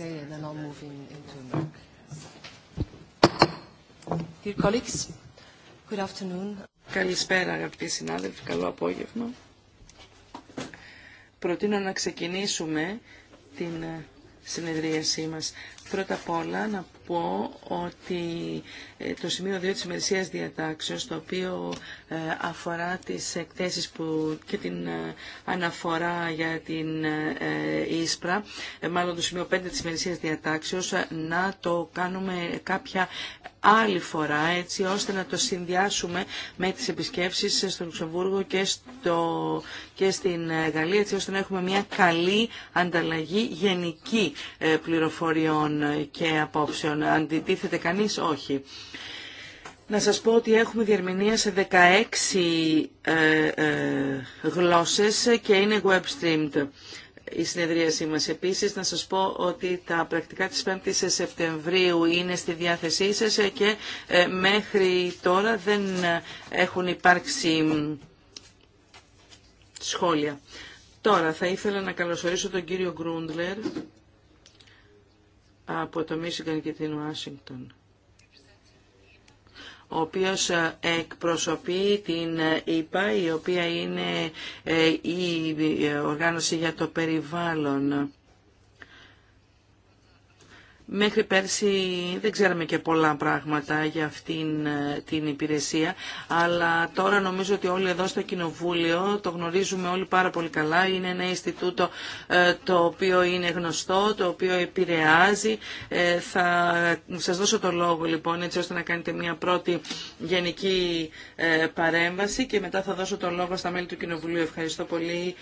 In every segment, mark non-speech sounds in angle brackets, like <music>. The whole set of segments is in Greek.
Day, and then I'll move in, into NOC. Dear colleagues, good afternoon. Καλησπέρα αγαπητοί συνάδελφοι, καλό απόγευμα. Προτείνω να ξεκινήσουμε την ε, συνεδρίασή μας. Πρώτα απ' όλα να πω ότι ε, το σημείο 2 της ημερησίας διατάξεως, το οποίο ε, αφορά τις εκθέσεις που και την ε, αναφορά για την Ίσπρα, μάλλον το σημείο 5 της ημερησίας διατάξεως, να το κάνουμε κάποια άλλη φορά, έτσι ώστε να το συνδυάσουμε με τις επισκέψεις στο Λουξεμβούργο και, στο, και στην Γαλλία, έτσι ώστε να έχουμε μια καλή ανταλλαγή γενική πληροφοριών και απόψεων. Αντιτίθεται κανείς, όχι. Να σας πω ότι έχουμε διερμηνία σε 16 ε, ε, γλώσσες και είναι web streamed η συνεδρίασή μας. Επίσης, να σας πω ότι τα πρακτικά της 5ης Σεπτεμβρίου είναι στη διάθεσή σας και ε, μέχρι τώρα δεν έχουν υπάρξει σχόλια. Τώρα θα ήθελα να καλωσορίσω τον κύριο Γκρούντλερ από το Μίσιγκαν και την Ουάσιγκτον ο οποίος ε, εκπροσωπεί την ΕΙΠΑ, η οποία είναι ε, η ε, οργάνωση για το περιβάλλον. Μέχρι πέρσι δεν ξέραμε και πολλά πράγματα για αυτήν ε, την υπηρεσία, αλλά τώρα νομίζω ότι όλοι εδώ στο Κοινοβούλιο το γνωρίζουμε όλοι πάρα πολύ καλά. Είναι ένα Ινστιτούτο ε, το οποίο είναι γνωστό, το οποίο επηρεάζει. Ε, θα σας δώσω το λόγο λοιπόν έτσι ώστε να κάνετε μια πρώτη γενική παρέμβαση και μετά θα δώσω το λόγο στα μέλη του Κοινοβουλίου. Ευχαριστώ πολύ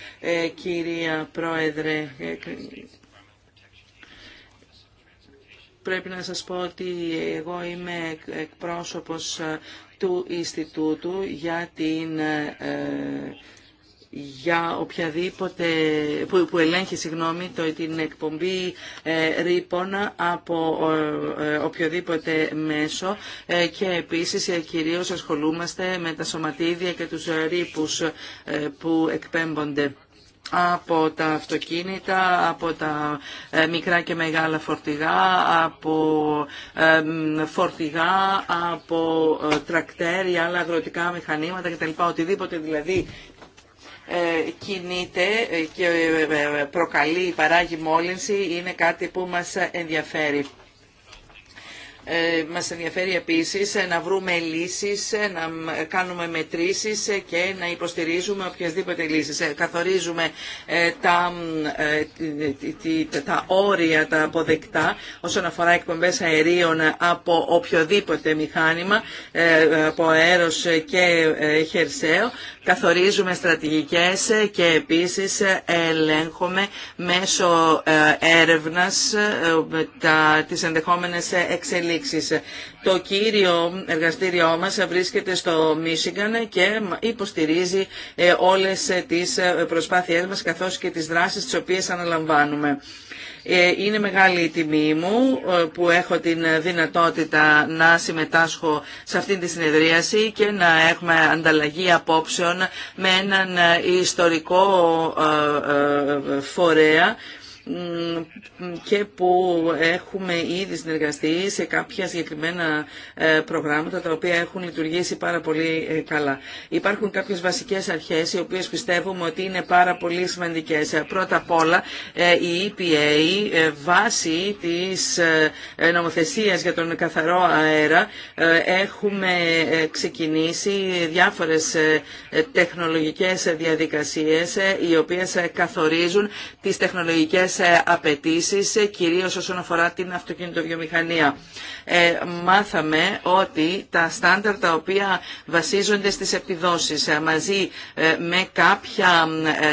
κυρία Πρόεδρε πρέπει να σας πω ότι εγώ είμαι εκπρόσωπος του Ινστιτούτου για την ε, για οποιαδήποτε που, που ελέγχει συγγνώμη το, την εκπομπή ε, ρήπων από ε, ε, οποιοδήποτε μέσο και επίσης ε, κυρίως ασχολούμαστε με τα σωματίδια και τους ρήπους που εκπέμπονται από τα αυτοκίνητα, από τα ε, μικρά και μεγάλα φορτηγά, από ε, φορτηγά, από ε, τρακτέρια, άλλα αγροτικά μηχανήματα κτλ. Οτιδήποτε δηλαδή κινείται και προκαλεί, παράγει μόλυνση, είναι κάτι που μας ενδιαφέρει. Ε, μας ενδιαφέρει επίσης ε, να βρούμε λύσεις, ε, να κάνουμε μετρήσεις και να υποστηρίζουμε οποιασδήποτε λύσεις. Καθορίζουμε τα, τα όρια, τα αποδεκτά όσον αφορά εκπομπές αερίων από οποιοδήποτε μηχάνημα, από αέρος και χερσαίο καθορίζουμε στρατηγικές και επίσης ελέγχουμε μέσω ε, έρευνας ε, τις ενδεχόμενες εξελίξεις. Το κύριο εργαστήριό μας βρίσκεται στο Μίσιγκαν και υποστηρίζει ε, όλες τις προσπάθειές μας καθώς και τις δράσεις τις οποίες αναλαμβάνουμε. Ε, είναι μεγάλη η τιμή μου ε, που έχω την δυνατότητα να συμμετάσχω σε αυτή τη συνεδρίαση και να έχουμε ανταλλαγή απόψεων με έναν ε, ιστορικό φορέα και που έχουμε ήδη συνεργαστεί σε κάποια συγκεκριμένα ε, προγράμματα τα οποία έχουν λειτουργήσει πάρα πολύ ε, καλά. Υπάρχουν κάποιες βασικές αρχές οι οποίες πιστεύουμε ότι είναι πάρα πολύ σημαντικές. Πρώτα απ' όλα ε, η EPA βάσει της νομοθεσίας για τον καθαρό αέρα έχουμε ξεκινήσει διάφορες τεχνολογικές διαδικασίες οι οποίες καθορίζουν τις τεχνολογικές απαιτήσει, ε, κυρίως όσον αφορά την αυτοκινητοβιομηχανία. Ε, μάθαμε ότι τα στάνταρ τα οποία βασίζονται στις επιδόσεις ε, μαζί με κάποια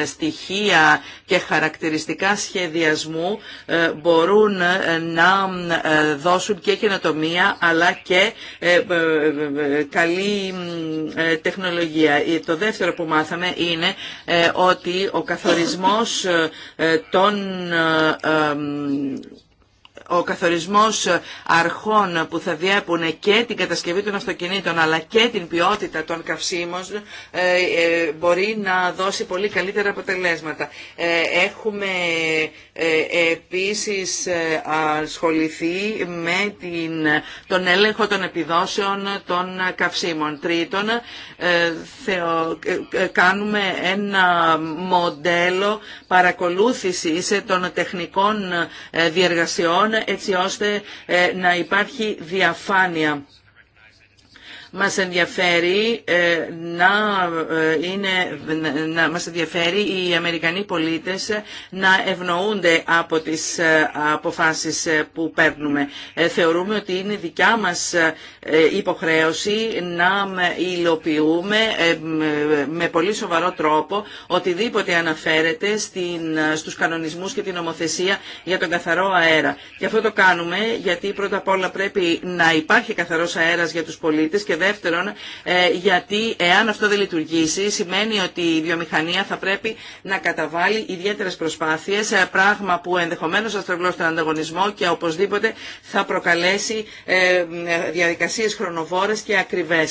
στοιχεία και χαρακτηριστικά σχεδιασμού μπορούν να δώσουν και καινοτομία αλλά και καλή τεχνολογία. Το δεύτερο που μάθαμε είναι ότι ο καθορισμός των α ε, ο καθορισμός αρχών που θα διέπουν και την κατασκευή των αυτοκινήτων αλλά και την ποιότητα των καυσίμων ε, ε, μπορεί να δώσει πολύ καλύτερα αποτελέσματα. Ε, έχουμε επίσης ασχοληθεί με την, τον έλεγχο των επιδόσεων των καυσίμων. Τρίτον, κάνουμε ένα μοντέλο παρακολούθησης των τεχνικών διεργασιών έτσι ώστε ε, να υπάρχει διαφάνεια. Μας ενδιαφέρει ε, να ε, είναι, να μας ενδιαφέρει οι Αμερικανοί πολίτες να ευνοούνται από τις ε, αποφάσεις που παίρνουμε. Θεωρούμε ότι είναι δικιά μας υποχρέωση να υλοποιούμε με πολύ σοβαρό τρόπο οτιδήποτε αναφέρεται στην, στους κανονισμούς και την νομοθεσία για τον καθαρό αέρα. Και αυτό το κάνουμε γιατί πρώτα απ' όλα πρέπει να υπάρχει καθαρός αέρας για τους πολίτες δεύτερον, ε, γιατί εάν αυτό δεν λειτουργήσει, σημαίνει ότι η βιομηχανία θα πρέπει να καταβάλει ιδιαίτερε προσπάθειε, ε, πράγμα που ενδεχομένω θα στρεβλώσει τον ανταγωνισμό και οπωσδήποτε θα προκαλέσει ε, διαδικασίε χρονοβόρε και ακριβέ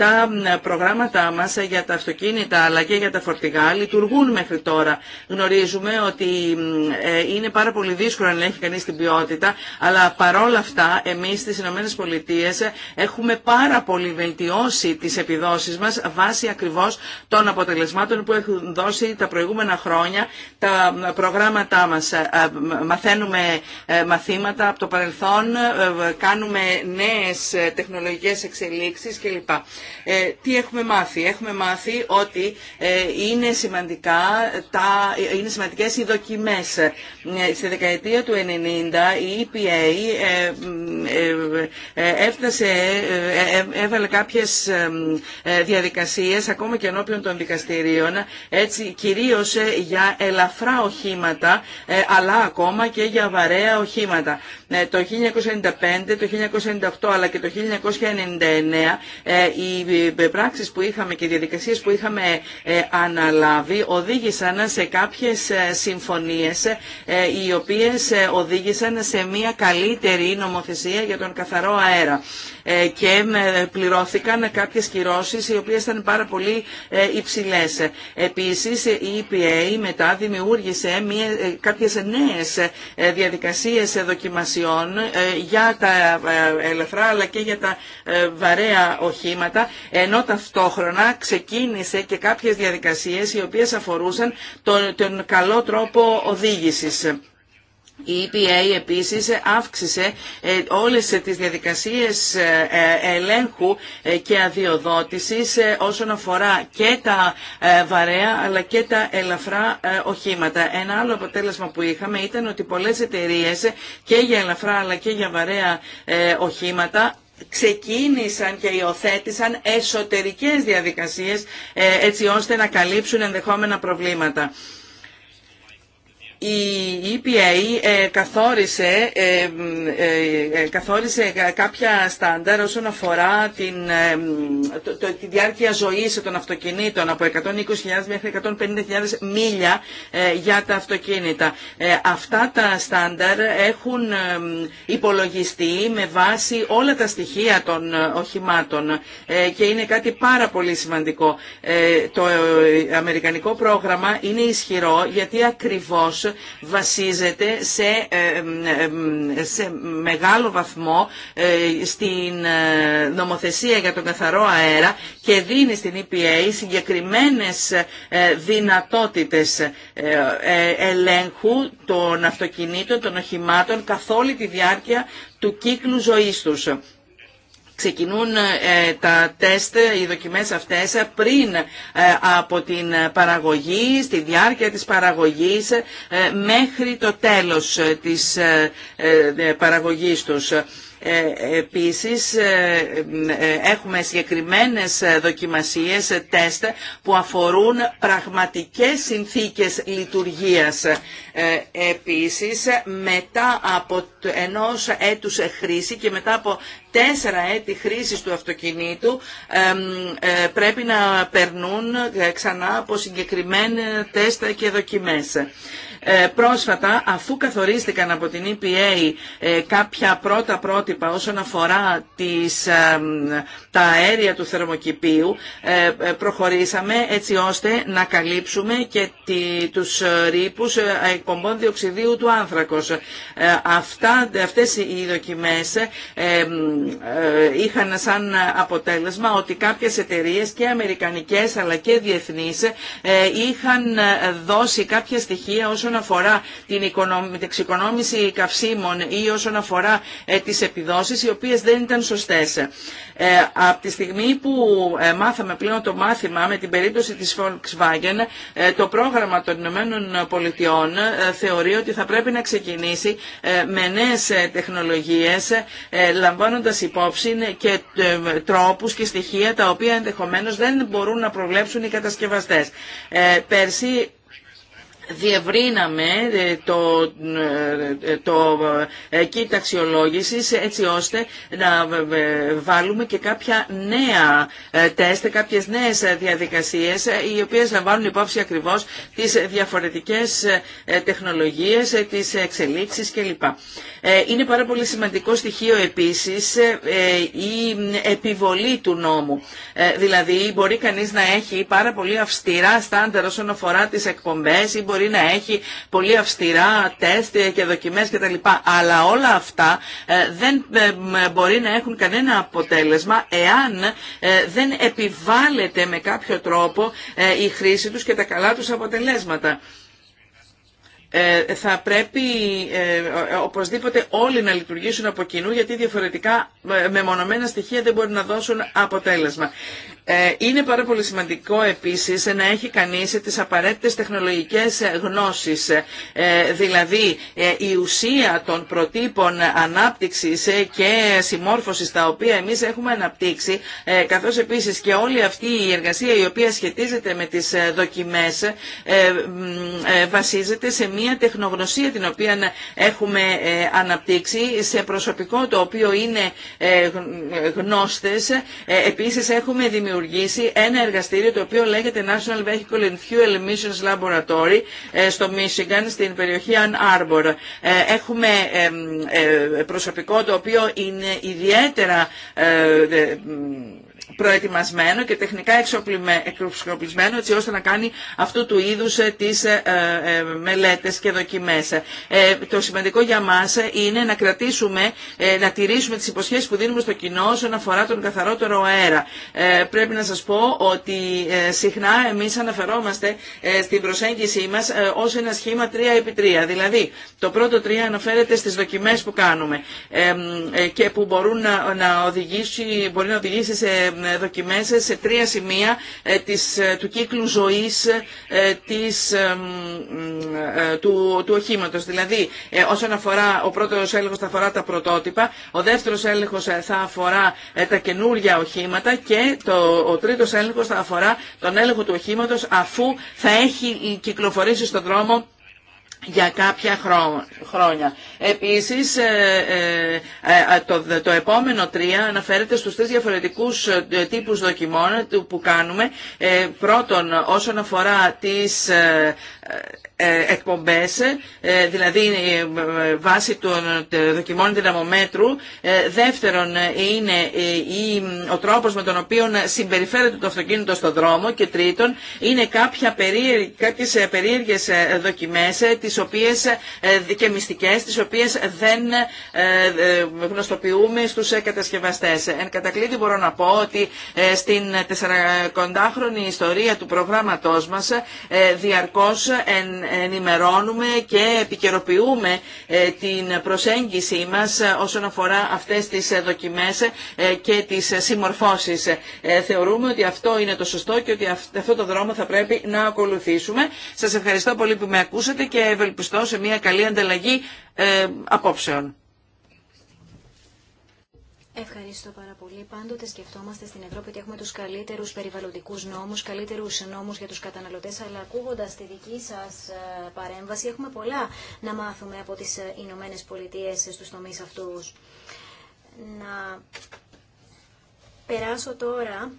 τα προγράμματά μας για τα αυτοκίνητα αλλά και για τα φορτηγά λειτουργούν μέχρι τώρα. Γνωρίζουμε ότι ε, είναι πάρα πολύ δύσκολο να έχει κανείς την ποιότητα, αλλά παρόλα αυτά εμείς στις Ηνωμένες Πολιτείες έχουμε πάρα πολύ βελτιώσει τις επιδόσεις μας βάσει ακριβώς των αποτελεσμάτων που έχουν δώσει τα προηγούμενα χρόνια τα προγράμματά μας. Ε, ε, μαθαίνουμε μαθήματα από το παρελθόν, κάνουμε νέες τεχνολογικές εξελίξεις κλπ. Ε, τι έχουμε μάθει. Έχουμε μάθει ότι ε, είναι, σημαντικά, τα, είναι σημαντικές οι δοκιμές. Ε, στη δεκαετία του 90 η EPA έφτασε, έβαλε κάποιες διαδικασίες ακόμα και ενώπιον των δικαστηρίων έτσι κυρίως για ελαφρά οχήματα αλλά ακόμα και για βαρέα οχήματα. Το 1995, το 1998 αλλά και το 1999 η οι που είχαμε και οι διαδικασίες που είχαμε ε, αναλάβει οδήγησαν σε κάποιες ε, συμφωνίες ε, οι οποίε οδήγησαν σε μια καλύτερη νομοθεσία για τον καθαρό αέρα και πληρώθηκαν κάποιες κυρώσει οι οποίες ήταν πάρα πολύ υψηλές. Επίσης η EPA μετά δημιούργησε μια, κάποιες νέες διαδικασίες δοκιμασιών για τα ελευθερά αλλά και για τα βαρέα οχήματα ενώ ταυτόχρονα ξεκίνησε και κάποιες διαδικασίες οι οποίες αφορούσαν τον, τον καλό τρόπο οδήγησης. Η EPA επίσης αύξησε ε, όλες τις διαδικασίες ε, ε, ελέγχου και αδειοδότησης όσον αφορά και τα βαρέα αλλά και τα ελαφρά οχήματα. Ένα άλλο αποτέλεσμα που είχαμε ήταν ότι πολλές εταιρείες και για ελαφρά αλλά και για βαρέα οχήματα ξεκίνησαν και υιοθέτησαν εσωτερικές διαδικασίες ε, έτσι ώστε να καλύψουν ενδεχόμενα προβλήματα η EPA ε, ε, ε, καθόρισε, κάποια στάνταρ όσον αφορά την, το, τη διάρκεια ζωής των αυτοκινήτων από 120.000 μέχρι 150.000 μίλια για τα αυτοκίνητα. Αυτά τα στάνταρ έχουν υπολογιστεί με βάση όλα τα στοιχεία των οχημάτων και είναι κάτι πάρα πολύ σημαντικό. Το αμερικανικό πρόγραμμα είναι ισχυρό γιατί ακριβώς βασίζεται ε, σε, μεγάλο βαθμό ε, στην ε, νομοθεσία για τον καθαρό αέρα και δίνει στην EPA συγκεκριμένες δυνατότητες ελέγχου των αυτοκινήτων, των οχημάτων καθ' όλη τη διάρκεια του κύκλου ζωής τους. Ξεκινούν ε, τα τεστ, οι δοκιμές αυτές ε, πριν ε, από την παραγωγή, στη διάρκεια της παραγωγής μέχρι το τέλος της παραγωγής τους. Ε, επίσης ε, ε, έχουμε συγκεκριμένες δοκιμασίες, τεστ που αφορούν πραγματικές συνθήκες λειτουργίας. Επίσης μετά από ενός έτους χρήση και μετά από τέσσερα έτη χρήσης του αυτοκινήτου πρέπει να περνούν ξανά από συγκεκριμένα τεστ και δοκιμές. Ε, πρόσφατα αφού καθορίστηκαν από την EPA ε, κάποια πρώτα πρότυπα όσον αφορά τις, ε, τα αέρια του θερμοκηπίου προχωρήσαμε έτσι ώστε να καλύψουμε και τη, τους ρήπους εκπομπών διοξιδίου του άνθρακος. Αυτά, αυτές οι δοκιμές είχαν σαν αποτέλεσμα ότι κάποιες εταιρείες και αμερικανικές αλλά και διεθνείς είχαν δώσει κάποια στοιχεία όσον αφορά την εξοικονόμηση καυσίμων ή όσον αφορά ε, τις επιδόσεις οι οποίες δεν ήταν σωστές. Ε, Από τη στιγμή που ε, μάθαμε πλέον το μάθημα με την περίπτωση της Volkswagen, το πρόγραμμα των Ηνωμένων Πολιτειών θεωρεί ότι θα πρέπει να ξεκινήσει με νέες τεχνολογίες, λαμβάνοντας υπόψη και τρόπους και στοιχεία τα οποία ενδεχομένως δεν μπορούν να προβλέψουν οι κατασκευαστές. Πέρσι διευρύναμε ε, το, ε, το ε, έτσι ώστε να βάλουμε και κάποια νέα τεστ, κάποιες νέες διαδικασίες οι οποίες λαμβάνουν υπόψη ακριβώς τις διαφορετικές τεχνολογίες, τις εξελίξεις κλπ. Είναι πάρα πολύ σημαντικό στοιχείο επίσης η επιβολή του νόμου. Δηλαδή μπορεί κανείς να έχει πάρα πολύ αυστηρά στάνταρ όσον αφορά τις εκπομπές μπορεί να έχει πολύ αυστηρά τεστ και δοκιμές κτλ. Αλλά όλα αυτά ε, δεν ε, μπορεί να έχουν κανένα αποτέλεσμα εάν ε, δεν επιβάλλεται με κάποιο τρόπο η χρήση τους και τα καλά τους αποτελέσματα. Θα πρέπει οπωσδήποτε όλοι να λειτουργήσουν από κοινού γιατί διαφορετικά με μονομένα στοιχεία δεν μπορεί να δώσουν αποτέλεσμα. Ε, είναι πάρα πολύ σημαντικό επίσης να έχει κανείς τις απαραίτητες τεχνολογικές γνώσεις, ε, δηλαδή ε, η ουσία των προτύπων ανάπτυξης και συμμόρφωσης τα οποία εμείς έχουμε αναπτύξει, καθώς επίσης και όλη αυτή η εργασία η οποία σχετίζεται με τις δοκιμές βασίζεται σε μια τεχνογνωσία την οποία έχουμε αναπτύξει, σε προσωπικό το οποίο είναι γνώστες. Επίσης έχουμε δημιουργήσει δημιουργήσει ένα εργαστήριο το οποίο λέγεται National Vehicle and Fuel Emissions Laboratory ε, στο Michigan, στην περιοχή Ann Arbor. Ε, έχουμε ε, προσωπικό το οποίο είναι ιδιαίτερα προετοιμασμένο και τεχνικά εξοπλισμένο έτσι ώστε να κάνει αυτού του είδους ε, τις ε, ε, μελέτες και δοκιμές. Το σημαντικό για μας είναι να κρατήσουμε, να τηρήσουμε τις υποσχέσεις που δίνουμε στο κοινό όσον αφορά τον καθαρότερο αέρα. Πρέπει να σας πω ότι συχνά εμείς αναφερόμαστε στην προσέγγιση μας ως ένα σχήμα 3x3. Δηλαδή, το πρώτο 3 αναφέρεται στις δοκιμές που κάνουμε και που μπορούν να, να οδηγήσει, μπορεί να οδηγήσει σε ε, δοκιμές σε τρία σημεία ε, της, ε, του κύκλου ζωής της, του, του οχήματος. Δηλαδή, όσον αφορά, ο πρώτος έλεγχος θα αφορά τα πρωτότυπα, ο δεύτερος έλεγχος θα αφορά τα καινούργια οχήματα και το, ο τρίτος έλεγχος θα αφορά τον έλεγχο του οχήματος αφού θα έχει κυκλοφορήσει στον δρόμο για κάποια χρόνια. Επίσης, ε, ε, ε, το επόμενο τρία αναφέρεται στους τρεις διαφορετικούς τύπους δοκιμών που κάνουμε. Πρώτον, όσον αφορά τις εκπομπές, δηλαδή βάση των δοκιμών δυναμομέτρου. Δεύτερον, είναι ο τρόπος με τον οποίο συμπεριφέρεται το αυτοκίνητο στο δρόμο. Και τρίτον, είναι κάποια περίεργες, κάποιες περίεργες δοκιμές, τις οποίες, ε, και τις οποίες δεν ε, ε, γνωστοποιούμε στους κατασκευαστές. Εν κατακλείδη μπορώ να πω ότι στην 40χρονη ιστορία του προγράμματός μας διαρκώς ενημερώνουμε και επικαιροποιούμε την προσέγγιση μας όσον αφορά αυτές τις δοκιμές και τις συμμορφώσεις. Θεωρούμε ότι αυτό είναι το σωστό και ότι αυτό το δρόμο θα πρέπει να ακολουθήσουμε. Σας ευχαριστώ πολύ που με ακούσατε και ευελπιστώ σε μια καλή ανταλλαγή ε, απόψεων. Ευχαριστώ πάρα πολύ. Πάντοτε σκεφτόμαστε στην Ευρώπη ότι έχουμε τους καλύτερους περιβαλλοντικούς νόμους, καλύτερους νόμους για τους καταναλωτές, αλλά ακούγοντα τη δική σας ε, παρέμβαση έχουμε πολλά να μάθουμε από τις ε, Ηνωμένε Πολιτείε στους τομείς αυτούς. Να περάσω τώρα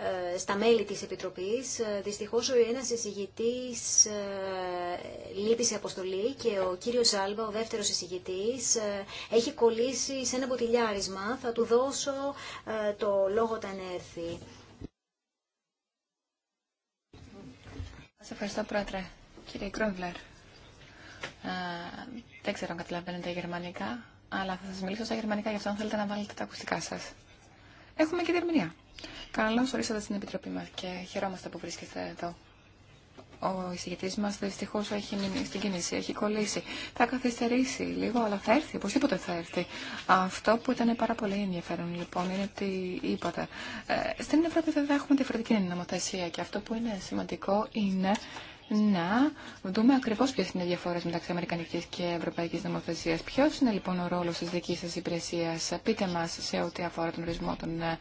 ε, στα μέλη της Επιτροπής. Ε, δυστυχώς ο ένας εισηγητής ε, λείπει σε αποστολή και ο κύριος Άλβα ο δεύτερος εισηγητής, έχει κολλήσει σε ένα μποτιλιάρισμα. Θα του δώσω το λόγο όταν έρθει. Σας ευχαριστώ πρόεδρε. Κύριε Κρόνβλερ, δεν ξέρω αν καταλαβαίνετε γερμανικά, αλλά θα σας μιλήσω στα γερμανικά, γι' αυτό αν θέλετε να βάλετε τα ακουστικά σας. Έχουμε και διερμηνία. Καλώ ορίσατε στην Επιτροπή μα και χαιρόμαστε που βρίσκεστε εδώ. Ο εισηγητή μα δυστυχώ έχει μείνει στην κίνηση, έχει κολλήσει. Θα καθυστερήσει λίγο, αλλά θα έρθει, οπωσδήποτε θα έρθει. Αυτό που ήταν πάρα πολύ ενδιαφέρον λοιπόν είναι ότι είπατε. Ε, στην Ευρώπη θα έχουμε διαφορετική νομοθεσία και αυτό που είναι σημαντικό είναι να δούμε ακριβώ ποιε είναι οι διαφορέ μεταξύ Αμερικανική και Ευρωπαϊκή νομοθεσία. Ποιο είναι λοιπόν ο ρόλο τη δική σα υπηρεσία, πείτε μα σε ό,τι αφορά τον ορισμό των ε,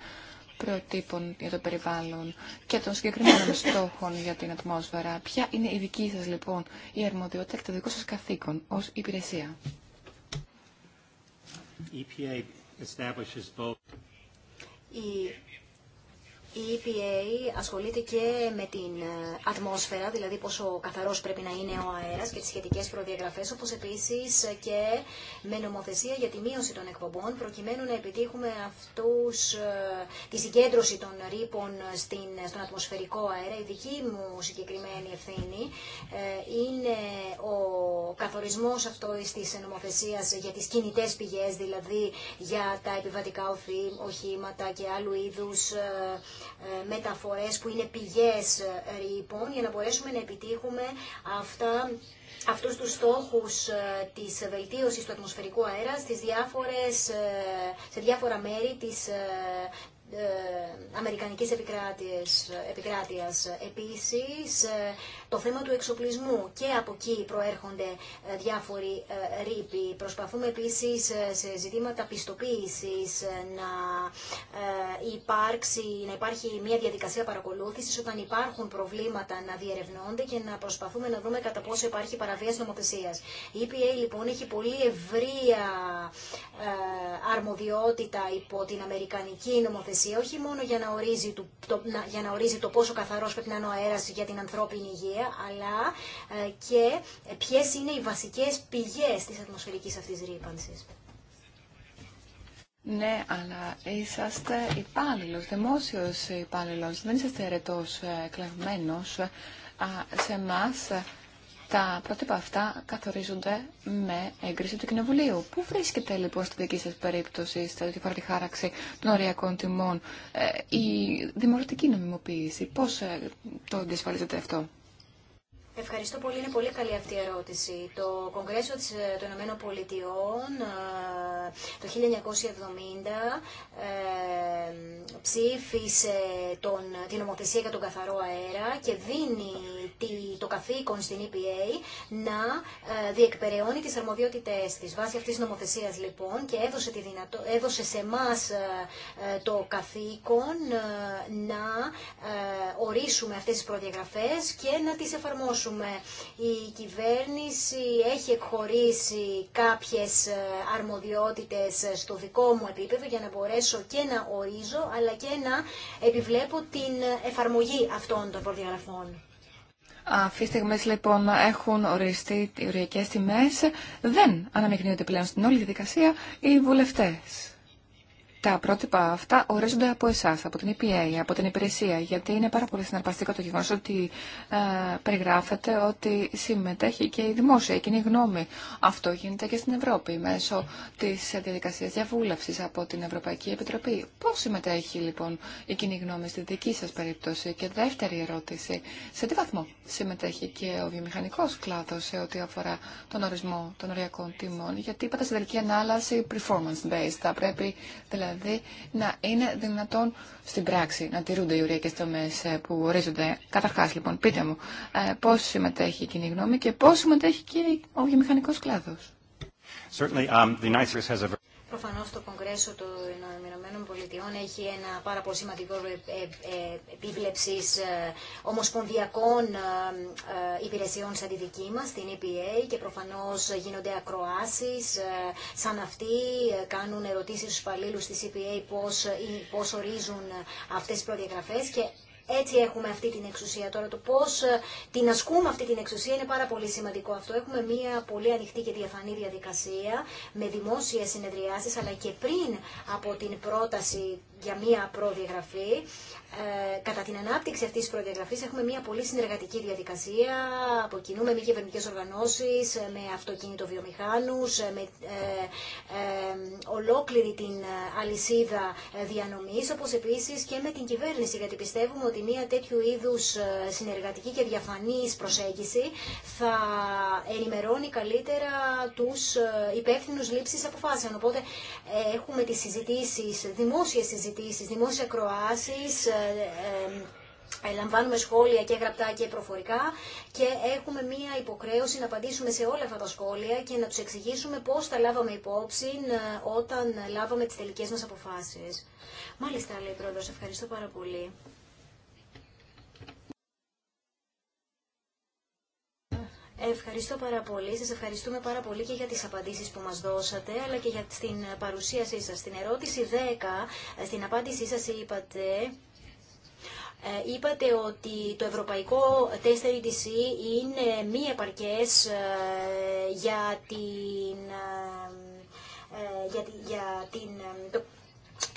προτύπων για το περιβάλλον και των συγκεκριμένων <coughs> στόχων για την ατμόσφαιρα. Ποια είναι η δική σας λοιπόν η αρμοδιότητα και το δικό σας καθήκον ως υπηρεσία. Η e η EPA ασχολείται και με την ε, ατμόσφαιρα, δηλαδή πόσο καθαρός πρέπει να είναι ο αέρας και τις σχετικές προδιαγραφές, όπως επίσης και με νομοθεσία για τη μείωση των εκπομπών, προκειμένου να επιτύχουμε αυτούς, ε, τη συγκέντρωση των ρήπων στην, στον ατμοσφαιρικό αέρα. Η δική μου συγκεκριμένη ευθύνη ε, είναι ο καθορισμός αυτό της νομοθεσίας για τις κινητές πηγές, δηλαδή για τα επιβατικά οχήματα και άλλου είδους ε, μεταφορές που είναι πηγές ε, ρήπων για να μπορέσουμε να επιτύχουμε αυτά αυτούς τους στόχους ε, της βελτίωσης του ατμοσφαιρικού αέρα στις διάφορες, σε διάφορα μέρη της ε, αμερικανικής επικράτειας. Επίσης, ε, το θέμα του εξοπλισμού και από εκεί προέρχονται ε, διάφοροι ρήποι. Προσπαθούμε επίσης σε ζητήματα πιστοποίησης να, υπάρξει, να υπάρχει μια διαδικασία παρακολούθησης όταν υπάρχουν προβλήματα να διερευνώνται και να προσπαθούμε να δούμε κατά πόσο υπάρχει παραβίαση νομοθεσίας. Η EPA λοιπόν έχει πολύ ευρία αρμοδιότητα υπό την αμερικανική νομοθεσία όχι μόνο για να ορίζει το, το, για να το πόσο καθαρός πρέπει να είναι ο αέρας για την ανθρώπινη υγεία, αλλά ε, και ποιες είναι οι βασικές πηγές της ατμοσφαιρικής αυτής ρήπανσης. Ναι, αλλά είσαστε υπάλληλο, δημόσιο υπάλληλο. Δεν είσαστε ερετό ε, εκλεγμένο. Ε, σε εμά τα πρότυπα αυτά καθορίζονται με έγκριση του Κοινοβουλίου. Πού βρίσκεται λοιπόν στη δική σας περίπτωση, στα ό,τι τη χάραξη των οριακών τιμών, ε, η δημοκρατική νομιμοποίηση, πώς ε, το διασφαλίζεται αυτό. Ευχαριστώ πολύ. Είναι πολύ καλή αυτή η ερώτηση. Το Κογκρέσιο ε, των Ηνωμένων Πολιτειών ε, το 1970 ε, ψήφισε τον, την νομοθεσία για τον καθαρό αέρα και δίνει το καθήκον στην EPA να διεκπεραιώνει τις αρμοδιότητές της. Βάσει αυτής της νομοθεσίας λοιπόν και έδωσε, τη δυνατό, έδωσε σε εμά το καθήκον να ορίσουμε αυτές τις προδιαγραφές και να τις εφαρμόσουμε. Η κυβέρνηση έχει εκχωρήσει κάποιες ε, αρμοδιότητες ε, στο δικό μου επίπεδο για να μπορέσω και να ορίζω αλλά και να επιβλέπω την εφαρμογή αυτών των προδιαγραφών. Αυτή τη στιγμή λοιπόν έχουν οριστεί οι οριακέ τιμέ. Δεν αναμειγνύονται πλέον στην όλη διαδικασία οι βουλευτέ τα πρότυπα αυτά ορίζονται από εσά, από την EPA, από την υπηρεσία, γιατί είναι πάρα πολύ συναρπαστικό το γεγονό ότι ε, περιγράφεται ότι συμμετέχει και η δημόσια, η κοινή γνώμη. Αυτό γίνεται και στην Ευρώπη μέσω τη διαδικασία διαβούλευση από την Ευρωπαϊκή Επιτροπή. Πώ συμμετέχει λοιπόν η κοινή γνώμη στη δική σα περίπτωση, και δεύτερη ερώτηση, σε τι βαθμό συμμετέχει και ο βιομηχανικό κλάδο σε ό,τι αφορά τον ορισμό των οριακών τιμών, γιατί είπατε στην τελική ανάλυση performance based. Θα πρέπει δηλαδή δηλαδή να είναι δυνατόν στην πράξη να τηρούνται οι ουριακέ τομέ ε, που ορίζονται. Καταρχά, λοιπόν, πείτε μου ε, πώς συμμετέχει η κοινή γνώμη και πώς συμμετέχει και ο βιομηχανικό κλάδος. um, Προφανώς το Κογκρέσο των Ηνωμένων Πολιτειών έχει ένα πάρα πολύ σημαντικό επίβλεψη ε, ομοσπονδιακών ε, ε, υπηρεσιών σαν τη δική μα, την EPA, και προφανώς γίνονται ακροάσεις σαν αυτή, κάνουν ερωτήσεις στου υπαλλήλου της EPA πώ ορίζουν αυτές τι προδιαγραφέ. και έτσι έχουμε αυτή την εξουσία. Τώρα το πώς ε, την ασκούμε αυτή την εξουσία είναι πάρα πολύ σημαντικό αυτό. Έχουμε μια πολύ ανοιχτή και διαφανή διαδικασία με δημόσιε συνεδριάσεις αλλά και πριν από την πρόταση για μία προδιαγραφή. Ε, κατά την ανάπτυξη αυτή τη προδιαγραφή έχουμε μία πολύ συνεργατική διαδικασία. Από ε, με μη κυβερνητικέ οργανώσει, με βιομηχάνους, με ε, ολόκληρη την ε, αλυσίδα ε, διανομή, όπω επίση και με την κυβέρνηση. Γιατί πιστεύουμε ότι μία τέτοιου είδου συνεργατική και διαφανή προσέγγιση θα ενημερώνει καλύτερα του υπεύθυνου λήψη αποφάσεων. Οπότε έχουμε τι συζητήσει, δημόσιε συζητήσει συζητήσεις, δημόσια κροάσεις, ε, ε, ε, λαμβάνουμε σχόλια και γραπτά και προφορικά και έχουμε μία υποκρέωση να απαντήσουμε σε όλα αυτά τα σχόλια και να τους εξηγήσουμε πώς τα λάβαμε υπόψη όταν λάβαμε τις τελικές μας αποφάσεις. Μάλιστα, λέει η Πρόεδρος, ευχαριστώ πάρα πολύ. Ευχαριστώ πάρα πολύ. Σας ευχαριστούμε πάρα πολύ και για τις απαντήσεις που μας δώσατε, αλλά και για την παρουσίασή σας. Στην ερώτηση 10, στην απάντησή σας είπατε ε, είπατε ότι το ευρωπαϊκό τεστ EDC είναι μη επαρκές ε, για την ε, για, για την,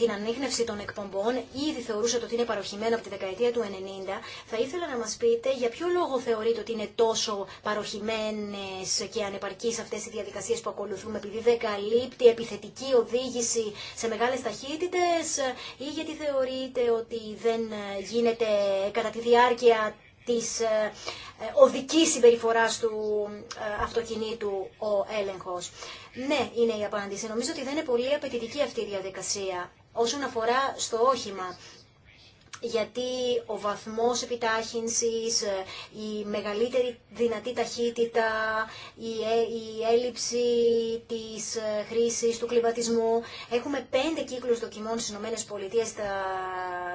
την ανείχνευση των εκπομπών ήδη θεωρούσατε ότι είναι παροχημένο από τη δεκαετία του 90. Θα ήθελα να μας πείτε για ποιο λόγο θεωρείτε ότι είναι τόσο παροχημένες και ανεπαρκείς αυτές οι διαδικασίες που ακολουθούμε επειδή δεν καλύπτει επιθετική οδήγηση σε μεγάλες ταχύτητες ή γιατί θεωρείτε ότι δεν γίνεται κατά τη διάρκεια της ε, ε, οδικής συμπεριφοράς του ε, αυτοκινήτου ο έλεγχος. Ναι, είναι η απάντηση. Νομίζω ότι δεν είναι πολύ απαιτητική αυτή η διαδικασία όσον αφορά στο όχημα γιατί ο βαθμός επιτάχυνσης, ε, η μεγαλύτερη δυνατή ταχύτητα, η ε, έλλειψη της ε, χρήσης του κλιματισμού. Έχουμε πέντε κύκλους δοκιμών στις Ηνωμένες Πολιτείες,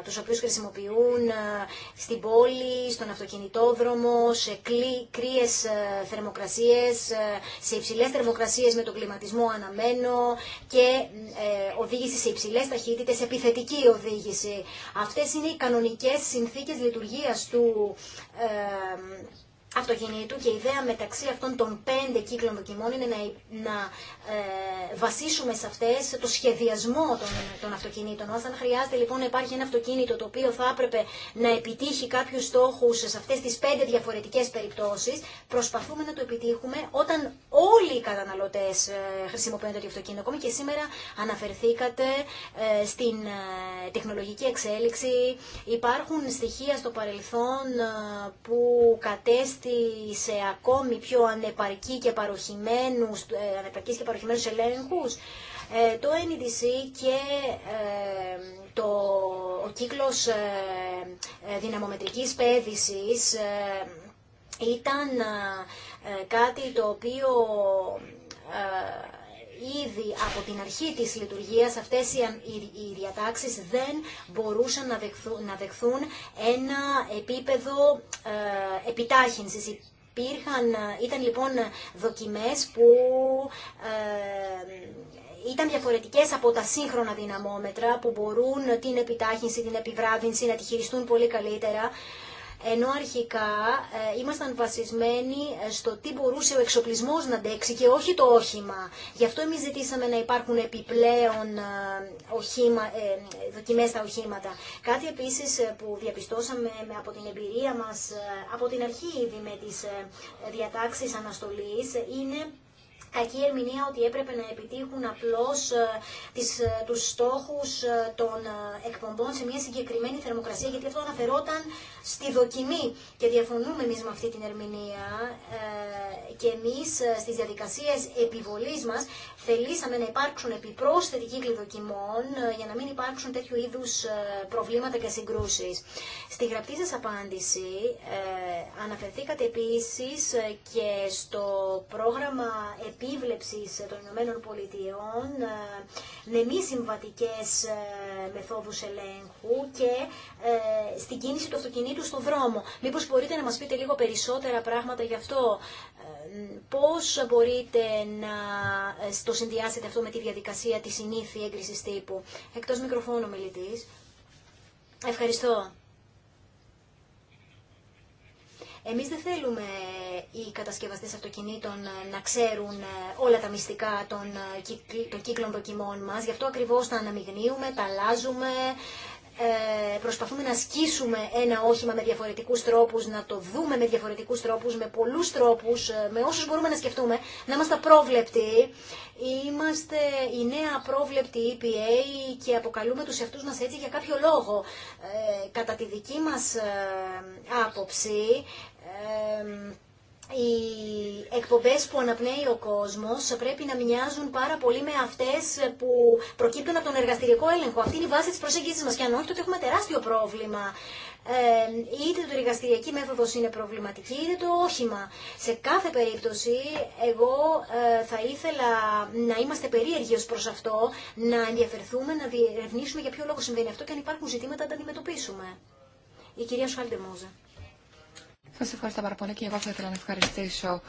τους οποίους χρησιμοποιούν στην πόλη, στον αυτοκινητόδρομο, σε κρύες θερμοκρασίες, σε υψηλές θερμοκρασίες με τον κλιματισμό αναμένο και οδήγηση σε υψηλές ταχύτητες, επιθετική οδήγηση. Αυτές είναι κανονικές συνθήκες λειτουργίας του ε, αυτοκινήτου και η ιδέα μεταξύ αυτών των πέντε κύκλων δοκιμών είναι να, να ε, βασίσουμε σε αυτές το σχεδιασμό των, των αυτοκινήτων Όταν Αν χρειάζεται λοιπόν να υπάρχει ένα αυτοκίνητο το οποίο θα έπρεπε να επιτύχει κάποιους στόχους σε αυτές τις πέντε διαφορετικές περιπτώσεις, προσπαθούμε να το επιτύχουμε όταν όλοι οι καταναλωτές ε, χρησιμοποιούν το αυτοκίνητο. και σήμερα αναφερθήκατε ε, στην ε, τεχνολογική εξέλιξη. Υπάρχουν στοιχεία στο παρελθόν που κατέστη σε ακόμη πιο ανεπαρκή και παροχημένους, ε, ανεπαρκής και παροχημένους ελέγχους. Ε, το NDC e και ε, το, ο κύκλος ε, ε δυναμομετρικής πέδησης ήταν κάτι το οποίο ήδη από την αρχή της λειτουργίας αυτές οι διατάξεις δεν μπορούσαν να δεχθούν ένα επίπεδο ε, επιτάχυνσης. Υπήρχαν, ε, ήταν λοιπόν δοκιμές που ε, ήταν διαφορετικές από τα σύγχρονα δυναμόμετρα που μπορούν την επιτάχυνση, την επιβράδυνση να τη χειριστούν πολύ καλύτερα ενώ αρχικά ε, ήμασταν βασισμένοι ε, στο τι μπορούσε ο εξοπλισμός να αντέξει και όχι το όχημα. Γι' αυτό εμείς ζητήσαμε να υπάρχουν επιπλέον ε, οχήμα, δοκιμές στα οχήματα. Κάτι επίσης που διαπιστώσαμε από την εμπειρία μας από την αρχή ήδη με τις διατάξεις αναστολής είναι κακή ερμηνεία ότι έπρεπε να επιτύχουν απλώς ε, τις, ε, τους στόχους ε, των εκπομπών σε μια συγκεκριμένη θερμοκρασία, γιατί αυτό αναφερόταν στη δοκιμή και διαφωνούμε εμείς με αυτή την ερμηνεία και εμείς στις διαδικασίες επιβολής μας θελήσαμε να υπάρξουν επιπρόσθετοι κύκλοι δοκιμών για να μην υπάρξουν τέτοιου είδους προβλήματα και συγκρούσεις. Στη γραπτή σας απάντηση αναφερθήκατε επίσης και στο πρόγραμμα επίβλεψης των Ηνωμένων Πολιτειών ε, με μη συμβατικές ε, μεθόδους ελέγχου και ε, στην κίνηση του αυτοκινήτου στον δρόμο. Μήπως μπορείτε να μας πείτε λίγο περισσότερα πράγματα γι' αυτό. Πώς μπορείτε να το συνδυάσετε αυτό με τη διαδικασία της συνήθεια έγκρισης τύπου. Εκτός μικροφώνου μιλητής. Ευχαριστώ. Εμείς δεν θέλουμε οι κατασκευαστές αυτοκινήτων ε, να ξέρουν ε, όλα τα μυστικά ε, των, κύκλων δοκιμών μας. Γι' αυτό ακριβώς τα αναμειγνύουμε, τα αλλάζουμε, ε, προσπαθούμε να σκίσουμε ένα όχημα με διαφορετικούς τρόπους, να το δούμε με διαφορετικούς τρόπους, με πολλούς τρόπους, ε, με όσους μπορούμε να σκεφτούμε, να είμαστε απρόβλεπτοι. Είμαστε η νέα απρόβλεπτη EPA και αποκαλούμε τους εαυτούς μας έτσι για κάποιο λόγο. Ε, κατά τη δική μας άποψη, οι εκπομπές που αναπνέει ο κόσμος πρέπει να μοιάζουν πάρα πολύ με αυτές που προκύπτουν από τον εργαστηριακό έλεγχο. Αυτή είναι η βάση της προσέγγισης μας και αν όχι τότε έχουμε τεράστιο πρόβλημα. Ε, είτε το εργαστηριακή μέθοδος είναι προβληματική είτε το όχημα. Σε κάθε περίπτωση εγώ ε, θα ήθελα να είμαστε περίεργοι ως προς αυτό, να ενδιαφερθούμε, να διερευνήσουμε για ποιο λόγο συμβαίνει αυτό και αν υπάρχουν ζητήματα να τα αντιμετωπίσουμε. Η κυρία Σχάλτε Μόζα. Σας ευχαριστώ πάρα πολύ και εγώ θα ήθελα να ευχαριστήσω α,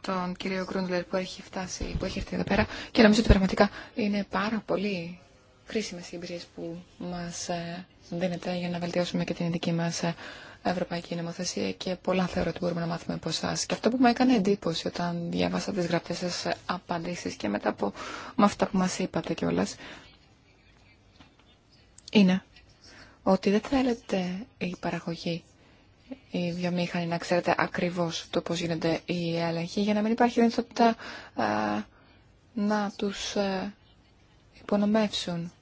τον κύριο Γκρούντλερ που έχει φτάσει, που έχει έρθει εδώ πέρα και νομίζω ότι πραγματικά είναι πάρα πολύ χρήσιμε οι εμπειρίε που μα ε, δίνετε δίνεται για να βελτιώσουμε και την ειδική μα ε, ευρωπαϊκή νομοθεσία και πολλά θεωρώ ότι μπορούμε να μάθουμε από εσά. Και αυτό που μου έκανε εντύπωση όταν διάβασα τι γραπτέ σα απαντήσει και μετά από με αυτά που μα είπατε κιόλα. είναι ότι δεν θέλετε η παραγωγή οι βιομήχανοι να ξέρετε ακριβώς το πώς γίνονται οι έλεγχοι για να μην υπάρχει δυνατότητα να τους ε, υπονομεύσουν.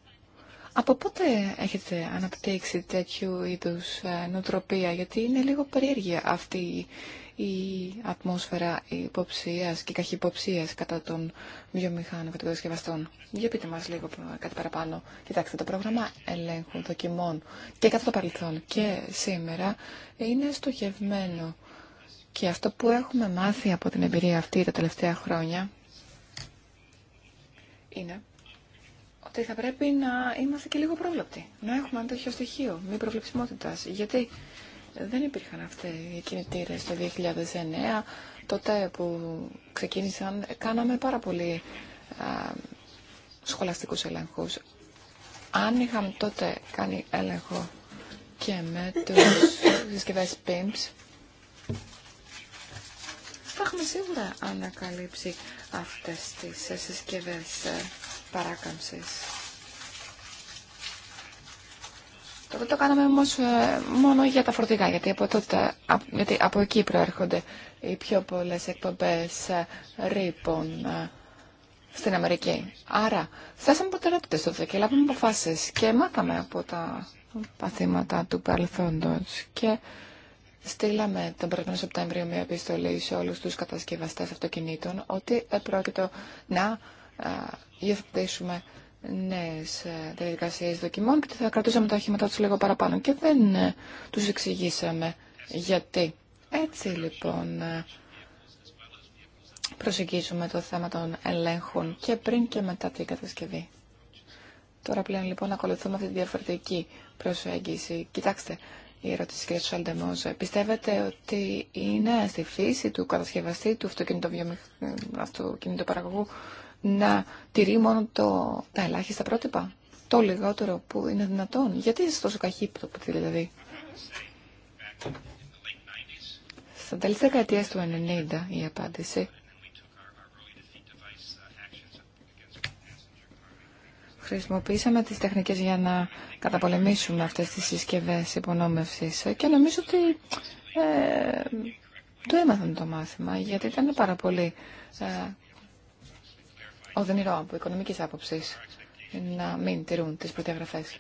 Από πότε έχετε αναπτύξει τέτοιου είδους ε, νοοτροπία, γιατί είναι λίγο περίεργη αυτή η ατμόσφαιρα υποψία και καχυποψίας κατά των βιομηχάνων και των κατασκευαστών. Για πείτε μας λίγο κάτι παραπάνω. Κοιτάξτε, το πρόγραμμα ελέγχου δοκιμών και κατά το παρελθόν και σήμερα είναι στοχευμένο. Και αυτό που έχουμε μάθει από την εμπειρία αυτή τα τελευταία χρόνια είναι ότι θα πρέπει να είμαστε και λίγο πρόβλεπτοι. Να έχουμε ένα τέτοιο στοιχείο μη προβλεψιμότητα. Γιατί δεν υπήρχαν αυτοί οι κινητήρες το 2009. Τότε που ξεκίνησαν, κάναμε πάρα πολύ σχολαστικού σχολαστικούς ελέγχους. Αν είχαμε τότε κάνει έλεγχο και με τους συσκευές PIMS, θα έχουμε σίγουρα ανακαλύψει αυτές τις συσκευές ε, παράκαμψης. το κάναμε όμω ε, μόνο για τα φορτηγά, γιατί από, τότε, από εκεί προέρχονται οι πιο πολλέ εκπομπέ ε, ρήπων ε, στην Αμερική. Άρα, στάσαμε προτεραιότητε τότε και λάβαμε αποφάσει και μάθαμε από τα παθήματα του παρελθόντο. Και στείλαμε τον προηγούμενο Σεπτέμβριο μια επιστολή σε όλου του κατασκευαστέ αυτοκινήτων ότι πρόκειται να υιοθετήσουμε νέες ε, διαδικασίες δοκιμών και θα κρατούσαμε τα οχήματά τους λίγο παραπάνω και δεν ε, τους εξηγήσαμε γιατί. Έτσι λοιπόν ε, προσεγγίζουμε το θέμα των ελέγχων και πριν και μετά την κατασκευή. Τώρα πλέον λοιπόν ακολουθούμε αυτή τη διαφορετική προσέγγιση. Κοιτάξτε, η ερώτηση κ. Σαλντεμόζε. Πιστεύετε ότι είναι στη φύση του κατασκευαστή του αυτοκινητοπαραγωγού να τηρεί μόνο το, τα ελάχιστα πρότυπα, το λιγότερο που είναι δυνατόν. Γιατί είσαι τόσο καχύπτωπο δηλαδή. Στα τέλη δεκαετία του 90 η απάντηση. Χρησιμοποίησαμε τις τεχνικές για να καταπολεμήσουμε αυτές τις συσκευές υπονόμευσης και νομίζω ότι ε, το έμαθαν το μάθημα γιατί ήταν πάρα πολύ ε, οδυνηρό από οικονομικής άποψης να μην τηρούν τις προδιαγραφές.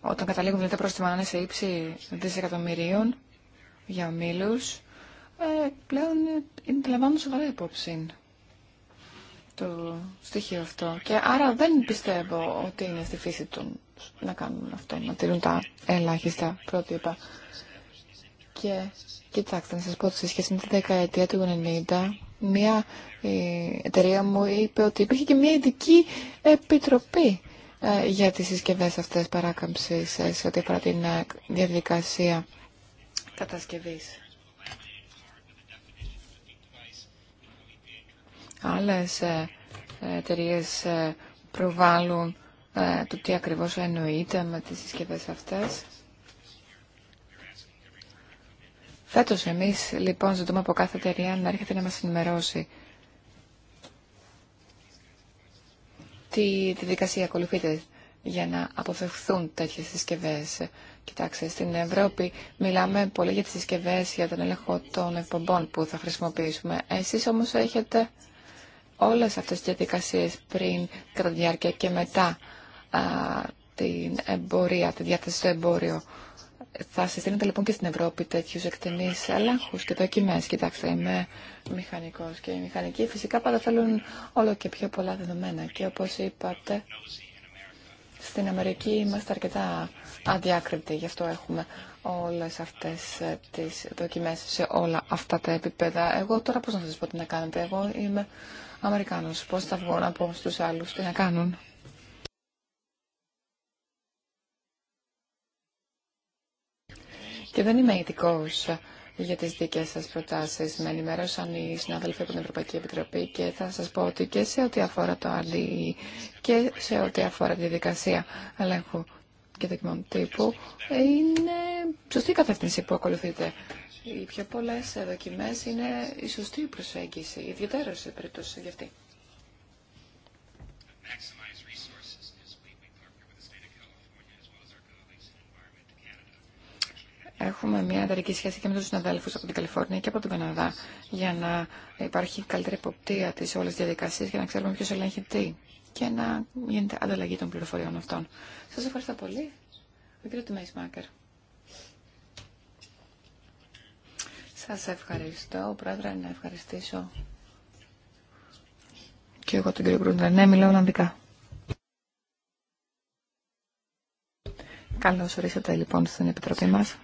Όταν καταλήγουν δηλαδή τα πρόστιμα να είναι σε ύψη δισεκατομμυρίων για ομίλους, ε, πλέον είναι λαμβάνουν σοβαρά υπόψη το στοιχείο αυτό. Και άρα δεν πιστεύω ότι είναι στη φύση του να κάνουν αυτό, να τηρούν τα ελάχιστα πρότυπα. Και κοιτάξτε, να σα πω ότι σε σχέση με τη δεκαετία του 90, μια εταιρεία μου είπε ότι υπήρχε και μια ειδική επιτροπή ε, για τις συσκευές αυτές παράκαμψης ε, σε ό,τι αφορά την ε, διαδικασία κατασκευής. Άλλες εταιρείε προβάλλουν το τι ακριβώς εννοείται με τις συσκευές αυτές. Φέτος εμείς λοιπόν ζητούμε από κάθε εταιρεία να έρχεται να μας ενημερώσει τι δικασία ακολουθείτε για να αποφευχθούν τέτοιες συσκευές. Κοιτάξτε, στην Ευρώπη μιλάμε πολύ για τις συσκευές, για τον έλεγχο των εκπομπών που θα χρησιμοποιήσουμε. Εσείς όμως έχετε όλες αυτές τις διαδικασίε πριν, κατά τη διάρκεια και μετά την εμπορία, τη διάθεση στο εμπόριο θα συστήνετε λοιπόν και στην Ευρώπη τέτοιου εκτενεί ελέγχου και δοκιμέ. Κοιτάξτε, είμαι μηχανικό και οι μηχανικοί φυσικά πάντα θέλουν όλο και πιο πολλά δεδομένα. Και όπω είπατε, στην Αμερική είμαστε αρκετά αδιάκριτοι. Γι' αυτό έχουμε όλε αυτέ ε, τι δοκιμέ σε όλα αυτά τα επίπεδα. Εγώ τώρα πώ να σα πω τι να κάνετε. Εγώ είμαι Αμερικάνο. Πώ θα βγω να πω στου άλλου τι να κάνουν. Και δεν είμαι ειδικό για τι δικές σας προτάσεις. Με ενημέρωσαν οι συνάδελφοι από την Ευρωπαϊκή Επιτροπή και θα σας πω ότι και σε ό,τι αφορά το RDE και σε ό,τι αφορά τη δικασία ελέγχου και δοκιμών τύπου είναι σωστή η κατεύθυνση που ακολουθείτε. Οι πιο πολλέ δοκιμέ είναι η σωστή προσέγγιση, ιδιαίτερα σε περίπτωση γι' αυτή. Έχουμε μια εταιρική σχέση και με τους συναδέλφους από την Καλιφόρνια και από τον Καναδά για να υπάρχει καλύτερη υποπτία τη όλη διαδικασία για να ξέρουμε ποιος ελέγχει τι και να γίνεται ανταλλαγή των πληροφοριών αυτών. Σας ευχαριστώ πολύ. Ο κύριο Μάκερ. Σας ευχαριστώ, πρόεδρε, να ευχαριστήσω και εγώ τον κύριο Γκρούντερ. Ναι, μιλάω Ολλανδικά. Καλώς ορίσατε λοιπόν στην Επιτροπή μας.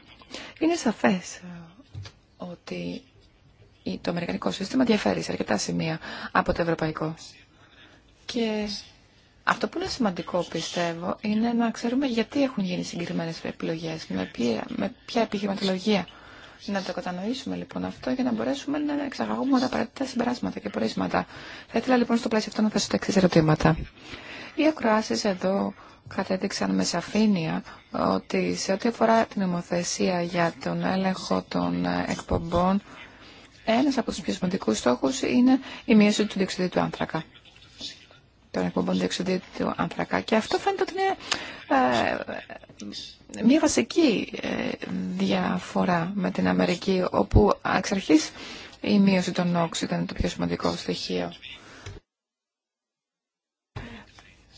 Είναι σαφέ ε, ότι το αμερικανικό σύστημα διαφέρει σε αρκετά σημεία από το ευρωπαϊκό. Και αυτό που είναι σημαντικό, πιστεύω, είναι να ξέρουμε γιατί έχουν γίνει συγκεκριμένε επιλογέ, με, ποια, με ποια επιχειρηματολογία. Να το κατανοήσουμε λοιπόν αυτό για να μπορέσουμε να εξαγαγούμε τα απαραίτητα συμπεράσματα και πορίσματα. Θα ήθελα λοιπόν στο πλαίσιο αυτό να θέσω τα εξή ερωτήματα. Οι ακροάσεις εδώ κατέδειξαν με σαφήνεια ότι σε ό,τι αφορά την νομοθεσία για τον έλεγχο των εκπομπών, ένας από τους πιο σημαντικούς στόχους είναι η μείωση του διεξοδίου του άνθρακα. Των εκπομπών διεξοδίου του Και αυτό φαίνεται ότι είναι ε, μια βασική ε, διαφορά με την Αμερική, όπου εξ αρχής η μείωση των όξι ήταν το πιο σημαντικό στοιχείο.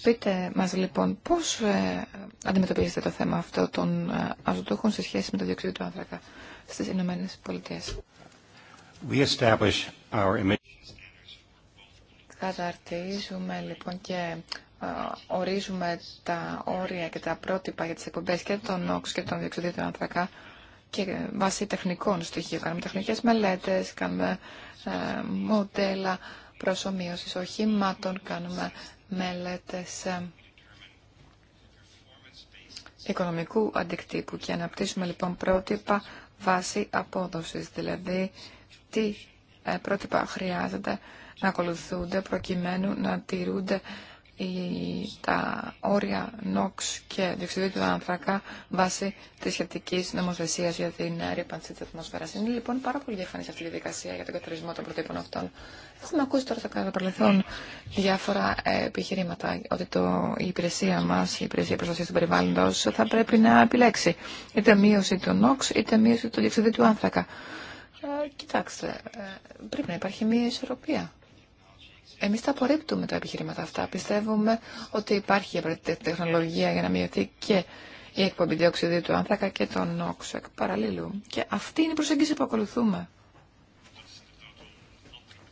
Πείτε μας λοιπόν πώς ε, αντιμετωπίζετε το θέμα αυτό των ε, αζωτούχων σε σχέση με το διοξείδιο του άνθρακα στις Ηνωμένες Πολιτείες. Καταρτίζουμε λοιπόν και ε, ορίζουμε τα όρια και τα πρότυπα για τις εκπομπές και των νόξ και των διοξιδίων του άνθρακα και βάσει τεχνικών στοιχείων. Κάνουμε τεχνικές μελέτες, κάνουμε ε, μοντέλα προσωμείωσης οχημάτων, κάνουμε μελέτες ε, οικονομικού αντικτύπου και αναπτύσσουμε λοιπόν πρότυπα βάση απόδοσης, δηλαδή τι ε, πρότυπα χρειάζεται να ακολουθούνται προκειμένου να τηρούνται τα όρια νοξ και διοξιδίου του άνθρακα βάσει τη σχετική νομοθεσία για την ε, ρήπανση τη ατμόσφαιρα. Είναι λοιπόν πάρα πολύ διαφανή αυτή η δικασία για τον καθορισμό των προτύπων αυτών. Έχουμε ακούσει τώρα στο παρελθόν διάφορα ε, επιχειρήματα ότι το, η υπηρεσία μα, η υπηρεσία προστασία του περιβάλλοντο, θα πρέπει να επιλέξει είτε μείωση του NOx είτε μείωση του διοξιδίου του άνθρακα. Ε, κοιτάξτε, ε, πρέπει να υπάρχει μια ισορροπία εμείς τα απορρίπτουμε τα επιχειρήματα αυτά. Πιστεύουμε ότι υπάρχει η τεχνολογία για να μειωθεί και η εκπομπή διοξιδίου του άνθρακα και τον Όξο εκ παραλλήλου. Και αυτή είναι η προσέγγιση που ακολουθούμε.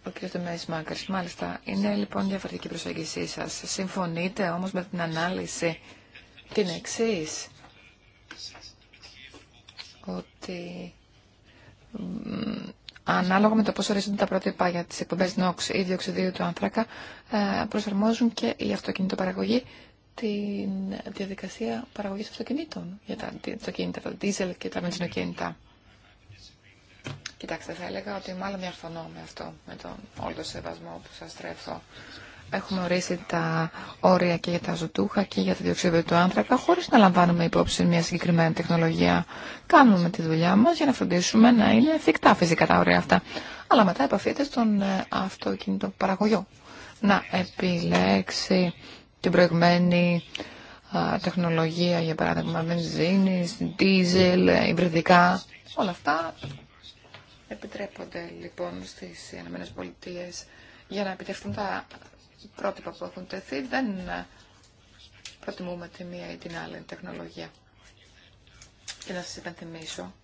Ο κ. Τεμέης Μάκρης, μάλιστα, είναι λοιπόν διαφορετική προσέγγιση σας. Συμφωνείτε όμως με την ανάλυση την εξή ότι Ανάλογα με το πώ ορίζονται τα πρότυπα για τι εκπομπές NOx ή διοξιδίου του άνθρακα, ε, προσαρμόζουν και η αυτοκινητοπαραγωγή τη διαδικασία παραγωγής αυτοκινήτων για τα αυτοκίνητα, τα δίζελ και τα μετσινοκίνητα. Κοιτάξτε, θα έλεγα ότι μάλλον διαφωνώ με αυτό, με τον όλο το σεβασμό που σας τρέφω έχουμε ορίσει τα όρια και για τα ζωτούχα και για το διοξείδιο του άνθρακα, χωρί να λαμβάνουμε υπόψη μια συγκεκριμένη τεχνολογία. Κάνουμε τη δουλειά μα για να φροντίσουμε να είναι εφικτά φυσικά τα όρια αυτά. Αλλά μετά επαφείται στον ε, αυτοκίνητο παραγωγό να επιλέξει την προηγμένη τεχνολογία, για παράδειγμα βενζίνη, δίζελ, ε, υβριδικά. Όλα αυτά επιτρέπονται λοιπόν στις ΗΠΑ για να επιτευχθούν τα πρότυπα που έχουν τεθεί, δεν ε, προτιμούμε τη μία ή την άλλη τεχνολογία. Και να σας υπενθυμίσω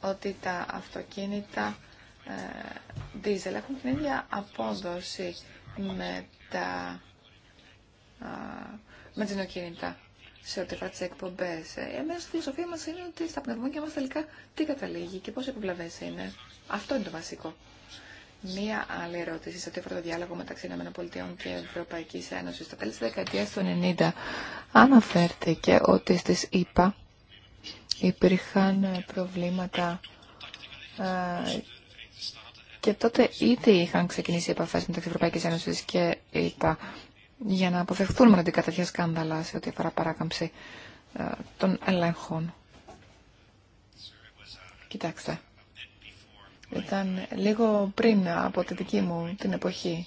ότι τα αυτοκίνητα ε, diesel έχουν την ίδια απόδοση με τα ε, μετζινοκίνητα σε ό,τι αφορά τι εκπομπέ. Εμένα η φιλοσοφία μα είναι ότι στα πνευμόνια μα τελικά τι καταλήγει και πόσο επιβλαβέ είναι. Αυτό είναι το βασικό. Μία άλλη ερώτηση σε ό,τι το διάλογο μεταξύ ΗΠΑ και Ευρωπαϊκή Ένωση. Στα τέλη τη δεκαετία του 1990 αναφέρθηκε ότι στι ΗΠΑ υπήρχαν ε, προβλήματα ε, και τότε ήδη είχαν ξεκινήσει επαφέ μεταξύ Ευρωπαϊκή Ένωση και ΗΠΑ για να αποφευχθούν μοναδικά τέτοια σκάνδαλα σε ό,τι αφορά παράκαμψη ε, των ελέγχων. Κοιτάξτε. Ήταν λίγο πριν από τη δική μου την εποχή.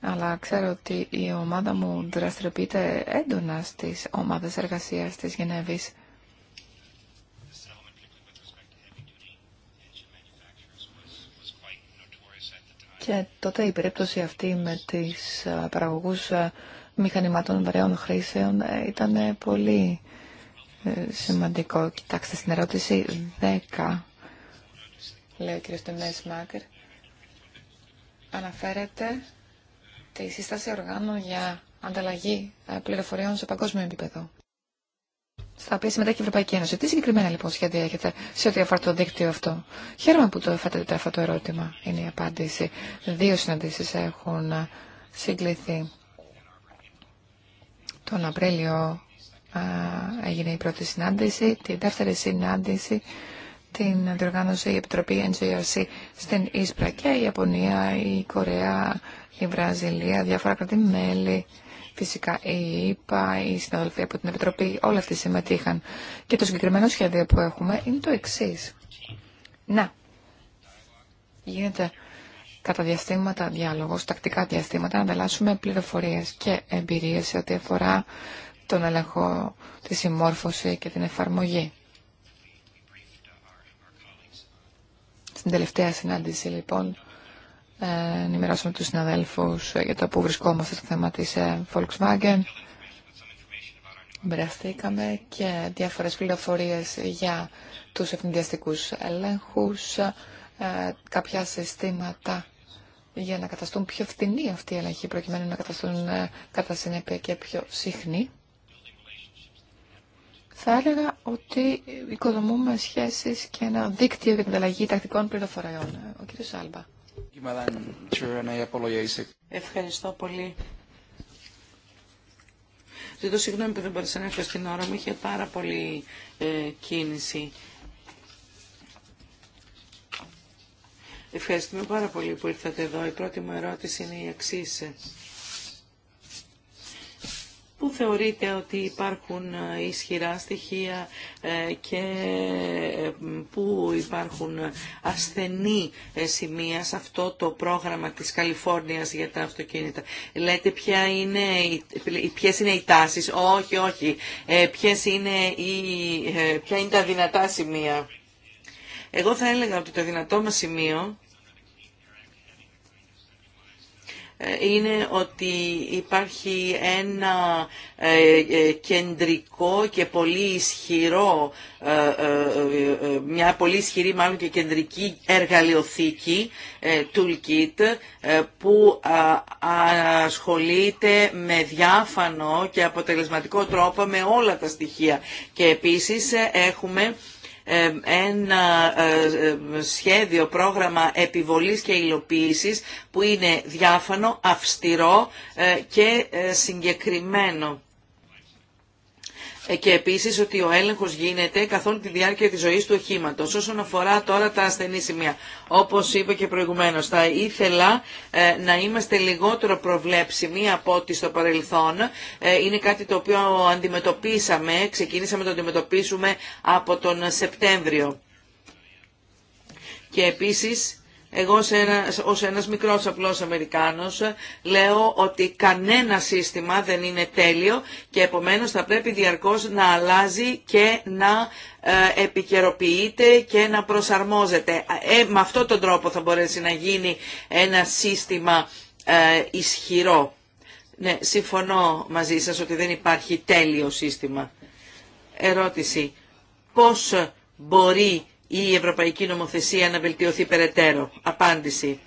Αλλά ξέρω ότι η ομάδα μου δραστηριοποιείται έντονα στις ομάδες εργασίας της Γενέβης. Και τότε η περίπτωση αυτή με τις ε, παραγωγούς ε, μηχανημάτων βαρέων χρήσεων ε, ήταν πολύ σημαντικό. Κοιτάξτε, στην ερώτηση 10 λέει ο κ. Τενές Μάκερ, αναφέρεται τη σύσταση οργάνων για ανταλλαγή ε, πληροφοριών σε παγκόσμιο επίπεδο. Στα οποία συμμετέχει η Ευρωπαϊκή Ένωση. Τι συγκεκριμένα λοιπόν σχέδια έχετε σε ό,τι αφορά το δίκτυο αυτό. Χαίρομαι που το έφατε αυτό το ερώτημα. Είναι η απάντηση. Δύο συναντήσεις έχουν συγκληθεί. Τον Απρίλιο ε, έγινε η πρώτη συνάντηση. Τη δεύτερη συνάντηση την διοργάνωσε η Επιτροπή NJRC στην Ίσπρα και η Ιαπωνία, η Κορέα, η Βραζιλία, διάφορα Φυσικά η ΕΠΑ, οι συναδελφοί από την Επιτροπή, όλοι αυτοί συμμετείχαν. Και το συγκεκριμένο σχέδιο που έχουμε είναι το εξή. Να, γίνεται κατά διαστήματα διάλογος, τακτικά διαστήματα, να ανταλλάσσουμε πληροφορίες και εμπειρίες σε ό,τι αφορά τον έλεγχο, τη συμμόρφωση και την εφαρμογή. Στην τελευταία συνάντηση, λοιπόν, ε, ενημερώσαμε τους συναδέλφους ε, για το που βρισκόμαστε στο θέμα της ε, Volkswagen. Μπεραστήκαμε και διάφορες πληροφορίες για τους ευνηδιαστικούς ελέγχους, κάποια συστήματα για να καταστούν πιο φτηνοί αυτοί οι ελέγχοι, προκειμένου να καταστούν κατά συνέπεια και πιο συχνοί. Θα έλεγα ότι οικοδομούμε σχέσεις και ένα δίκτυο για την ανταλλαγή τακτικών πληροφοριών. Ο κύριος Σάλμπα. Ευχαριστώ πολύ. Ζητώ συγγνώμη που δεν μπορούσα να έρθω στην ώρα μου. Είχε πάρα πολύ ε, κίνηση. Ευχαριστούμε πάρα πολύ που ήρθατε εδώ. Η πρώτη μου ερώτηση είναι η εξής που θεωρείτε ότι υπάρχουν ε, ισχυρά στοιχεία ε, και ε, που υπάρχουν ασθενή σημεία σε αυτό το πρόγραμμα της Καλιφόρνιας για τα αυτοκίνητα. Λέτε ποια είναι, ποιες είναι οι τάσεις, όχι, όχι, ποιες είναι οι, ποια είναι τα δυνατά σημεία. Εγώ θα έλεγα ότι το δυνατό μας σημείο είναι ότι υπάρχει ένα ε, ε, κεντρικό και πολύ ισχυρό, ε, μια πολύ ισχυρή μάλλον και κεντρική εργαλειοθήκη toolkit που ασχολείται με διάφανο και αποτελεσματικό τρόπο με όλα τα στοιχεία. Και επίσης έχουμε ένα ε, ε, σχέδιο, πρόγραμμα επιβολής και υλοποίησης που είναι διάφανο, αυστηρό ε, και συγκεκριμένο και επίσης ότι ο έλεγχο γίνεται καθ' όλη τη διάρκεια της ζωής του οχήματο, Όσον αφορά τώρα τα ασθενή σημεία, όπως είπα και προηγουμένως, θα ήθελα ε, να είμαστε λιγότερο προβλέψιμοι από ό,τι στο παρελθόν. Ε, είναι κάτι το οποίο αντιμετωπίσαμε, ξεκίνησαμε να το αντιμετωπίσουμε από τον Σεπτέμβριο. Και επίσης εγώ ως ένας, ως ένας μικρός απλός Αμερικάνος λέω ότι κανένα σύστημα δεν είναι τέλειο και επομένως θα πρέπει διαρκώς να αλλάζει και να ε, επικαιροποιείται και να προσαρμόζεται. Ε, με αυτόν τον τρόπο θα μπορέσει να γίνει ένα σύστημα ε, ισχυρό. Ναι, συμφωνώ μαζί σας ότι δεν υπάρχει τέλειο σύστημα. Ερώτηση. Πώς μπορεί η ευρωπαϊκή νομοθεσία να βελτιωθεί περαιτέρω. Απάντηση.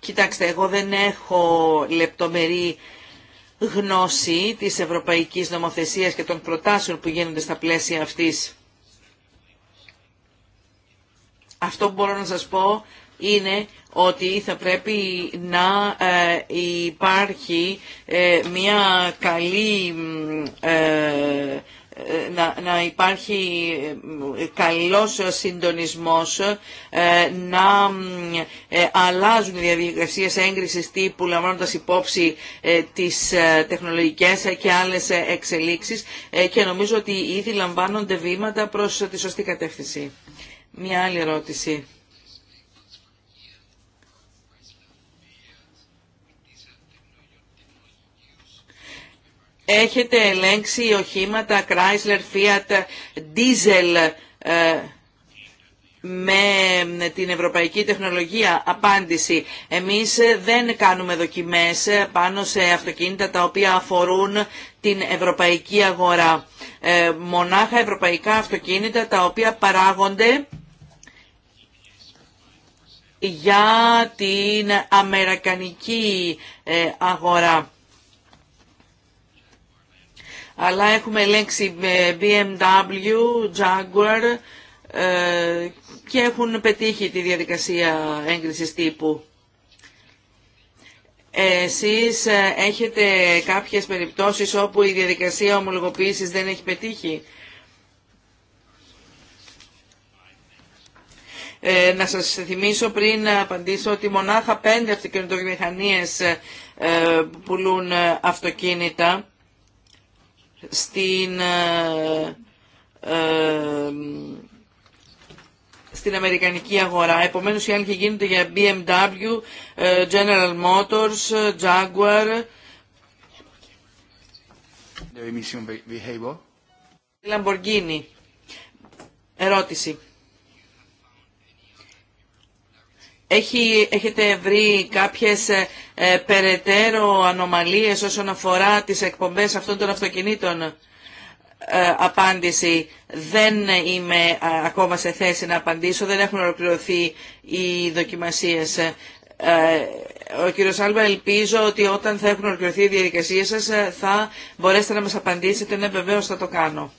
Κοιτάξτε, εγώ δεν έχω λεπτομερή γνώση της ευρωπαϊκής νομοθεσίας και των προτάσεων που γίνονται στα πλαίσια αυτής. Αυτό που μπορώ να σας πω είναι ότι θα πρέπει να ε, υπάρχει ε, μια καλή ε, να υπάρχει καλός συντονισμός, ε, να ε, αλλάζουν οι διαδικασίες έγκρισης τύπου λαμβάνοντας υπόψη ε, τις τεχνολογικές και άλλες εξελίξεις και νομίζω ότι ήδη λαμβάνονται βήματα προς τη σωστή κατεύθυνση. Μια άλλη ερώτηση. έχετε ελέγξει οχήματα Chrysler, Fiat, Diesel ε, με την ευρωπαϊκή τεχνολογία απάντηση. Εμείς δεν κάνουμε δοκιμές πάνω σε αυτοκίνητα τα οποία αφορούν την ευρωπαϊκή αγορά. Ε, μονάχα ευρωπαϊκά αυτοκίνητα τα οποία παράγονται για την αμερικανική ε, αγορά αλλά έχουμε ελέγξει ε, BMW, Jaguar ε, και έχουν πετύχει τη διαδικασία έγκρισης τύπου. Εσείς ε, έχετε κάποιες περιπτώσεις όπου η διαδικασία ομολογοποίησης δεν έχει πετύχει. να σας θυμίσω πριν απαντήσω ότι μονάχα πέντε αυτοκινητοβιομηχανίες ε, πουλούν αυτοκίνητα στην, ε, ε, στην Αμερικανική αγορά. Επομένως οι άλλοι γίνονται για BMW, ε, General Motors, Jaguar. Lamborghini. Ερώτηση. έχετε βρει κάποιες ε, ε, περαιτέρω ανομαλίες όσον αφορά τις εκπομπές αυτών των αυτοκινήτων. Ε, απάντηση. Δεν είμαι ακόμα σε θέση να απαντήσω. Δεν έχουν ολοκληρωθεί οι δοκιμασίες. ο κύριος Άλβα, ελπίζω ότι όταν θα έχουν ολοκληρωθεί οι διαδικασίες σας θα μπορέσετε να μας απαντήσετε. Ναι, βεβαίως θα το κάνω.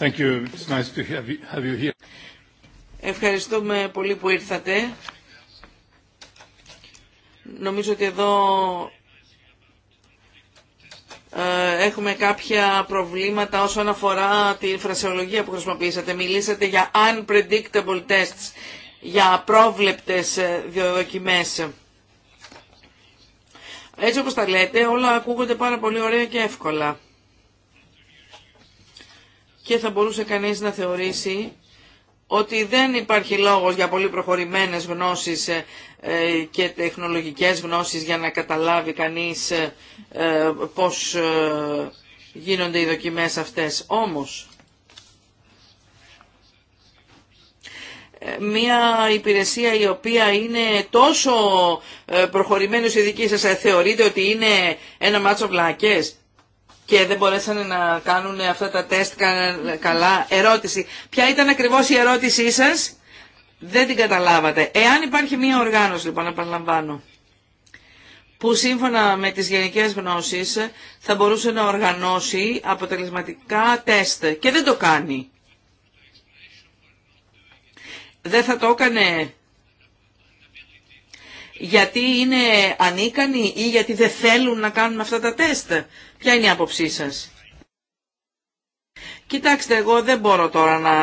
Thank you. It's nice to have you Ευχαριστούμε πολύ που ήρθατε. Νομίζω ότι εδώ ε, έχουμε κάποια προβλήματα όσον αφορά τη φρασεολογία που χρησιμοποιήσατε. Μιλήσατε για unpredictable tests, για πρόβλεπτες ε, διοδοκιμές. Έτσι όπως τα λέτε, όλα ακούγονται πάρα πολύ ωραία και εύκολα. Και θα μπορούσε κανείς να θεωρήσει ότι δεν υπάρχει λόγος για πολύ προχωρημένες γνώσεις ε, ε, και τεχνολογικές γνώσεις για να καταλάβει κανείς ε, πώς γίνονται οι δοκιμές αυτές. Όμως, μια υπηρεσία η οποία είναι τόσο προχωρημένη η δική σας θεωρείτε ότι είναι ένα μάτσο βλακές και δεν μπορέσανε να κάνουν αυτά τα τεστ καλά. Ερώτηση. Ποια ήταν ακριβώς η ερώτησή σας. Δεν την καταλάβατε. Εάν υπάρχει μία οργάνωση, λοιπόν, επαναλαμβάνω, που σύμφωνα με τις γενικές γνώσεις θα μπορούσε να οργανώσει αποτελεσματικά τεστ και δεν το κάνει. Δεν θα το έκανε γιατί είναι ανίκανοι ή γιατί δεν θέλουν να κάνουν αυτά τα τεστ. Ποια είναι η άποψή σας. Κοιτάξτε, εγώ δεν μπορώ τώρα να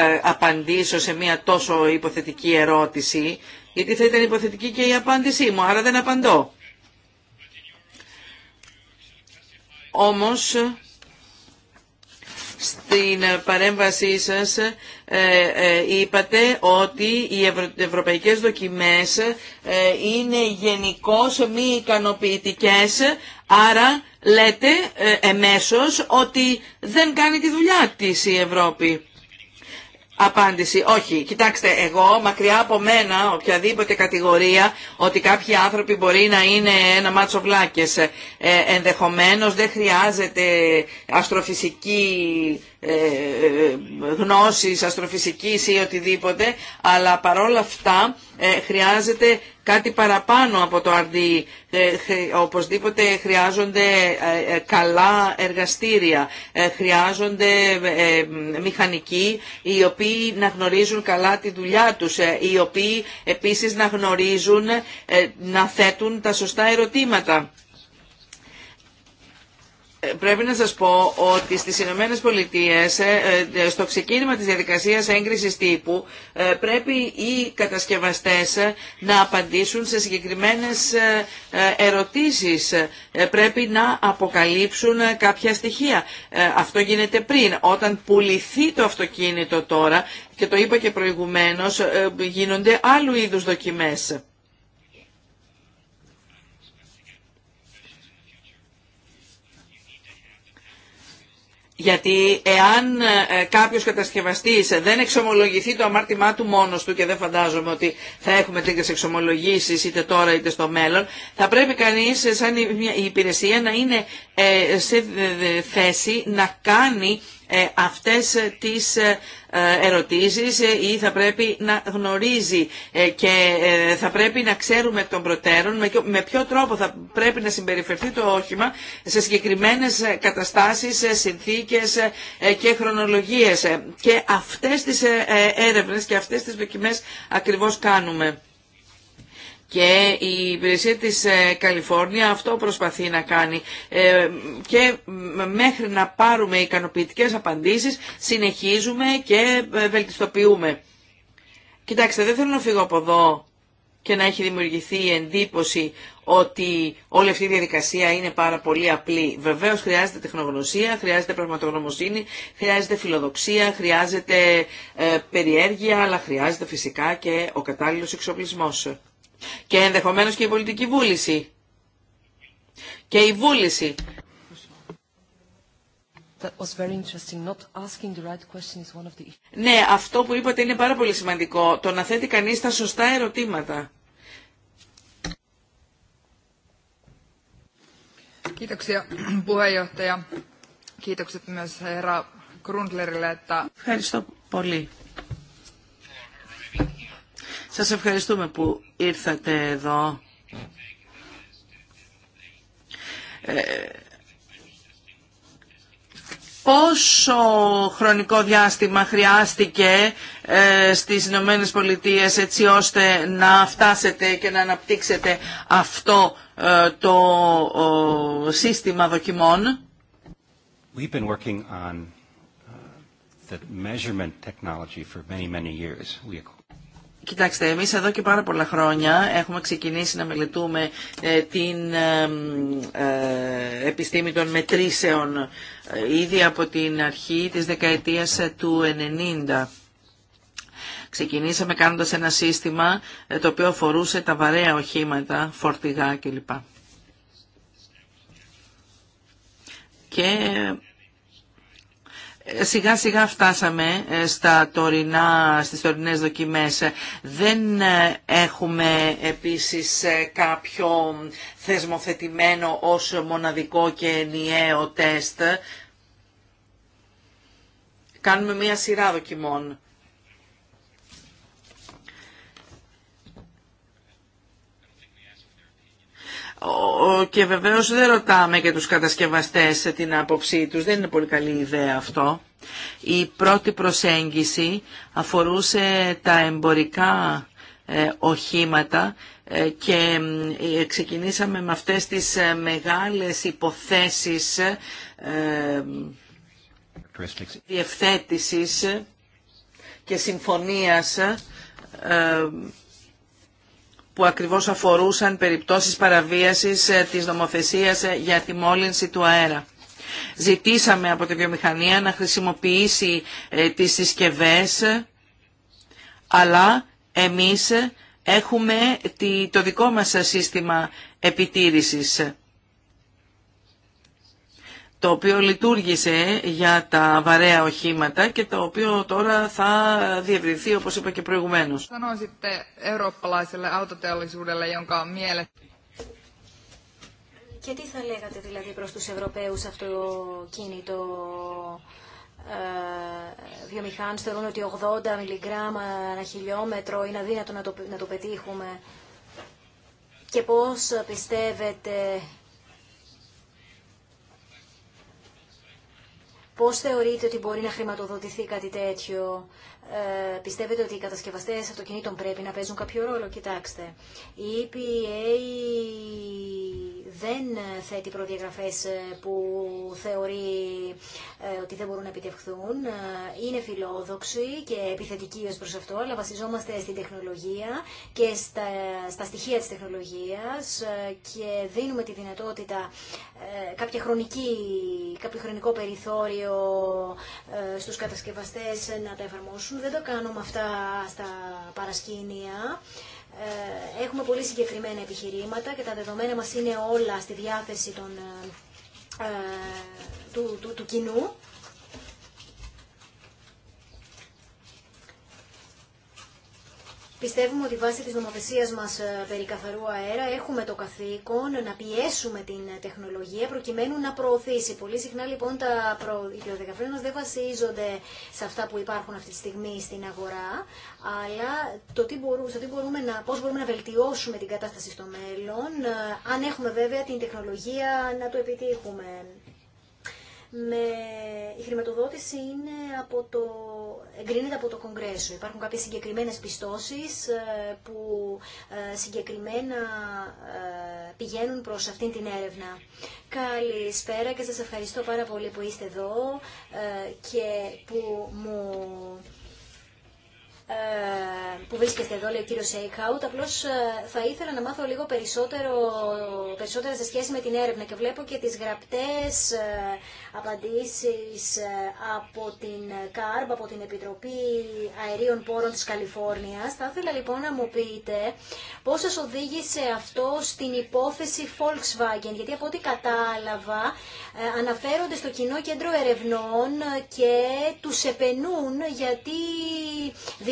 ε, απαντήσω σε μια τόσο υποθετική ερώτηση, γιατί θα ήταν υποθετική και η απάντησή μου, άρα δεν απαντώ. Όμως, στην παρέμβασή σας ε, ε, είπατε ότι οι ευρωπαϊκές δοκιμές ε, είναι γενικώ μη ικανοποιητικές, άρα λέτε εμέσως ότι δεν κάνει τη δουλειά της η Ευρώπη. Απάντηση, όχι. Κοιτάξτε, εγώ μακριά από μένα οποιαδήποτε κατηγορία ότι κάποιοι άνθρωποι μπορεί να είναι ένα μάτσο βλάκες. Ε, ενδεχομένως δεν χρειάζεται αστροφυσική ε, ε, γνώσης αστροφυσικής ή οτιδήποτε, αλλά παρόλα αυτά ε, χρειάζεται κάτι παραπάνω από το RDE. Οπωσδήποτε χρειάζονται καλά εργαστήρια, χρειάζονται μηχανικοί οι οποίοι να γνωρίζουν καλά τη δουλειά τους, οι οποίοι επίσης να γνωρίζουν να θέτουν τα σωστά ερωτήματα. Πρέπει να σας πω ότι στις Ηνωμένε Πολιτείε, ε, ε, στο ξεκίνημα της διαδικασίας έγκρισης τύπου ε, πρέπει οι κατασκευαστές να απαντήσουν σε συγκεκριμένες ερωτήσεις. Πρέπει να αποκαλύψουν κάποια στοιχεία. Αυτό γίνεται πριν. Όταν πουληθεί το αυτοκίνητο τώρα, και το είπα και προηγουμένως, γίνονται άλλου είδους δοκιμές. Γιατί εάν ε, κάποιος κατασκευαστής δεν εξομολογηθεί το αμάρτημά του μόνος του και δεν φαντάζομαι ότι θα έχουμε τέτοιες εξομολογήσεις είτε τώρα είτε στο μέλλον, θα πρέπει κανείς σαν η υπηρεσία να είναι ε, σε ε, θέση να κάνει ε, αυτές τις ε, ερωτήσεις ε, ή θα πρέπει να γνωρίζει και θα πρέπει να ξέρουμε τον των προτέρων με ποιο τρόπο θα πρέπει να συμπεριφερθεί το όχημα σε συγκεκριμένες καταστάσεις, συνθήκες και χρονολογίες. Και αυτές τις έρευνες και αυτές τις δοκιμές ακριβώς κάνουμε και η υπηρεσία της ε, Καλιφόρνια αυτό προσπαθεί να κάνει ε, και μέχρι να πάρουμε ικανοποιητικές απαντήσεις συνεχίζουμε και ε, βελτιστοποιούμε. Κοιτάξτε, δεν θέλω να φύγω από εδώ και να έχει δημιουργηθεί η εντύπωση ότι όλη αυτή η διαδικασία είναι πάρα πολύ απλή. Βεβαίω χρειάζεται τεχνογνωσία, χρειάζεται πραγματογνωμοσύνη, χρειάζεται φιλοδοξία, χρειάζεται περιέργεια, αλλά χρειάζεται φυσικά και ο κατάλληλο εξοπλισμό. Και ενδεχομένως και η πολιτική βούληση. Και η βούληση. Ναι, αυτό που είπατε είναι πάρα πολύ σημαντικό. Το να θέτει κανείς τα σωστά ερωτήματα. Ευχαριστώ πολύ. Σας ευχαριστούμε που ήρθατε εδώ. Ε, πόσο χρονικό διάστημα χρειάστηκε ε, στις Ηνωμένε Πολιτείε έτσι ώστε να φτάσετε και να αναπτύξετε αυτό ε, το σύστημα δοκιμών. We've working on uh, technology for many, Κοιτάξτε, εμείς εδώ και πάρα πολλά χρόνια έχουμε ξεκινήσει να μελετούμε ε, την ε, επιστήμη των μετρήσεων ε, ήδη από την αρχή της δεκαετίας του 90. Ξεκινήσαμε κάνοντας ένα σύστημα το οποίο αφορούσε τα βαρέα οχήματα, φορτηγά κλπ. Και σιγά σιγά φτάσαμε ε, στα τωρινά, στις τωρινές δοκιμές. Δεν ε, έχουμε επίσης ε, κάποιο θεσμοθετημένο ως μοναδικό και ενιαίο τεστ. Κάνουμε μία σειρά δοκιμών. Και βεβαίως δεν ρωτάμε και τους κατασκευαστές την άποψή τους, δεν είναι πολύ καλή ιδέα αυτό. Η πρώτη προσέγγιση αφορούσε τα εμπορικά ε, οχήματα ε, και ε, ξεκινήσαμε με αυτές τις μεγάλες υποθέσεις διευθέτησης και συμφωνίας που ακριβώς αφορούσαν περιπτώσεις παραβίασης ε, της νομοθεσίας ε, για τη μόλυνση του αέρα. Ζητήσαμε από τη βιομηχανία να χρησιμοποιήσει ε, τις συσκευές, αλλά εμείς έχουμε το δικό μας σύστημα επιτήρησης το οποίο λειτουργήσε για τα βαρέα οχήματα και το οποίο τώρα θα διευρυνθεί, όπως είπα και προηγουμένως. Και τι θα λέγατε δηλαδή προς τους Ευρωπαίους αυτοκίνητο ε, βιομηχάνους θεωρούν ότι 80 μιλιγκράμμα ένα χιλιόμετρο είναι αδύνατο να το, να το πετύχουμε και πώς πιστεύετε Πώς θεωρείτε ότι μπορεί να χρηματοδοτηθεί κάτι τέτοιο. Ε, πιστεύετε ότι οι κατασκευαστές αυτοκινήτων πρέπει να παίζουν κάποιο ρόλο. Κοιτάξτε, η EPA δεν θέτει προδιαγραφές ε, που θεωρεί ε, ότι δεν μπορούν να επιτευχθούν. Είναι φιλόδοξη και επιθετική ως προς αυτό, αλλά βασιζόμαστε στην τεχνολογία και στα, στα στοιχεία της τεχνολογίας και δίνουμε τη δυνατότητα κάποια χρονική, κάποιο χρονικό περιθώριο στους κατασκευαστές να τα εφαρμόσουν δεν το κάνουμε αυτά στα παρασκήνια. Ε, έχουμε πολύ συγκεκριμένα επιχειρήματα και τα δεδομένα μας είναι όλα στη διάθεση των, ε, ε, του, του, του κοινού. Πιστεύουμε ότι βάσει της νομοθεσίας μας ε, περί καθαρού αέρα έχουμε το καθήκον να πιέσουμε την ε, τεχνολογία προκειμένου να προωθήσει. Πολύ συχνά λοιπόν τα προ... οι δεν βασίζονται σε αυτά που υπάρχουν αυτή τη στιγμή στην αγορά, αλλά το τι μπορούμε, τι μπορούμε να, πώς μπορούμε να βελτιώσουμε την κατάσταση στο μέλλον, ε, αν έχουμε βέβαια την τεχνολογία να το επιτύχουμε με... η χρηματοδότηση είναι από το... εγκρίνεται από το Κογκρέσο. Υπάρχουν κάποιες συγκεκριμένες πιστώσεις ε, που ε, συγκεκριμένα ε, πηγαίνουν προς αυτήν την έρευνα. Καλησπέρα και σας ευχαριστώ πάρα πολύ που είστε εδώ και που μου ε, που βρίσκεται εδώ, λέει ο κύριο Σέικαουτ. Απλώ ε, θα ήθελα να μάθω λίγο περισσότερο, περισσότερα σε σχέση με την έρευνα και βλέπω και τι γραπτέ ε, απαντήσει από την ΚΑΡΜ, από την Επιτροπή Αερίων Πόρων τη Καλιφόρνια. Θα ήθελα λοιπόν να μου πείτε πώ σα οδήγησε αυτό στην υπόθεση Volkswagen, γιατί από ό,τι κατάλαβα αναφέρονται στο κοινό κέντρο ερευνών και του επενούν γιατί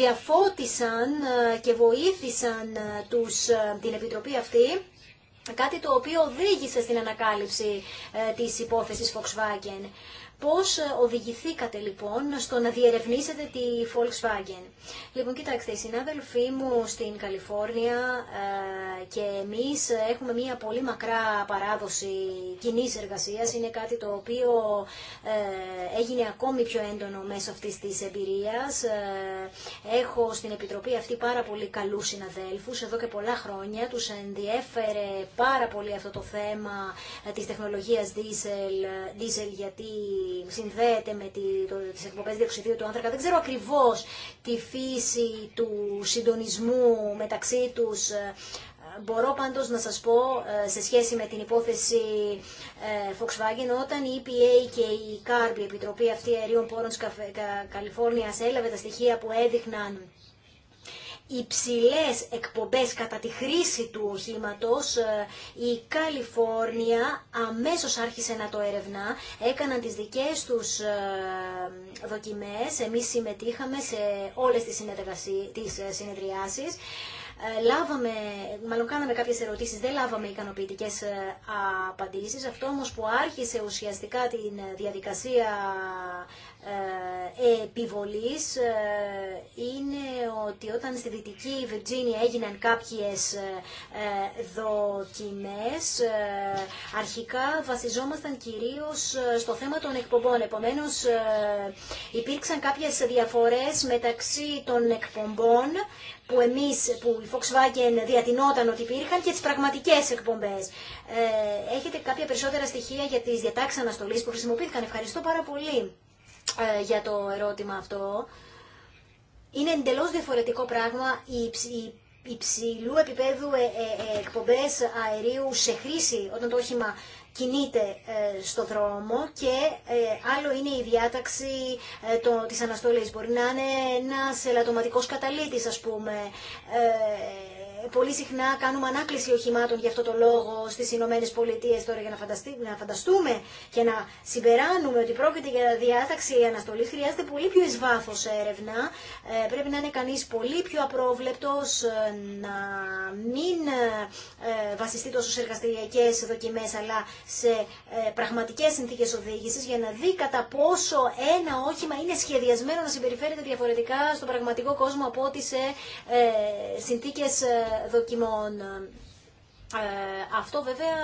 διαφώτισαν ε, και βοήθησαν ε, τους, ε, την Επιτροπή αυτή κάτι το οποίο οδήγησε στην ανακάλυψη της υπόθεσης Volkswagen. Πώς ε, οδηγηθήκατε λοιπόν στο να διερευνήσετε τη Volkswagen. Λοιπόν, κοιτάξτε, οι συνάδελφοί μου στην Καλιφόρνια ε, και εμείς ε, έχουμε μια πολύ μακρά παράδοση κοινή εργασίας. Είναι κάτι το οποίο ε, έγινε ακόμη πιο έντονο μέσω αυτής της εμπειρίας. έχω στην Επιτροπή αυτή πάρα πολύ καλούς συναδέλφους εδώ και πολλά χρόνια. Τους ενδιέφερε πάρα πολύ αυτό το θέμα της τεχνολογίας diesel, diesel γιατί συνδέεται με τις εκπομπές διοξιδίου του άνθρακα. Δεν ξέρω ακριβώς τη φύση του συντονισμού μεταξύ τους. Ε, μπορώ πάντως να σας πω ε, σε σχέση με την υπόθεση ε, Volkswagen όταν η EPA και η CARB, η Επιτροπή αυτή αερίων πόρων της Καλιφόρνιας έλαβε τα στοιχεία που έδειχναν υψηλές εκπομπές κατά τη χρήση του οχήματος, ε, η Καλιφόρνια αμέσως άρχισε να το ερευνά, έκαναν τις δικές τους ε, δοκιμές, εμείς συμμετείχαμε σε όλες τις, τις ε, συνεδριάσεις ε, λάβαμε, μάλλον κάναμε κάποιες ερωτήσεις, δεν λάβαμε ικανοποιητικές ε, απαντήσεις. Αυτό όμω που άρχισε ουσιαστικά την διαδικασία ε, επιβολής είναι ότι όταν στη Δυτική Βιρτζίνια έγιναν κάποιες δοκιμές αρχικά βασιζόμασταν κυρίως στο θέμα των εκπομπών επομένως υπήρξαν κάποιες διαφορές μεταξύ των εκπομπών που εμείς, που η Volkswagen διατηνόταν ότι υπήρχαν και τις πραγματικές εκπομπές. Ε, έχετε κάποια περισσότερα στοιχεία για τις διατάξεις αναστολής που χρησιμοποιήθηκαν. Ευχαριστώ πάρα πολύ ε, για το ερώτημα αυτό. Είναι εντελώς διαφορετικό πράγμα η, υψηλού επίπεδου ε, εκπομπές αερίου σε χρήση όταν το όχημα κινείται ε, στο δρόμο και ε, άλλο είναι η διάταξη ε, το, της αναστολής. Μπορεί να είναι ένας ελαττωματικός καταλήτης, ας πούμε, πολύ συχνά κάνουμε ανάκληση οχημάτων για αυτό το λόγο στι Ηνωμένε Πολιτείε τώρα για να, φανταστούμε και να συμπεράνουμε ότι πρόκειται για διάταξη αναστολή χρειάζεται πολύ πιο εσβάθο έρευνα ε, πρέπει να είναι κανεί πολύ πιο απρόβλεπτο, ε, να μην ε, ε, βασιστεί τόσο σε εργαστηριακές δοκιμές αλλά σε ε, πραγματικές συνθήκες οδήγησης για να δει κατά πόσο ένα όχημα είναι σχεδιασμένο να συμπεριφέρεται διαφορετικά στον πραγματικό κόσμο από ό,τι σε συνθήκε δοκιμών. Ε, αυτό βέβαια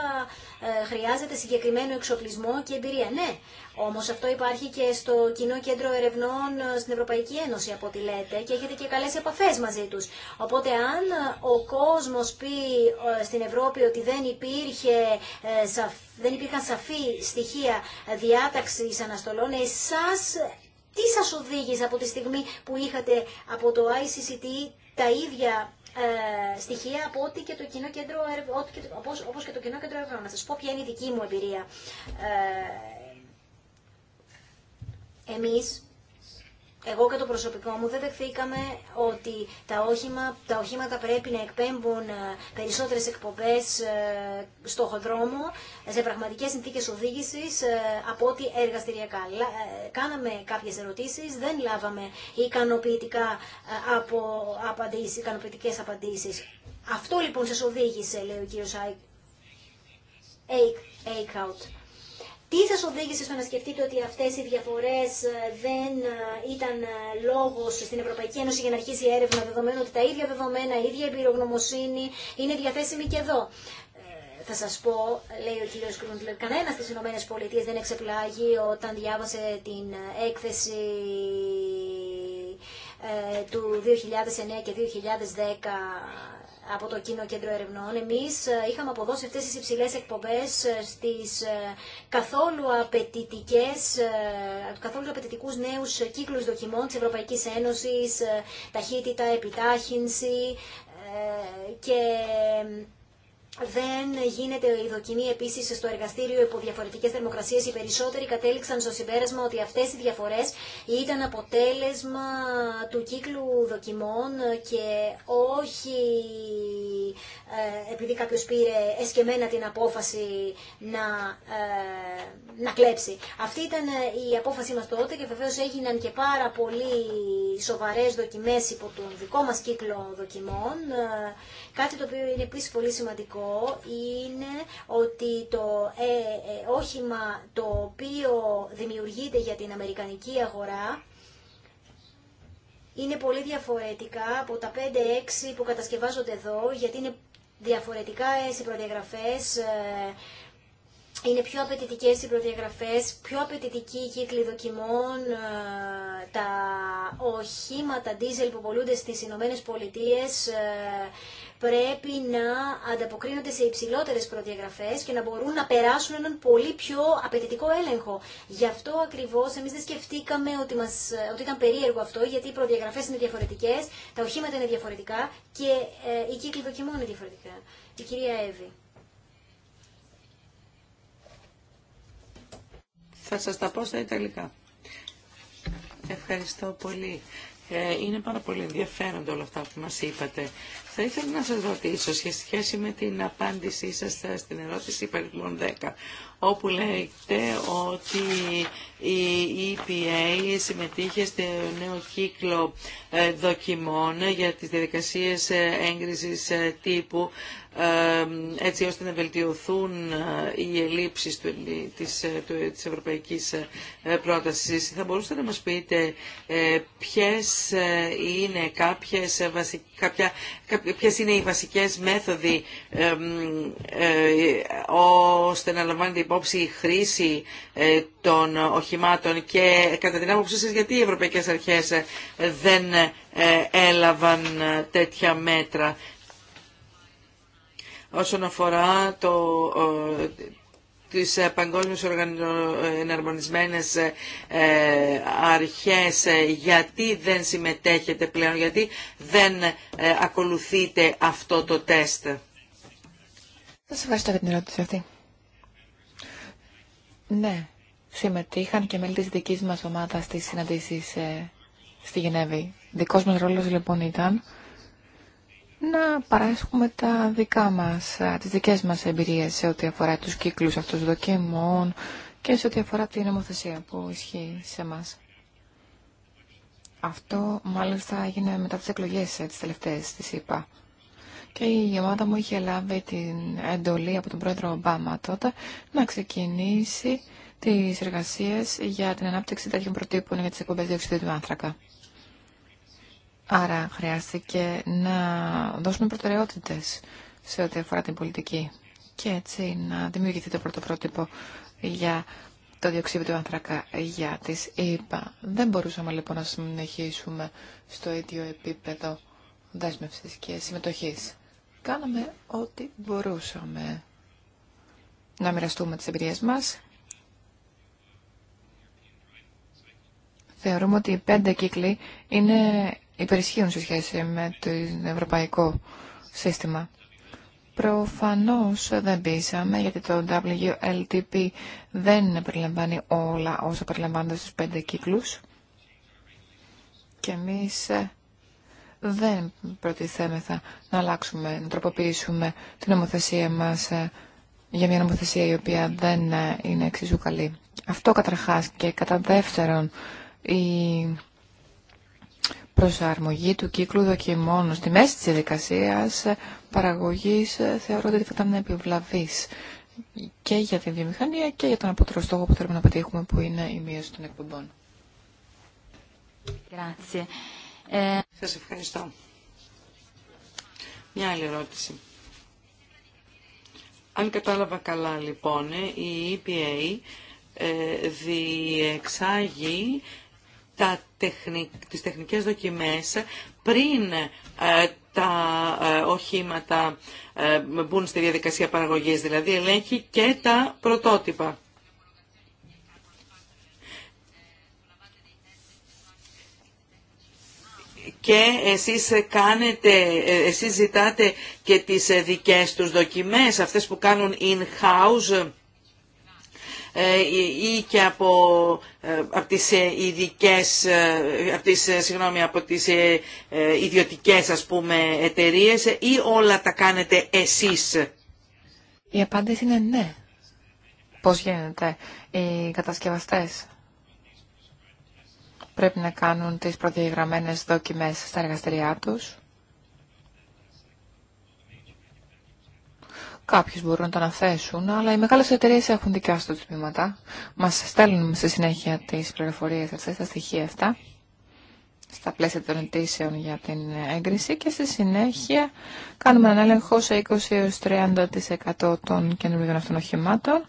ε, χρειάζεται συγκεκριμένο εξοπλισμό και εμπειρία. Ναι, όμως αυτό υπάρχει και στο Κοινό Κέντρο Ερευνών ε, στην Ευρωπαϊκή Ένωση από ό,τι λέτε και έχετε και καλές επαφές μαζί τους. Οπότε αν ο κόσμος πει στην Ευρώπη ότι δεν, υπήρχε, δεν υπήρχαν σαφή στοιχεία διάταξης αναστολών, εσάς τι σας οδήγησε από τη στιγμή που είχατε από το ICCT τα ίδια ε, στοιχεία από ό,τι και το κοινό κέντρο, ό,τι και όπως, και το κοινό κέντρο Να σας πω ποια είναι η δική μου εμπειρία. Ε, εμείς εγώ και το προσωπικό μου δεν δεχθήκαμε ότι τα, όχημα, τα οχήματα πρέπει να εκπέμπουν ε, περισσότερες εκπομπές ε, χοδρόμο σε πραγματικές συνθήκες οδήγησης ε, από ότι εργαστηριακά. Κάναμε κάποιες ερωτήσεις, δεν λάβαμε ικανοποιητικά από απαντήσεις, ικανοποιητικές απαντήσεις. Αυτό λοιπόν σας οδήγησε, λέει ο κύριος out. Τι σας οδήγησε στο να σκεφτείτε ότι αυτές οι διαφορές ε, δεν ε, ήταν ε, λόγος στην Ευρωπαϊκή Ένωση για να αρχίσει η έρευνα δεδομένου ότι τα ίδια δεδομένα, η ίδια εμπειρογνωμοσύνη είναι διαθέσιμη και εδώ. Θα σα πω, λέει ο κύριο Κρούντλερ, κανένα στι ΗΠΑ δεν εξεπλάγει όταν διάβασε την έκθεση ε, του 2009 και 2010 από το Κοινό Κέντρο Ερευνών. Εμείς ε, είχαμε αποδώσει αυτές τις υψηλές εκπομπές ε, στις καθόλου, απαιτητικές, καθόλου απαιτητικούς νέους κύκλους δοκιμών της Ευρωπαϊκής Ένωσης, ταχύτητα, επιτάχυνση και δεν γίνεται η δοκιμή επίση στο εργαστήριο υπό διαφορετικέ θερμοκρασίε. Οι περισσότεροι κατέληξαν στο συμπέρασμα ότι αυτέ οι διαφορέ ήταν αποτέλεσμα του κύκλου δοκιμών και όχι ε, επειδή κάποιο πήρε εσκεμένα την απόφαση να, ε, κλέψει. Αυτή ήταν ε, η απόφαση μα τότε και βεβαίω έγιναν και πάρα πολύ σοβαρέ δοκιμέ υπό τον δικό μα κύκλο δοκιμών. Κάτι το οποίο είναι επίση πολύ σημαντικό είναι ότι το ε, ε, όχημα το οποίο δημιουργείται για την αμερικανική αγορά είναι πολύ διαφορετικά από τα 5-6 που κατασκευάζονται εδώ, γιατί είναι διαφορετικά σε προδιαγραφές ε, είναι πιο απαιτητικέ οι προδιαγραφέ, πιο απαιτητικοί οι κύκλοι δοκιμών, ε, τα οχήματα diesel που πολλούνται στι Ηνωμένε Πολιτείε ε, πρέπει να ανταποκρίνονται σε υψηλότερε προδιαγραφέ και να μπορούν να περάσουν έναν πολύ πιο απαιτητικό έλεγχο. Γι' αυτό ακριβώ εμεί δεν σκεφτήκαμε ότι, μας, ότι ήταν περίεργο αυτό, γιατί οι προδιαγραφέ είναι διαφορετικέ, τα οχήματα είναι διαφορετικά και ε, οι κύκλοι δοκιμών είναι διαφορετικά. Η κυρία Εύη. Θα σας τα πω στα Ιταλικά. Ευχαριστώ πολύ. Ε, είναι πάρα πολύ ενδιαφέροντα όλα αυτά που μας είπατε. Θα ήθελα να σας ρωτήσω σε σχέση με την απάντησή σας στην ερώτηση περίπου 10 όπου λέγεται ότι η EPA συμμετείχε στο νέο κύκλο ε, δοκιμών για τις διαδικασίες ε, έγκρισης ε, τύπου έτσι ώστε να βελτιωθούν οι ελλείψεις του, της, της ευρωπαϊκής πρότασης. Θα μπορούσατε να μας πείτε ποιες είναι, κάποιες, κάποια, ποιες είναι οι βασικές μέθοδοι ώστε να λαμβάνετε υπόψη υπόψη η χρήση ε, των οχημάτων και κατά την άποψή σας γιατί οι ευρωπαϊκές αρχές ε, δεν ε, έλαβαν τέτοια μέτρα όσον αφορά το, τις παγκόσμιες εναρμονισμένες αρχές, γιατί δεν συμμετέχετε πλέον, γιατί δεν ακολουθείτε αυτό το τεστ. Σας ευχαριστώ για την ερώτηση αυτή. Ναι, συμμετείχαν και μέλη της δικής μας ομάδας στις συναντήσεις ε, στη Γενέβη. Δικός μας ρόλος λοιπόν ήταν να παράσχουμε τα δικά μας, ε, τις δικές μας εμπειρίες σε ό,τι αφορά τους κύκλους αυτούς δοκιμών και σε ό,τι αφορά την νομοθεσία που ισχύει σε μας. Αυτό μάλιστα έγινε μετά τις εκλογές ε, τις τελευταίες της είπα. Και η ομάδα μου είχε λάβει την εντολή από τον πρόεδρο Ομπάμα τότε να ξεκινήσει τις εργασίες για την ανάπτυξη τέτοιων προτύπων για τις εκπομπές διοξιδίου του άνθρακα. Άρα χρειάστηκε να δώσουμε προτεραιότητες σε ό,τι αφορά την πολιτική και έτσι να δημιουργηθεί το πρώτο πρότυπο για το διοξείδιο του άνθρακα για τις ΕΙΠΑ. Δεν μπορούσαμε λοιπόν να συνεχίσουμε στο ίδιο επίπεδο δέσμευση και συμμετοχής. Κάναμε ό,τι μπορούσαμε να μοιραστούμε τις εμπειρίες μας. Θεωρούμε ότι οι πέντε κύκλοι είναι υπερισχύουν σε σχέση με το ευρωπαϊκό σύστημα. Προφανώς δεν πείσαμε γιατί το WLTP δεν περιλαμβάνει όλα όσα περιλαμβάνονται στους πέντε κύκλους και εμείς δεν προτιθέμεθα να αλλάξουμε, να τροποποιήσουμε την νομοθεσία μας ε, για μια νομοθεσία η οποία δεν ε, είναι εξίσου καλή. Αυτό καταρχάς και κατά δεύτερον η προσαρμογή του κύκλου δοκιμών στη μέση της διαδικασία ε, παραγωγής θεωρώ ότι θα ήταν επιβλαβής και για την βιομηχανία και για τον απότερο στόχο που θέλουμε να πετύχουμε που είναι η μείωση των εκπομπών. Ε, Σας ευχαριστώ. Μια άλλη ερώτηση. Αν κατάλαβα καλά λοιπόν, η EPA ε, διεξάγει τα τεχνικ, τις τεχνικές δοκιμές πριν ε, τα οχήματα μπουν στη διαδικασία παραγωγής, δηλαδή ελέγχει και τα πρωτότυπα. και εσείς κάνετε, εσείς ζητάτε και τις δικές τους δοκιμές, αυτές που κάνουν in-house ε, ή και από, ε, από τις ε, ειδικές, από τις, συγγνώμη, από τις ιδιωτικές ας πούμε εταιρείες ή όλα τα κάνετε εσείς. Η απάντηση είναι ναι. Πώς γίνεται οι κατασκευαστές πρέπει να κάνουν τις προδιαγραμμένες δοκιμές στα εργαστηριά τους. Κάποιοι μπορούν να το αναθέσουν, αλλά οι μεγάλες εταιρείε έχουν δικιά του τμήματα. Μας στέλνουν στη συνέχεια τις πληροφορίες αυτές, τα στοιχεία αυτά, στα πλαίσια των αιτήσεων για την έγκριση και στη συνέχεια κάνουμε έναν έλεγχο σε 20-30% των καινούργιων αυτών οχημάτων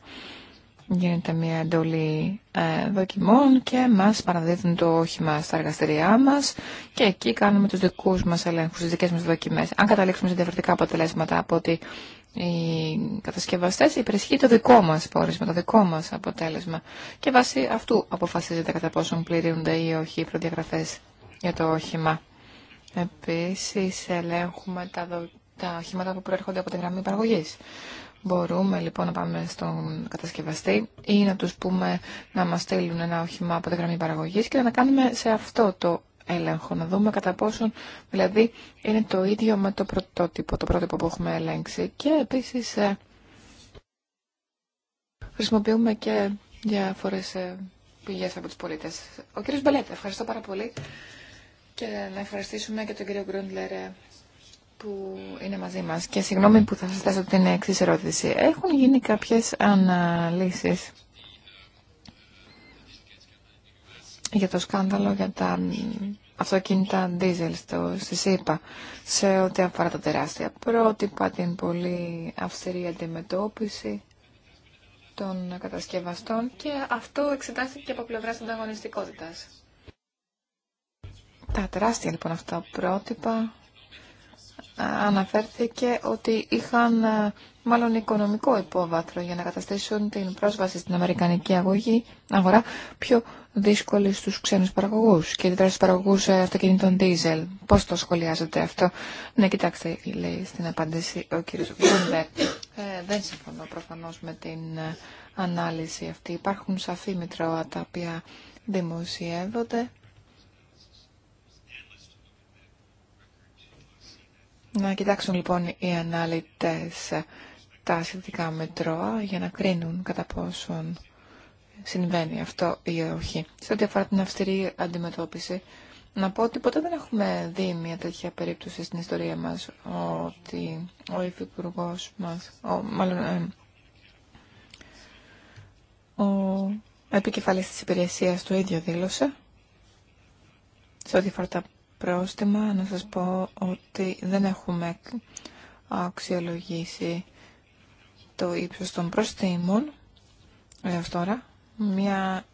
γίνεται μια εντολή ε, δοκιμών και μας παραδίδουν το όχημα στα εργαστηριά μας και εκεί κάνουμε τους δικούς μας ελέγχους, τις δικές μας δοκιμές. Αν καταλήξουμε σε διαφορετικά αποτελέσματα από ότι οι κατασκευαστές υπερισχύει το δικό μας πόρισμα, το δικό μας αποτέλεσμα και βάσει αυτού αποφασίζεται κατά πόσον πληρούνται ή όχι οι προδιαγραφές για το όχημα. Επίσης ελέγχουμε τα, τα οχήματα που προέρχονται από τη γραμμή παραγωγής. Μπορούμε λοιπόν να πάμε στον κατασκευαστή ή να τους πούμε να μας στείλουν ένα όχημα από τη γραμμή παραγωγής και να κάνουμε σε αυτό το έλεγχο, να δούμε κατά πόσον δηλαδή είναι το ίδιο με το πρωτότυπο, το πρότυπο που έχουμε ελέγξει και επίσης ε, χρησιμοποιούμε και διάφορες ε, πηγές από τους πολίτες. Ο κύριος Μπελέτα, ευχαριστώ πάρα πολύ και να ευχαριστήσουμε και τον κύριο Γκρούντλερ ε, που είναι μαζί μας και συγγνώμη που θα σας θέσω την εξή ερώτηση. Έχουν γίνει κάποιες αναλύσεις για το σκάνδαλο για τα αυτοκίνητα diesel στο, στη ΣΥΠΑ σε ό,τι αφορά τα τεράστια πρότυπα, την πολύ αυστηρή αντιμετώπιση των κατασκευαστών και αυτό εξετάστηκε από πλευράς ανταγωνιστικότητα. Τα τεράστια λοιπόν αυτά πρότυπα αναφέρθηκε ότι είχαν ε, μάλλον οικονομικό υπόβαθρο για να καταστήσουν την πρόσβαση στην αμερικανική αγωγή, αγορά πιο δύσκολη στους ξένους παραγωγούς και ιδιαίτερα στους παραγωγούς ε, αυτοκινήτων diesel. Πώς το σχολιάζετε αυτό. Ναι, κοιτάξτε, λέει στην απάντηση ο κύριος Ε, δεν συμφωνώ προφανώς με την ε, ανάλυση αυτή. Υπάρχουν σαφή μητρώα τα οποία δημοσιεύονται Να κοιτάξουν λοιπόν οι αναλυτές τα σχετικά μετρώα για να κρίνουν κατά πόσον συμβαίνει αυτό ή όχι. Σε ό,τι αφορά την αυστηρή αντιμετώπιση, να πω ότι ποτέ δεν έχουμε δει μια τέτοια περίπτωση στην ιστορία μας ότι ο υφυπουργός μας, ο, μάλλον ε, ο επικεφαλής της υπηρεσίας του ίδιο δήλωσε σε ό,τι αφορά πρόστιμα, να σας πω ότι δεν έχουμε αξιολογήσει το ύψος των προστήμων έως τώρα. Μια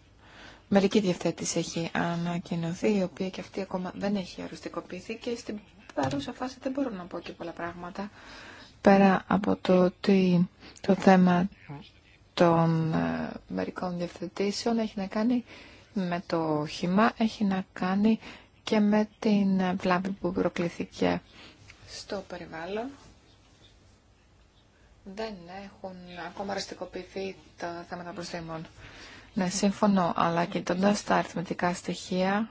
μερική διευθέτηση έχει ανακοινωθεί, η οποία και αυτή ακόμα δεν έχει οριστικοποιηθεί και στην παρούσα φάση δεν μπορώ να πω και πολλά πράγματα. Πέρα από το ότι το θέμα των ε, μερικών διευθετήσεων έχει να κάνει με το χημά, έχει να κάνει και με την βλάβη που προκληθήκε στο περιβάλλον. Δεν έχουν ακόμα οριστικοποιηθεί τα θέματα προσθήμων. Ναι, σύμφωνο, αλλά κοιτώντα τα αριθμητικά στοιχεία,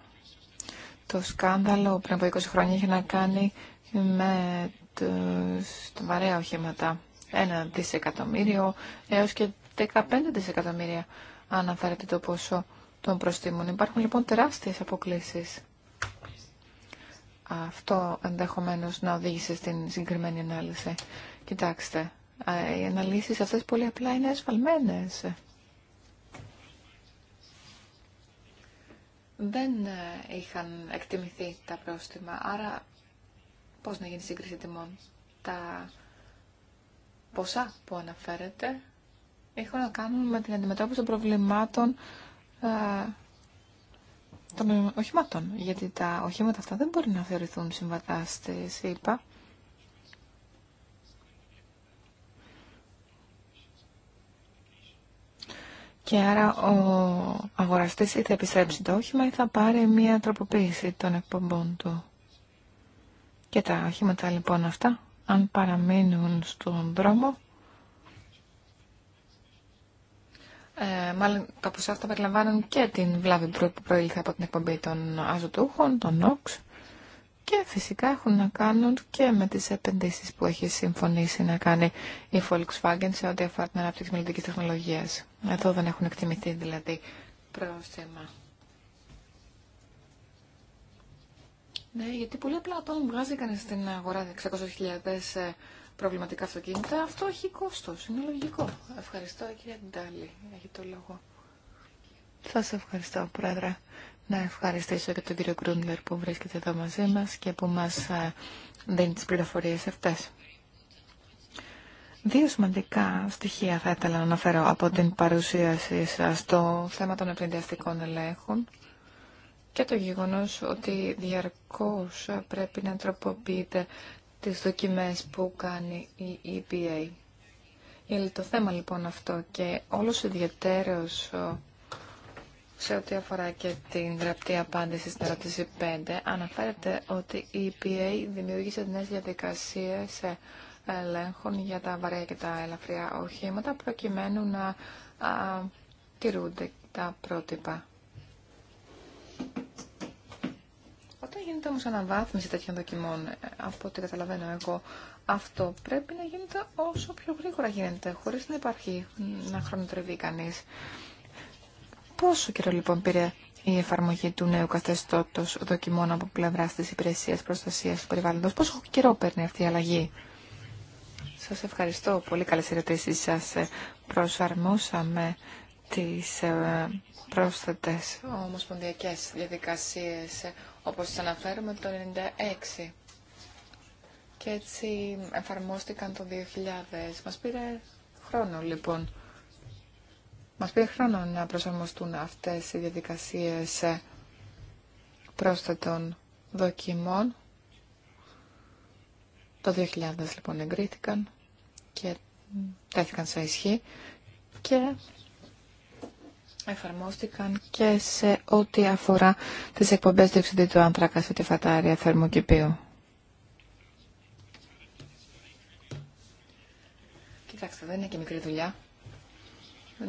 το σκάνδαλο πριν από 20 χρόνια είχε να κάνει με τα βαρέα οχήματα. Ένα δισεκατομμύριο έως και 15 δισεκατομμύρια αναφέρεται το ποσό των προστήμων. Υπάρχουν λοιπόν τεράστιες αποκλήσεις. Αυτό ενδεχομένως να οδήγησε στην συγκεκριμένη ανάλυση. Κοιτάξτε, οι αναλύσεις αυτές πολύ απλά είναι ασφαλμένες. Δεν ε, είχαν εκτιμηθεί τα πρόστιμα, άρα πώς να γίνει σύγκριση τιμών. Τα ποσά που αναφέρεται έχουν να κάνουν με την αντιμετώπιση των προβλημάτων ε, των οχημάτων. Γιατί τα οχήματα αυτά δεν μπορεί να θεωρηθούν συμβατά στη ΣΥΠΑ. Και άρα ο αγοραστής ή θα επιστρέψει το όχημα ή θα πάρει μια τροποποίηση των εκπομπών του. Και τα οχήματα λοιπόν αυτά, αν παραμείνουν στον δρόμο, Ε, μάλλον τα ποσά αυτά περιλαμβάνουν και την βλάβη που προήλθε από την εκπομπή των αζωτούχων, των νόξ και φυσικά έχουν να κάνουν και με τις επενδύσεις που έχει συμφωνήσει να κάνει η Volkswagen σε ό,τι αφορά την ανάπτυξη μελλοντικής τεχνολογίας. Εδώ δεν έχουν εκτιμηθεί δηλαδή πρόστιμα. Ναι, γιατί πολύ απλά όταν βγάζει στην αγορά 600.000 προβληματικά αυτοκίνητα, αυτό έχει κόστος. Είναι λογικό. Ευχαριστώ, κύριε Ντάλη. Έχει το λόγο. σα ευχαριστώ, Πρόεδρε. Να ευχαριστήσω και τον κύριο Γκρούντλερ που βρίσκεται εδώ μαζί μα και που μα ε, δίνει τις πληροφορίε αυτές. Δύο σημαντικά στοιχεία θα ήθελα να αναφέρω από την παρουσίασή σας στο θέμα των επενδυαστικών ελέγχων και το γεγονός ότι διαρκώς πρέπει να τροποποιείται τις δοκιμές που κάνει η EPA. Γιατί το θέμα λοιπόν αυτό και όλος ιδιαίτερος σε ό,τι αφορά και την γραπτή απάντηση στην ερώτηση 5, αναφέρεται ότι η EPA δημιούργησε νέες διαδικασίες ελέγχων για τα βαρέα και τα ελαφριά οχήματα, προκειμένου να α, τηρούνται τα πρότυπα. Όταν γίνεται όμως αναβάθμιση τέτοιων δοκιμών, ε, από ό,τι καταλαβαίνω εγώ, αυτό πρέπει να γίνεται όσο πιο γρήγορα γίνεται, χωρίς να υπάρχει να χρονοτρεβεί κανείς. Πόσο καιρό λοιπόν πήρε η εφαρμογή του νέου καθεστώτος δοκιμών από πλευρά της υπηρεσίας προστασίας του περιβάλλοντος, πόσο καιρό παίρνει αυτή η αλλαγή. Σας ευχαριστώ. Πολύ καλές ερωτήσεις σας. Ε, προσαρμόσαμε τις ε, πρόσθετες ομοσπονδιακές διαδικασίες όπως σας αναφέρουμε το 1996. Και έτσι εφαρμόστηκαν το 2000. Μας πήρε χρόνο λοιπόν. Μας πήρε χρόνο να προσαρμοστούν αυτές οι διαδικασίες ε, πρόσθετων δοκιμών. Το 2000 λοιπόν εγκρίθηκαν και τέθηκαν σε ισχύ και εφαρμόστηκαν και σε ό,τι αφορά τις εκπομπές διευθυντήτου του άνθρακα σε τη φατάρια θερμοκηπίου. Κοιτάξτε, δεν είναι και μικρή δουλειά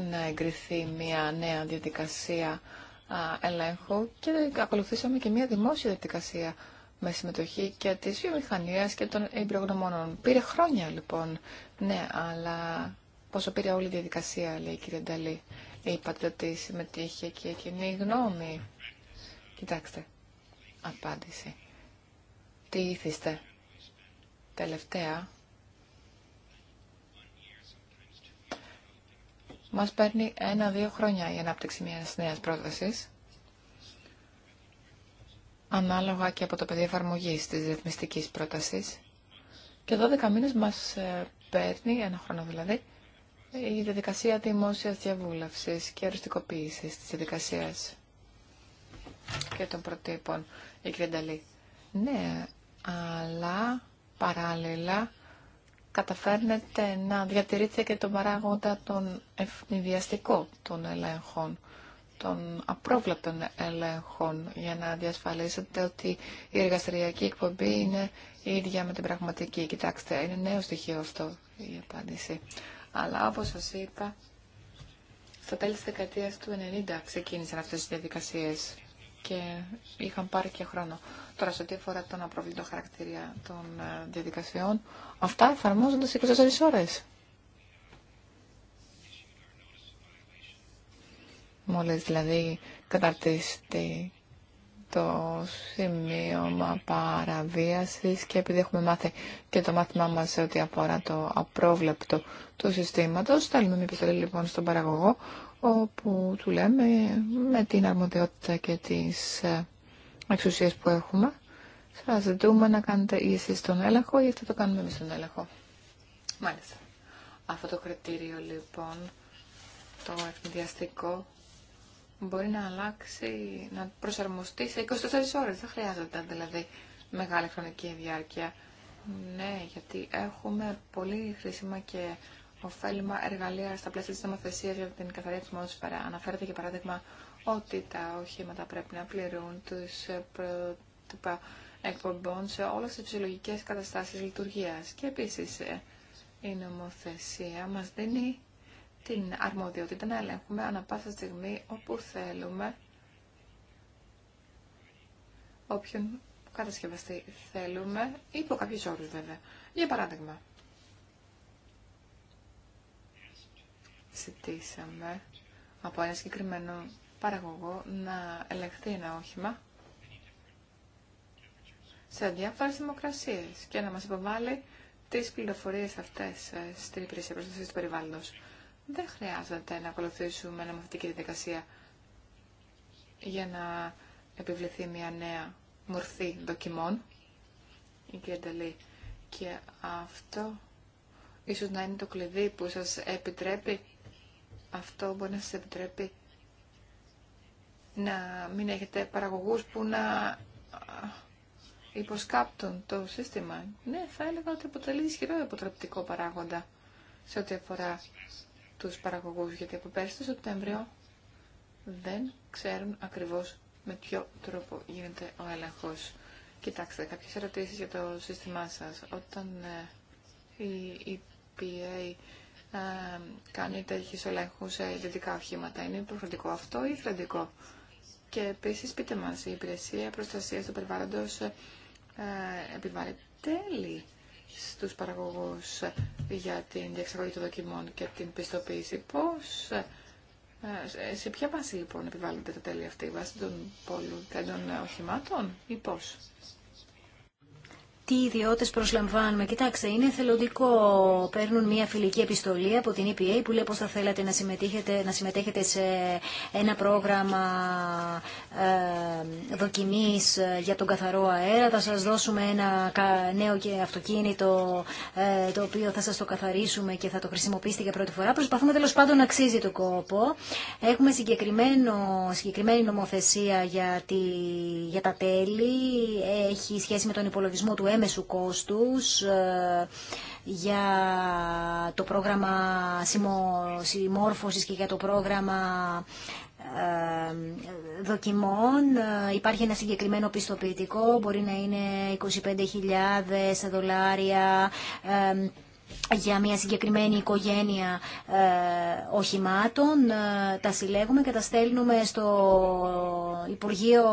να εγκριθεί μια νέα διαδικασία ελέγχου και ακολουθήσαμε και μια δημόσια διαδικασία με συμμετοχή και της βιομηχανίας και των εμπειρογνωμόνων. Πήρε χρόνια λοιπόν, ναι, αλλά πόσο πήρε όλη η διαδικασία, λέει η κυρία Νταλή. Είπατε ότι συμμετείχε και η κοινή γνώμη. Κοιτάξτε, απάντηση. Τι ήθιστε. Τελευταία. Μας παίρνει ένα-δύο χρόνια η ανάπτυξη μιας νέας πρότασης. Ανάλογα και από το πεδίο εφαρμογή της ρυθμιστικής πρότασης. Και 12 μήνες μας ε, παίρνει, ένα χρόνο δηλαδή, η διαδικασία δημόσιας διαβούλευσης και αριστικοποίησης της διαδικασίας και των προτύπων, η Νταλή. Ναι, αλλά παράλληλα καταφέρνετε να διατηρείτε και τον παράγοντα των ευνηδιαστικών των ελέγχων, των απρόβλεπτων ελέγχων, για να διασφαλίσετε ότι η εργαστηριακή εκπομπή είναι η ίδια με την πραγματική. Κοιτάξτε, είναι νέο στοιχείο αυτό η απάντηση. Αλλά όπως σας είπα, στο τέλος της δεκαετίας του 90 ξεκίνησαν αυτές οι διαδικασίες και είχαν πάρει και χρόνο. Τώρα, σε ό,τι αφορά τον απρόβλητο χαρακτήρα των ε, διαδικασιών, αυτά εφαρμόζονται σε 24 ώρες. Μόλις δηλαδή καταρτίστηκε το σημείωμα παραβίασης και επειδή έχουμε μάθει και το μάθημά μας σε ό,τι αφορά το απρόβλεπτο του συστήματος, στέλνουμε μια επιστολή λοιπόν στον παραγωγό, όπου του λέμε με την αρμοδιότητα και τις ε, εξουσίες που έχουμε, σας ζητούμε να κάνετε εσείς τον έλεγχο ή θα το κάνουμε εμείς τον έλεγχο. Μάλιστα. Αυτό το κριτήριο λοιπόν, το ευνηδιαστικό, μπορεί να αλλάξει, να προσαρμοστεί σε 24 ώρες. Δεν χρειάζεται δηλαδή μεγάλη χρονική διάρκεια. Ναι, γιατί έχουμε πολύ χρήσιμα και ωφέλιμα εργαλεία στα πλαίσια της νομοθεσίας για την καθαρή ατμόσφαιρα. Αναφέρεται για παράδειγμα ότι τα οχήματα πρέπει να πληρούν τους ε, πρότυπα εκπομπών σε όλες τις φυσιολογικές καταστάσεις λειτουργίας. Και επίσης ε, η νομοθεσία μας δίνει την αρμοδιότητα να ελέγχουμε ανα πάσα στιγμή όπου θέλουμε όποιον κατασκευαστή θέλουμε, υπό κάποιους όρους βέβαια. Για παράδειγμα, ζητήσαμε από ένα συγκεκριμένο παραγωγό να ελεγχθεί ένα όχημα σε διάφορες δημοκρασίες και να μας υποβάλει τις πληροφορίες αυτές ε, στην υπηρεσία προστασίας του περιβάλλοντος δεν χρειάζεται να ακολουθήσουμε μαθητική διαδικασία για να επιβληθεί μια νέα μορφή δοκιμών η Και αυτό ίσως να είναι το κλειδί που σας επιτρέπει, αυτό μπορεί να σας επιτρέπει να μην έχετε παραγωγούς που να υποσκάπτουν το σύστημα. Ναι, θα έλεγα ότι αποτελεί ισχυρό αποτρεπτικό παράγοντα σε ό,τι αφορά τους παραγωγούς, γιατί από πέρσι το Σεπτέμβριο δεν ξέρουν ακριβώς με ποιο τρόπο γίνεται ο έλεγχος. Κοιτάξτε, κάποιες ερωτήσεις για το σύστημά σας. Όταν ε, η EPA ε, κάνει τέτοιες ελέγχου σε ιδιωτικά οχήματα, είναι προφαντικό αυτό ή φρεντικό. Και επίσης πείτε μας, η υπηρεσία προστασίας του περιβάλλοντος ε, ε επιβάλλει τέλη στους παραγωγούς για την διεξαγωγή των δοκιμών και την πιστοποίηση. Πώς, ε, σε ποια βάση λοιπόν επιβάλλονται τα τέλη αυτή, βάση των πολλών οχημάτων ή πώς τι ιδιώτε προσλαμβάνουμε. Κοιτάξτε, είναι θελοντικό. Παίρνουν μια φιλική επιστολή από την EPA που λέει πώ θα θέλατε να συμμετέχετε, να συμμετέχετε σε ένα πρόγραμμα ε, δοκιμής ε, για τον καθαρό αέρα. Θα σα δώσουμε ένα νέο και αυτοκίνητο ε, το οποίο θα σα το καθαρίσουμε και θα το χρησιμοποιήσετε για πρώτη φορά. Προσπαθούμε τέλο πάντων να αξίζει το κόπο. Έχουμε συγκεκριμένο, συγκεκριμένη νομοθεσία για, τη, για τα τέλη. Έχει σχέση με τον υπολογισμό του έμεσου κόστους ε, για το πρόγραμμα συμμόρφωσης και για το πρόγραμμα ε, δοκιμών. Ε, υπάρχει ένα συγκεκριμένο πιστοποιητικό, μπορεί να είναι 25.000 δολάρια, για μια συγκεκριμένη οικογένεια ε, οχημάτων, ε, τα συλλέγουμε και τα στέλνουμε στο Υπουργείο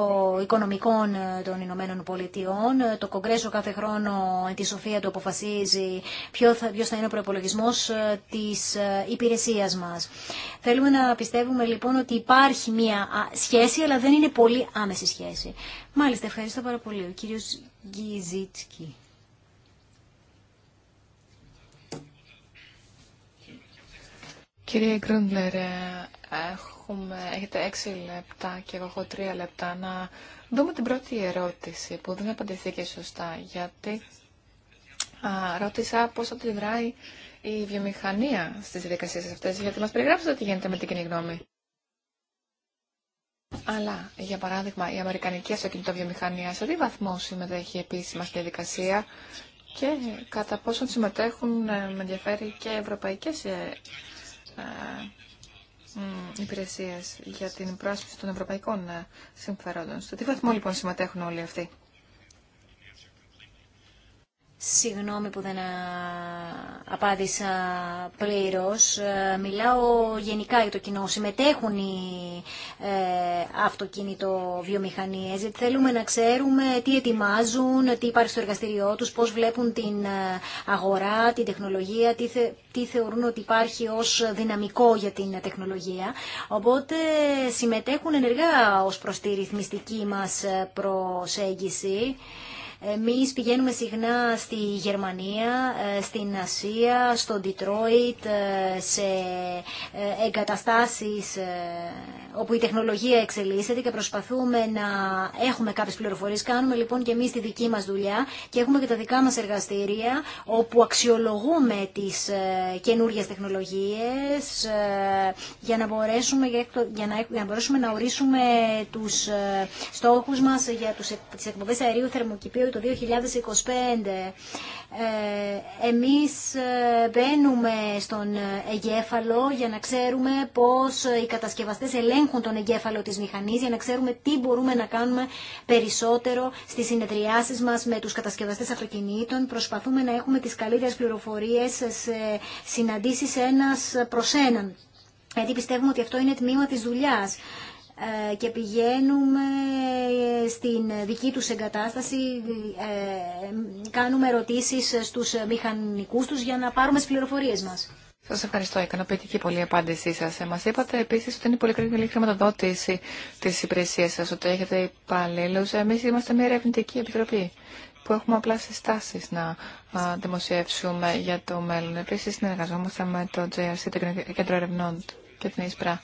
Οικονομικών ε, των Ηνωμένων Πολιτειών. Ε, το Κογκρέσο κάθε χρόνο τη Σοφία το αποφασίζει ποιο θα, ποιος θα είναι ο προπολογισμό της υπηρεσίας μας. Θέλουμε να πιστεύουμε λοιπόν ότι υπάρχει μια σχέση, αλλά δεν είναι πολύ άμεση σχέση. Μάλιστα, ευχαριστώ πάρα πολύ. Ο κύριος Γκυζίτσκι. Κύριε Γκρούντλερ, ε, έχετε έξι λεπτά και εγώ έχω τρία λεπτά να δούμε την πρώτη ερώτηση που δεν απαντηθήκε σωστά γιατί α, ρώτησα πώς αντιδράει η βιομηχανία στις διαδικασίες αυτές γιατί μας περιγράψατε τι γίνεται με την κοινή γνώμη. Αλλά, για παράδειγμα, η Αμερικανική αυτοκινητοβιομηχανία σε τι βαθμό συμμετέχει επίσημα στη διαδικασία και κατά πόσον συμμετέχουν ε, με ενδιαφέρει και ευρωπαϊκές ε, ε, υπηρεσίες για την προάσπιση των ευρωπαϊκών ε, συμφερόντων. Στο τι βαθμό λοιπόν συμμετέχουν όλοι αυτοί. Συγγνώμη που δεν απάντησα πλήρως. Ε, μιλάω γενικά για το κοινό. Συμμετέχουν οι ε, αυτοκίνητο βιομηχανίες, γιατί θέλουμε να ξέρουμε τι ετοιμάζουν, τι υπάρχει στο εργαστηριό τους, πώς βλέπουν την ε, αγορά, την τεχνολογία, τι, τι θεωρούν ότι υπάρχει ως δυναμικό για την τεχνολογία. Οπότε συμμετέχουν ενεργά ως προς τη ρυθμιστική μας προσέγγιση. Εμείς πηγαίνουμε συχνά στη Γερμανία, ε, στην Ασία, στο Ντιτρόιτ, ε, σε ε, εγκαταστάσεις όπου η τεχνολογία εξελίσσεται και προσπαθούμε να έχουμε κάποιες πληροφορίες. Κάνουμε λοιπόν και εμείς τη δική μας δουλειά και έχουμε και τα δικά μας εργαστήρια όπου αξιολογούμε τις καινούργιες τεχνολογίες για να μπορέσουμε, για να, για να, μπορέσουμε να ορίσουμε τους στόχους μας για τις εκπομπές αερίου θερμοκηπίου το 2025. Ε, εμείς ε, μπαίνουμε στον εγκέφαλο για να ξέρουμε πώς οι κατασκευαστές ελέγχουν τον εγκέφαλο της μηχανής, για να ξέρουμε τι μπορούμε να κάνουμε περισσότερο στις συνεδριάσεις μας με τους κατασκευαστές αυτοκινήτων. Προσπαθούμε να έχουμε τις καλύτερες πληροφορίες σε συναντήσεις ένας προς έναν. Γιατί πιστεύουμε ότι αυτό είναι τμήμα της δουλειάς. Ε, και πηγαίνουμε ε, στην δική τους εγκατάσταση, ε, κάνουμε ερωτήσεις στους μηχανικούς τους για να πάρουμε τις πληροφορίες μας. Σας ευχαριστώ. Ικανοποιητική πολύ η απάντησή σας. Μας είπατε επίσης ότι είναι πολύ καλή χρηματοδότηση της υπηρεσίας σας, ότι έχετε υπαλλήλου. Εμείς είμαστε μια ερευνητική επιτροπή που έχουμε απλά συστάσεις να δημοσιεύσουμε για το μέλλον. Επίσης συνεργαζόμαστε με το JRC, το Κέντρο Ερευνών και την ΙΣΠΡΑ.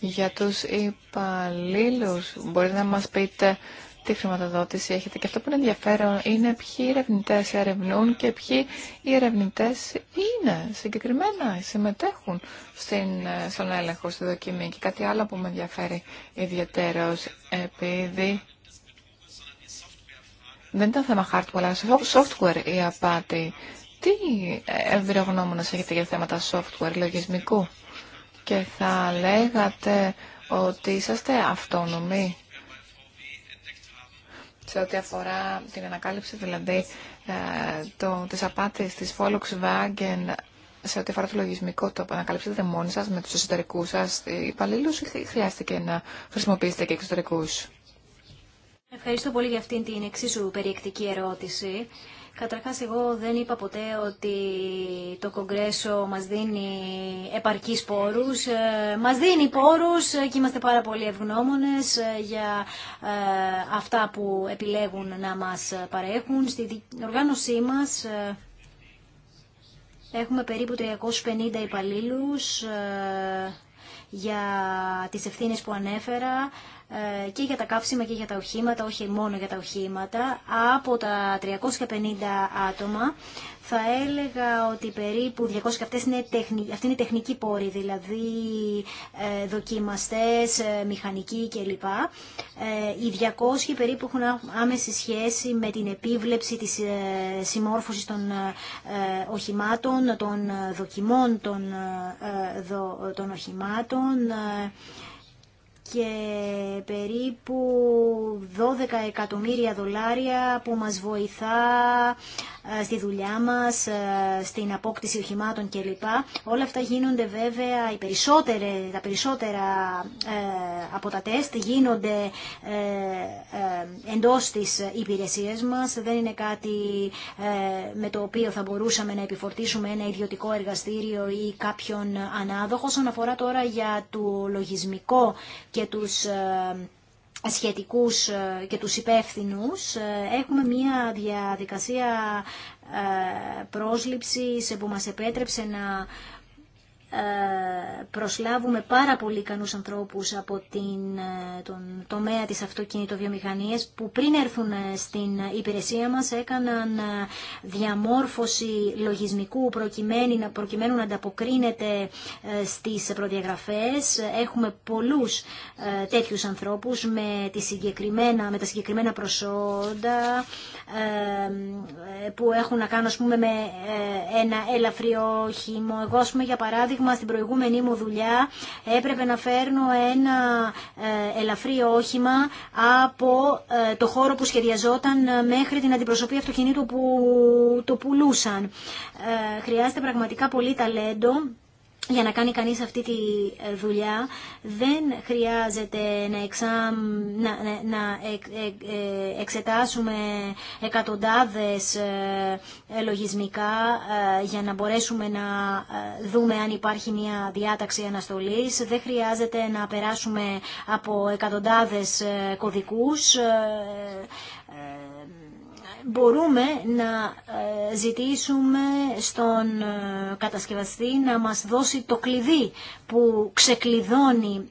Για τους υπαλλήλου μπορείτε να μας πείτε τι χρηματοδότηση έχετε. Και αυτό που είναι ενδιαφέρον είναι ποιοι ερευνητέ ερευνούν και ποιοι οι ερευνητέ είναι συγκεκριμένα, συμμετέχουν στην, στον έλεγχο, στη δοκιμή. Και κάτι άλλο που με ενδιαφέρει ιδιαίτερο, επειδή δεν ήταν θέμα hardware, αλλά software η απάτη. Τι εμπειρογνώμονε έχετε για θέματα software, λογισμικού και θα λέγατε ότι είσαστε αυτόνομοι σε ό,τι αφορά την ανακάλυψη δηλαδή ε, το, της απάτης της Volkswagen σε ό,τι αφορά το λογισμικό το ανακαλύψετε μόνοι σας με τους εσωτερικούς σας υπαλλήλου ή χρειάστηκε να χρησιμοποιήσετε και εξωτερικούς. Ευχαριστώ πολύ για αυτήν την εξίσου περιεκτική ερώτηση. Καταρχά εγώ δεν είπα ποτέ ότι το Κογκρέσο μας δίνει επαρκής πόρους. Ε, μας δίνει πόρους ε, και είμαστε πάρα πολύ ευγνώμονες ε, για αυτά που επιλέγουν να μας παρέχουν. Στην οργάνωσή μας έχουμε περίπου 350 υπαλλήλους για τις ευθύνες που ανέφερα ε, και για τα καύσιμα και για τα οχήματα, όχι μόνο για τα οχήματα. Από τα 350 άτομα θα έλεγα ότι περίπου 200 και αυτές είναι, τεχνικοί αυτή είναι τεχνική πόρη, δηλαδή ε, δοκιμαστές, ε, μηχανικοί κλπ. οι 200 περίπου έχουν άμεση σχέση με την επίβλεψη της συμμόρφωσης των οχημάτων, των δοκιμών των, των οχημάτων, και περίπου 12 εκατομμύρια δολάρια που μας βοηθά ε, στη δουλειά μας, ε, στην απόκτηση οχημάτων κλπ. Όλα αυτά γίνονται βέβαια, οι τα περισσότερα ε, από τα τεστ γίνονται εντός της υπηρεσίας μας. Δεν είναι κάτι με το οποίο θα μπορούσαμε να επιφορτήσουμε ένα ιδιωτικό εργαστήριο ή κάποιον ανάδοχο. Όσον αφορά τώρα για το λογισμικό και τους σχετικούς ε, και τους υπεύθυνους. Ε, έχουμε μια διαδικασία ε, πρόσληψης που μας επέτρεψε να ε, προσλάβουμε πάρα πολύ ικανούς ανθρώπους από την, ε, τον τομέα της αυτοκινητοβιομηχανίας που πριν έρθουν ε, στην υπηρεσία μας έκαναν διαμόρφωση λογισμικού προκειμένου, προκειμένου να ανταποκρίνεται στις προδιαγραφές. Έχουμε πολλούς τέτοιους ανθρώπους με, τις συγκεκριμένα, με τα συγκεκριμένα προσόντα που έχουν να κάνουν πούμε, με ένα ελαφριό χύμο. Εγώ, για παράδειγμα, παράδειγμα στην προηγούμενη μου δουλειά έπρεπε να φέρνω ένα ε, ελαφρύ όχημα από ε, το χώρο που σχεδιαζόταν ε, μέχρι την αντιπροσωπή αυτοκινήτου που το πουλούσαν. Χρειάζεται πραγματικά πολύ ταλέντο για να κάνει κανείς αυτή τη ε, δουλειά δεν χρειάζεται να, να, ε, ε, εξετάσουμε εκατοντάδες λογισμικά για να μπορέσουμε να δούμε αν υπάρχει μια διάταξη αναστολής. Δεν χρειάζεται να περάσουμε από εκατοντάδες κωδικούς μπορούμε να ε, ζητήσουμε στον ε, κατασκευαστή να μας δώσει το κλειδί που ξεκλειδώνει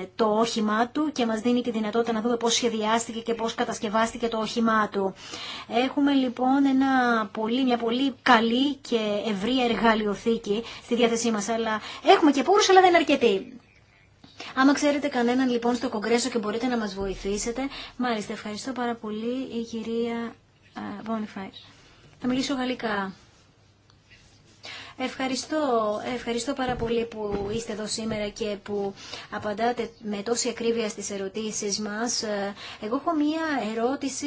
ε, το όχημά του και μας δίνει τη δυνατότητα να δούμε πώς σχεδιάστηκε και πώς κατασκευάστηκε το όχημά του. Έχουμε λοιπόν ένα πολύ, μια πολύ καλή και ευρία εργαλειοθήκη στη διάθεσή μας, αλλά έχουμε και πόρους αλλά δεν είναι αρκετοί. Άμα ξέρετε κανέναν λοιπόν στο Κογκρέσο και μπορείτε να μας βοηθήσετε, μάλιστα ευχαριστώ πάρα πολύ η κυρία ε, Θα μιλήσω γαλλικά. Ευχαριστώ, ευχαριστώ πάρα πολύ που είστε εδώ σήμερα και που απαντάτε με τόση ακρίβεια στις ερωτήσεις μας. Ε, εγώ έχω μία ερώτηση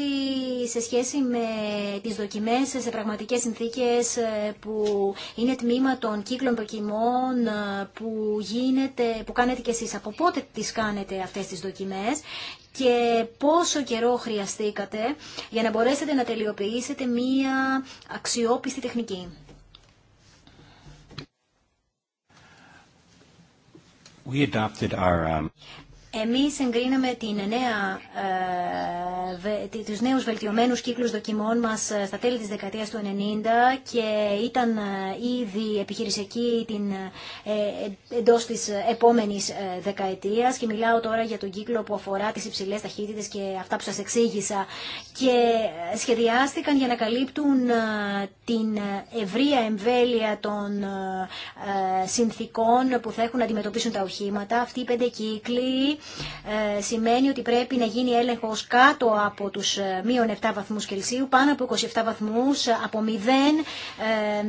σε σχέση με τις δοκιμές σε πραγματικές συνθήκες ε, που είναι τμήμα των κύκλων δοκιμών που, γίνεται, που κάνετε κι εσείς. Από πότε τις κάνετε αυτές τις δοκιμές και πόσο καιρό χρειαστήκατε για να μπορέσετε να τελειοποιήσετε μία αξιόπιστη τεχνική. We adopted um, εμείς εγκρίναμε την νέα, ε, τους νέους βελτιωμένους κύκλους δοκιμών μας ε, στα τέλη της δεκαετίας του 90 και ήταν ε, ήδη επιχειρησιακή την, ε, ε εντός της επόμενης δεκαετίας και μιλάω τώρα για τον κύκλο που αφορά τις υψηλές ταχύτητες και αυτά που σας εξήγησα και σχεδιάστηκαν για να καλύπτουν την ευρεία εμβέλεια των ε, συνθήκων που θα έχουν να αντιμετωπίσουν τα οχήματα. Αυτοί οι πέντε κύκλοι ε, σημαίνει ότι πρέπει να γίνει έλεγχος κάτω από τους ε, μείον 7 βαθμούς Κελσίου, πάνω από 27 βαθμούς, ε, από 0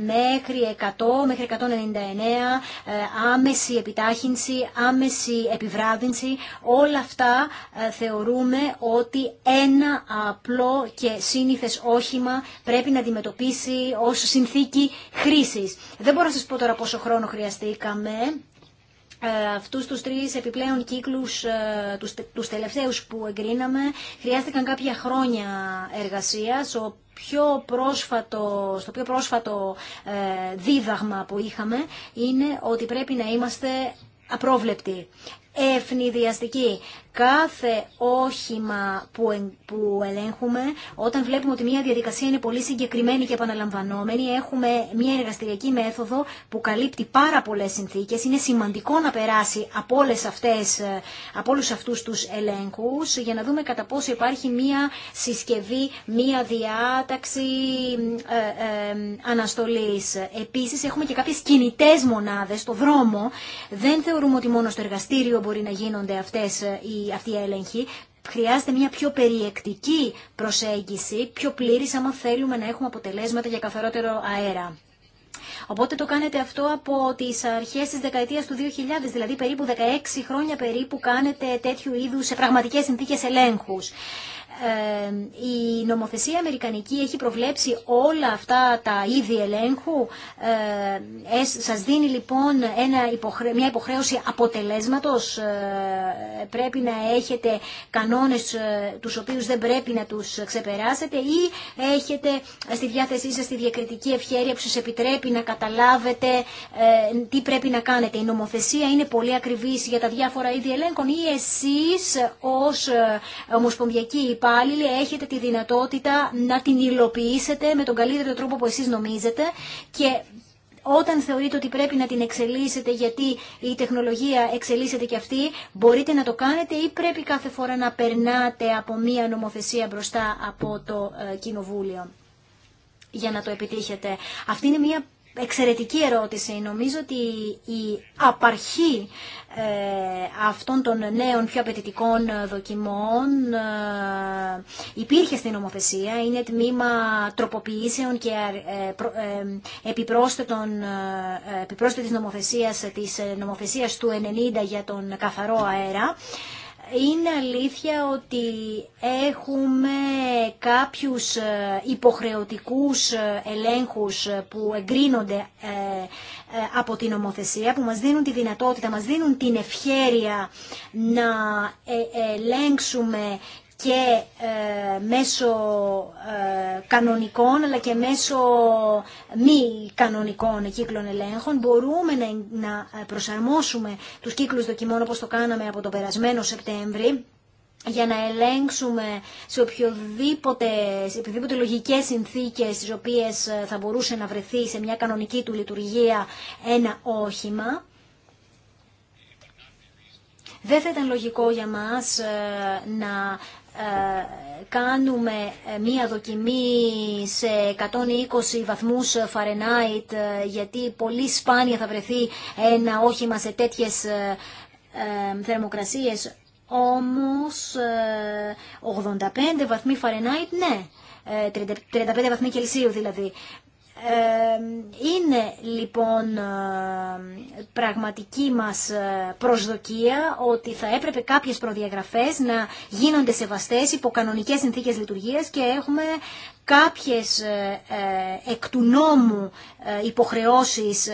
μέχρι 100, μέχρι 199, άμεση επιτάχυνση, άμεση επιβράδυνση. Όλα αυτά θεωρούμε ότι ένα απλό και σύνηθες όχημα πρέπει να αντιμετωπίσει ως συνθήκη χρήσης. Δεν μπορώ να σας πω τώρα πόσο χρόνο χρειαστήκαμε. Ε, αυτούς τους τρεις επιπλέον κύκλους, ε, τους, τους τελευταίους που εγκρίναμε, χρειάστηκαν κάποια χρόνια εργασίας. Ο πιο πρόσφατο, στο πιο πρόσφατο ε, δίδαγμα που είχαμε είναι ότι πρέπει να είμαστε απρόβλεπτοι ευνηδιαστικοί κάθε όχημα που ελέγχουμε, όταν βλέπουμε ότι μια διαδικασία είναι πολύ συγκεκριμένη και επαναλαμβανόμενη, έχουμε μια εργαστηριακή μέθοδο που καλύπτει πάρα πολλές συνθήκες. Είναι σημαντικό να περάσει από, όλες αυτές, ε, από όλους αυτούς τους ελέγχους για να δούμε κατά πόσο υπάρχει μια συσκευή, μια διάταξη ε, ε, αναστολής. Επίσης έχουμε και κάποιες κινητές μονάδες στο δρόμο. Δεν θεωρούμε ότι μόνο στο εργαστήριο μπορεί να γίνονται αυτές ε, οι αυτή η έλεγχη χρειάζεται μια πιο περιεκτική προσέγγιση, πιο πλήρης άμα θέλουμε να έχουμε αποτελέσματα για καθαρότερο αέρα. Οπότε το κάνετε αυτό από τις αρχές της δεκαετίας του 2000, δηλαδή περίπου 16 χρόνια περίπου κάνετε τέτοιου είδους σε πραγματικές συνθήκες ελέγχους η νομοθεσία αμερικανική έχει προβλέψει όλα αυτά τα είδη ελέγχου. Ε, σας δίνει λοιπόν ένα μια υποχρέωση αποτελέσματος. Ε, πρέπει να έχετε κανόνες ε, τους οποίους δεν πρέπει να τους ξεπεράσετε ή έχετε στη διάθεσή σας τη διακριτική ευχέρεια που σας επιτρέπει να καταλάβετε ε, τι πρέπει να κάνετε. Η νομοθεσία είναι πολύ ακριβής για τα διάφορα είδη ελέγχων ή εσείς ως Ομοσπονδιακή υπάλληλοι έχετε τη δυνατότητα να την υλοποιήσετε με τον καλύτερο τρόπο που εσείς νομίζετε και όταν θεωρείτε ότι πρέπει να την εξελίσσετε γιατί η τεχνολογία εξελίσσεται και αυτή, μπορείτε να το κάνετε ή πρέπει κάθε φορά να περνάτε από μία νομοθεσία μπροστά από το ε, Κοινοβούλιο για να το επιτύχετε. Αυτή είναι μία εξαιρετική ερώτηση. Νομίζω ότι η απαρχή ε, αυτών των νέων πιο απαιτητικών ε, δοκιμών ε, υπήρχε στην νομοθεσία, είναι τμήμα τροποποιήσεων και επιπρόσθετων, επιπρόσθετης νομοθεσίας, της νομοθεσίας του 90 για τον καθαρό αέρα είναι αλήθεια ότι έχουμε κάποιους ε, υποχρεωτικούς ε, ελέγχους ε, που εγκρίνονται από την ομοθεσία, που μας δίνουν τη δυνατότητα, μας δίνουν την ευχέρεια να ελέγξουμε και ε, μέσω ε, κανονικών αλλά και μέσω μη κανονικών κύκλων ελέγχων μπορούμε να προσαρμόσουμε τους κύκλους δοκιμών όπως το κάναμε από το περασμένο Σεπτέμβρη για να ελέγξουμε σε οποιοδήποτε, σε οποιοδήποτε λογικές συνθήκες τις οποίες ε, θα μπορούσε να βρεθεί σε μια κανονική του λειτουργία ένα όχημα. Δεν θα ήταν λογικό για μας να κάνουμε ε, μία δοκιμή σε 120 βαθμούς Φαρενάιτ ε, γιατί πολύ σπάνια θα βρεθεί ένα όχημα σε τέτοιες ε, θερμοκρασίες όμως 85 βαθμοί Φαρενάιτ ναι 35 βαθμοί Κελσίου δηλαδή ε, είναι λοιπόν ε, πραγματική μας ε, προσδοκία ότι θα έπρεπε κάποιες προδιαγραφές να γίνονται σεβαστές υπό κανονικές συνθήκες λειτουργίας και έχουμε κάποιες εκ του νόμου υποχρεώσεις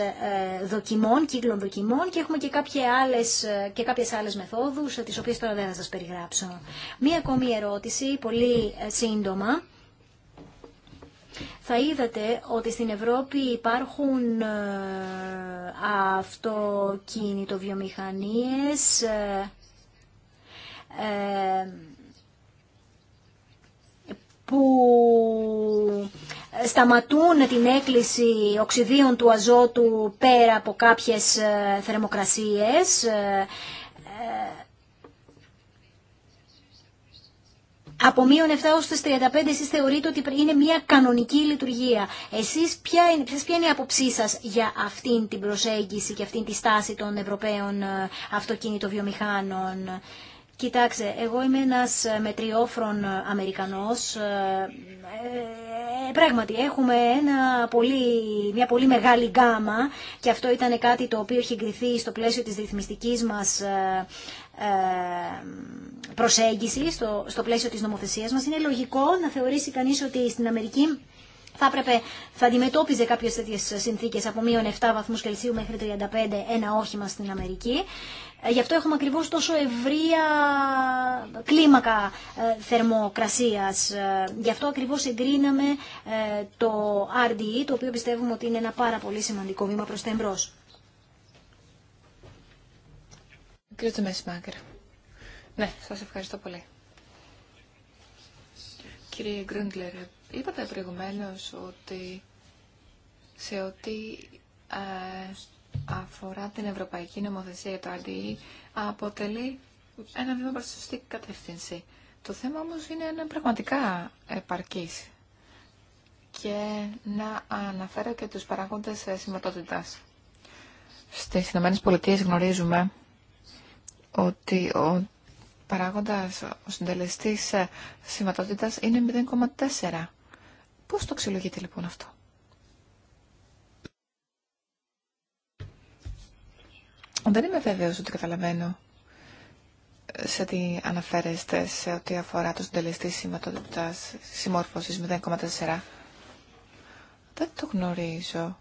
δοκιμών, κύκλων δοκιμών και έχουμε και, κάποιες άλλες, και κάποιες άλλες μεθόδους τις οποίες τώρα δεν θα σας περιγράψω. Μία ακόμη ερώτηση, πολύ σύντομα θα είδατε ότι στην Ευρώπη υπάρχουν ε, αυτοκινητοβιομηχανίες ε, ε, που σταματούν την έκκληση οξυδίων του αζότου πέρα από κάποιες θερμοκρασίες από μείον 7 έως τις 35 εσείς θεωρείτε ότι είναι μια κανονική λειτουργία. Εσείς ποια είναι, η αποψή σας για αυτήν την προσέγγιση και αυτήν τη στάση των Ευρωπαίων ε, αυτοκινητοβιομηχάνων. Κοιτάξτε, εγώ είμαι ένας ε, μετριόφρον ε, Αμερικανός. Ε, πράγματι, έχουμε πολύ, μια πολύ μεγάλη γκάμα και αυτό ήταν κάτι το οποίο έχει εγκριθεί στο πλαίσιο της ρυθμιστικής μας ε, προσέγγιση στο, στο πλαίσιο της νομοθεσίας μας. Είναι λογικό να θεωρήσει κανείς ότι στην Αμερική θα, έπρεπε, θα αντιμετώπιζε κάποιε τέτοιε συνθήκε από μείον 7 βαθμού Κελσίου μέχρι 35 ένα όχημα στην Αμερική. Ε, γι' αυτό έχουμε ακριβώ τόσο ευρεία κλίμακα ε, θερμοκρασία. Γι' αυτό ακριβώ εγκρίναμε το RDE, το οποίο πιστεύουμε ότι είναι ένα πάρα πολύ σημαντικό βήμα προ τα εμπρό. Κύριε Ναι, σας ευχαριστώ πολύ. Κύριε Γκρούντλερ, είπατε προηγουμένω ότι σε ό,τι ε, αφορά την Ευρωπαϊκή Νομοθεσία για το RDE αποτελεί ένα βήμα προς τη κατεύθυνση. Το θέμα όμως είναι ένα πραγματικά επαρκής και να αναφέρω και τους παραγόντες σημαντότητας. Στις ΗΠΑ γνωρίζουμε ότι ο παράγοντας, ο συντελεστής ε, συμβατότητας είναι 0,4. Πώς το αξιολογείτε λοιπόν αυτό. Δεν είμαι βέβαιος ότι καταλαβαίνω ε, σε τι αναφέρεστε σε ό,τι αφορά το συντελεστή συμβατότητας συμμόρφωσης 0,4. Δεν το γνωρίζω.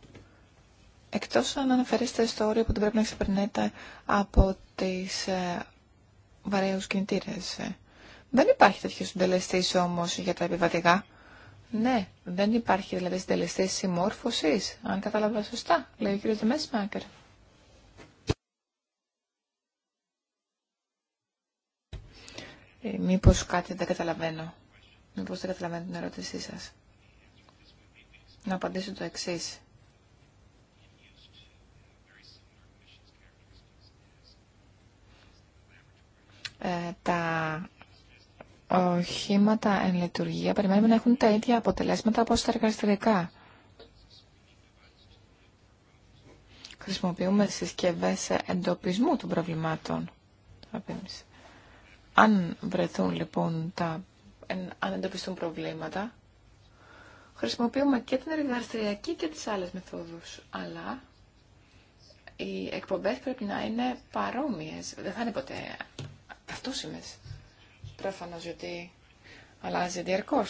Εκτός αν αναφέρεστε στο όριο που δεν πρέπει να ξεπερνέτε από τις ε, βαρέους κινητήρες. Ε, δεν υπάρχει τέτοιο συντελεστής όμως για τα επιβατικά. Ναι, δεν υπάρχει δηλαδή συντελεστή συμμόρφωσης, αν κατάλαβα σωστά, λέει ο κ. Δεμέσμακερ. Ε, μήπως κάτι δεν καταλαβαίνω. Μήπως δεν καταλαβαίνω την ερώτησή σας. Να απαντήσω το εξής. Ε, τα οχήματα εν λειτουργία περιμένουμε να έχουν τα ίδια αποτελέσματα από τα εργαστηριακά. Χρησιμοποιούμε συσκευές εντοπισμού των προβλημάτων. Αν βρεθούν λοιπόν τα, αν εντοπιστούν προβλήματα, χρησιμοποιούμε και την εργαστηριακή και τις άλλες μεθόδους, αλλά οι εκπομπές πρέπει να είναι παρόμοιες. Δεν θα είναι ποτέ ταυτόσιμες. Προφανώς γιατί αλλάζει διαρκώ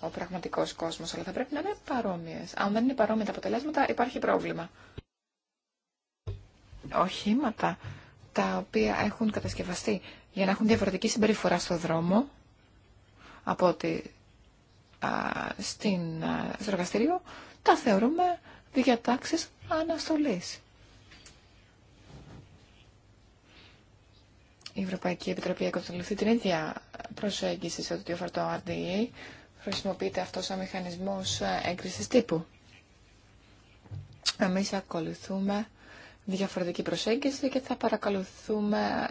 ο πραγματικός κόσμος, αλλά θα πρέπει να είναι παρόμοιες. Αν δεν είναι παρόμοια τα αποτελέσματα, υπάρχει πρόβλημα. Οχήματα τα οποία έχουν κατασκευαστεί για να έχουν διαφορετική συμπεριφορά στο δρόμο από ότι στην, στο εργαστήριο, τα θεωρούμε διατάξεις αναστολής. Η Ευρωπαϊκή Επιτροπή ακολουθεί την ίδια προσέγγιση σε ό,τι αφορά το RDA. Χρησιμοποιείται αυτό σαν μηχανισμός έγκριση τύπου. Εμεί ακολουθούμε διαφορετική προσέγγιση και θα παρακολουθούμε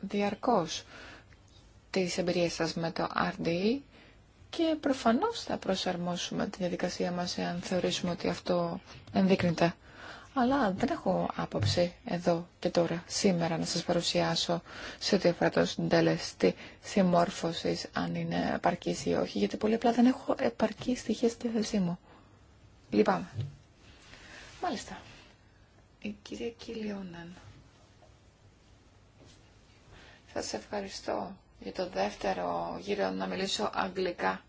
διαρκώς τις εμπειρίες σας με το RDE και προφανώς θα προσαρμόσουμε τη διαδικασία μας εάν θεωρήσουμε ότι αυτό ενδείκνεται αλλά δεν έχω άποψη εδώ και τώρα, σήμερα, να σας παρουσιάσω σε ό,τι αφορά το συντελεστή συμμόρφωση, αν είναι επαρκή ή όχι, γιατί πολύ απλά δεν έχω επαρκή στοιχεία στη θέση μου. Λυπάμαι. Μάλιστα. Η κυρία Κιλιόναν. Σας ευχαριστώ για το δεύτερο γύρο να μιλήσω αγγλικά.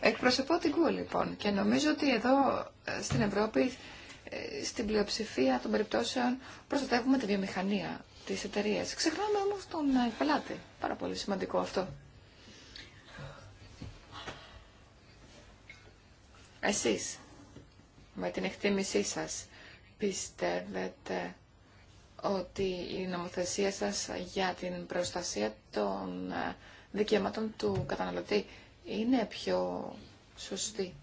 Εκπροσωπώ την ΚΟΥ λοιπόν και νομίζω ότι εδώ ε, στην Ευρώπη ε, στην πλειοψηφία των περιπτώσεων προστατεύουμε τη βιομηχανία, της εταιρεία. Ξεχνάμε όμως τον ε, πελάτη. Πάρα πολύ σημαντικό αυτό. Εσείς, με την εκτίμησή σας, πιστεύετε ότι η νομοθεσία σας για την προστασία των δικαιωμάτων του καταναλωτή είναι πιο σωστή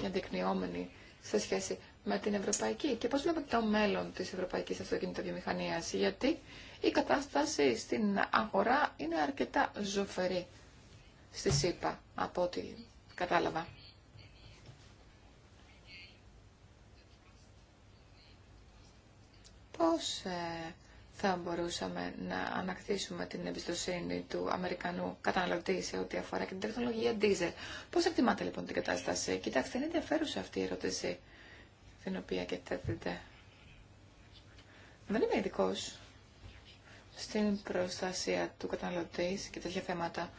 και αντεκνιόμενη σε σχέση με την ευρωπαϊκή και πώς βλέπετε το μέλλον της ευρωπαϊκής αυτοκινητοβιομηχανίας γιατί η κατάσταση στην αγορά είναι αρκετά ζωφερή στη ΣΥΠΑ από ό,τι κατάλαβα. Πώς ε, θα μπορούσαμε να ανακτήσουμε την εμπιστοσύνη του Αμερικανού καταναλωτή σε ό,τι αφορά και την τεχνολογία diesel. Πώ εκτιμάτε λοιπόν την κατάσταση. Κοιτάξτε, είναι ενδιαφέρουσα αυτή η ερώτηση την οποία και τέτοιτε. Δεν είμαι ειδικό στην προστασία του καταναλωτή και τέτοια θέματα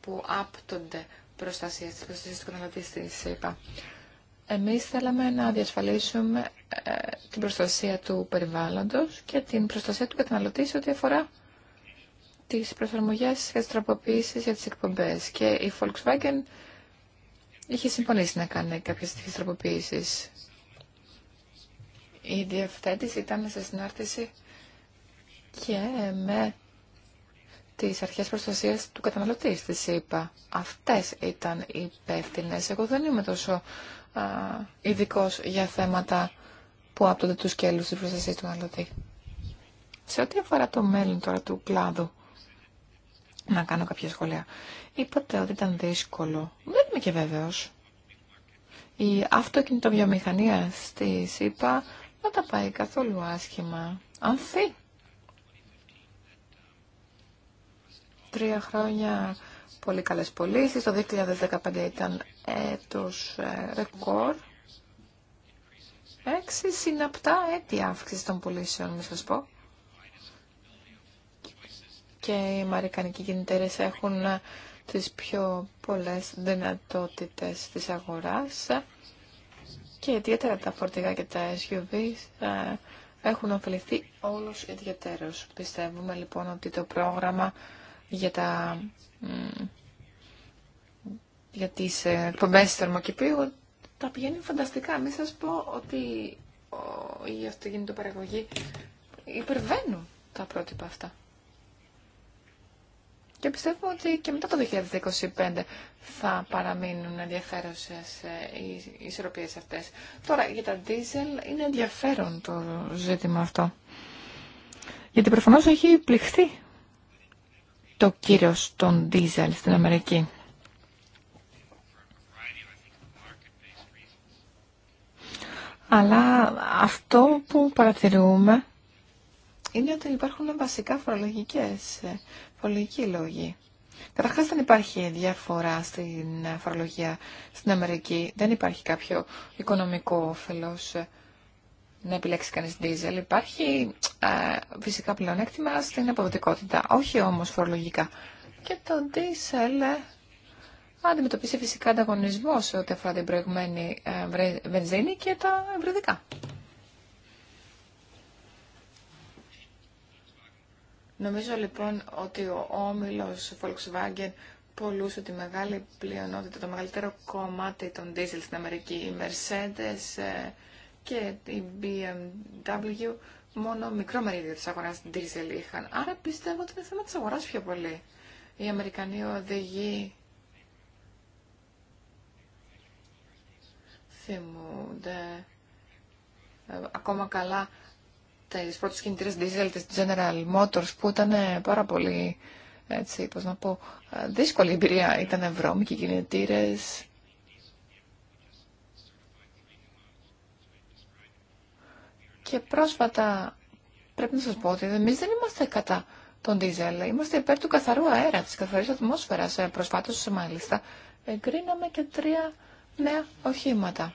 που άπτονται προστασία τη προστασία του καταναλωτή τη ΕΠΑ. Εμείς θέλαμε να διασφαλίσουμε ε, την προστασία του περιβάλλοντος και την προστασία του καταναλωτή σε ό,τι αφορά τις προσαρμογές και τις τροποποιήσεις για τις εκπομπές. Και η Volkswagen είχε συμφωνήσει να κάνει κάποιες τέτοιες τροποποιήσεις. Η διευθέτηση ήταν σε συνάρτηση και με τις αρχές προστασίας του καταναλωτή της είπα. ΕΕ. Αυτές ήταν οι υπεύθυνε. Εγώ δεν είμαι τόσο ειδικό για θέματα που άπτονται του σκέλους της προστασίας του καταναλωτή. Σε ό,τι αφορά το μέλλον τώρα του κλάδου, να κάνω κάποια σχόλια. Είπατε ότι ήταν δύσκολο. Δεν είμαι και βέβαιος. Η αυτοκινητοβιομηχανία στη ΣΥΠΑ δεν τα πάει καθόλου άσχημα. Ανθεί. Τρία χρόνια πολύ καλές πωλήσει. Το 2015 ήταν έτος ε, ρεκόρ. Έξι συναπτά έτη αύξηση των πωλήσεων, να σας πω. Και οι μαρικανικοί κινητέρε έχουν ε, τις πιο πολλές δυνατότητες της αγοράς και ιδιαίτερα τα φορτηγά και τα SUV ε, έχουν ωφεληθεί όλος ιδιαίτερος. Πιστεύουμε λοιπόν ότι το πρόγραμμα για τα για τις ε, εκπομπές θερμοκηπίου τα πηγαίνει φανταστικά. Μην σας πω ότι η παραγωγή υπερβαίνουν τα πρότυπα αυτά. Και πιστεύω ότι και μετά το 2025 θα παραμείνουν ενδιαφέρουσες ε, οι ισορροπίες αυτές. Τώρα για τα δίζελ είναι ενδιαφέρον το ζήτημα αυτό. Γιατί προφανώς έχει πληχθεί το κύρος των δίζελ στην Αμερική. Αλλά αυτό που παρατηρούμε είναι ότι υπάρχουν βασικά φορολογικές, ε, φορολογικοί λόγοι. Καταρχάς δεν υπάρχει διαφορά στην φορολογία στην Αμερική, δεν υπάρχει κάποιο οικονομικό όφελος να επιλέξει κανείς δίζελ. Υπάρχει φυσικά πλεονέκτημα στην αποδοτικότητα, όχι όμως φορολογικά. Και το δίζελ αντιμετωπίσει φυσικά ανταγωνισμό σε ό,τι αφορά την προηγουμένη ε, βενζίνη και τα ευρυδικά. Νομίζω λοιπόν ότι ο όμιλος Volkswagen πολλούσε τη μεγάλη πλειονότητα, το μεγαλύτερο κομμάτι των δίζελ στην Αμερική. οι Mercedes ε, και η BMW μόνο μικρό μερίδιο της αγοράς diesel είχαν. Άρα πιστεύω ότι είναι θέμα της αγοράς πιο πολύ. Οι Αμερικανοί οδηγοί θυμούνται ε, ακόμα καλά τις πρώτες κινητήρες diesel της General Motors που ήταν ε, πάρα πολύ, έτσι, πώς να πω, ε, δύσκολη εμπειρία. Ήταν βρώμικοι κινητήρες, Και πρόσφατα πρέπει να σας πω ότι εμείς δεν είμαστε κατά τον δίζελ, είμαστε υπέρ του καθαρού αέρα, της καθαρής ατμόσφαιρας. Ε, προσφάτως, μάλιστα, εγκρίναμε και τρία νέα οχήματα.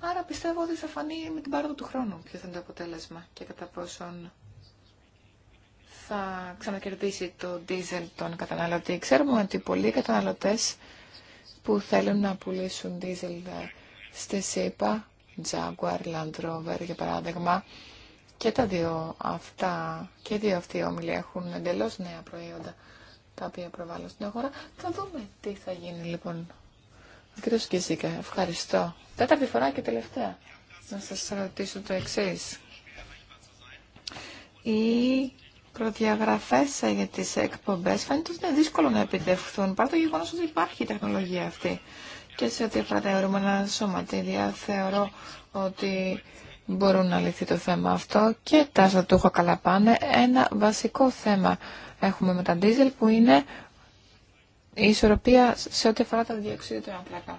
Άρα πιστεύω ότι θα φανεί με την πάροδο του χρόνου ποιο θα είναι το αποτέλεσμα και κατά πόσον θα ξανακερδίσει το δίζελ τον καταναλωτή. Ξέρουμε ότι πολλοί καταναλωτές που θέλουν να πουλήσουν δίζελ στη ΣΥΠΑ Jaguar Land Rover για παράδειγμα. Και τα δύο αυτά, και δύο αυτοί όμιλοι έχουν εντελώς νέα προϊόντα τα οποία προβάλλουν στην αγορά. Θα δούμε τι θα γίνει λοιπόν. κύριο Σκυζίκα Κιζίκα, ευχαριστώ. Τέταρτη φορά και τελευταία. Να σας ρωτήσω το εξή. Οι προδιαγραφές για τις εκπομπές φαίνεται ότι είναι δύσκολο να επιτευχθούν, παρά το γεγονός ότι υπάρχει η τεχνολογία αυτή. Και σε ό,τι αφορά τα σωματίδια, θεωρώ ότι μπορούν να λυθεί το θέμα αυτό και τα σατούχα καλά πάνε. Ένα βασικό θέμα έχουμε με τα ντίζελ που είναι η ισορροπία σε ό,τι αφορά τα διοξείδια του άνθρακα.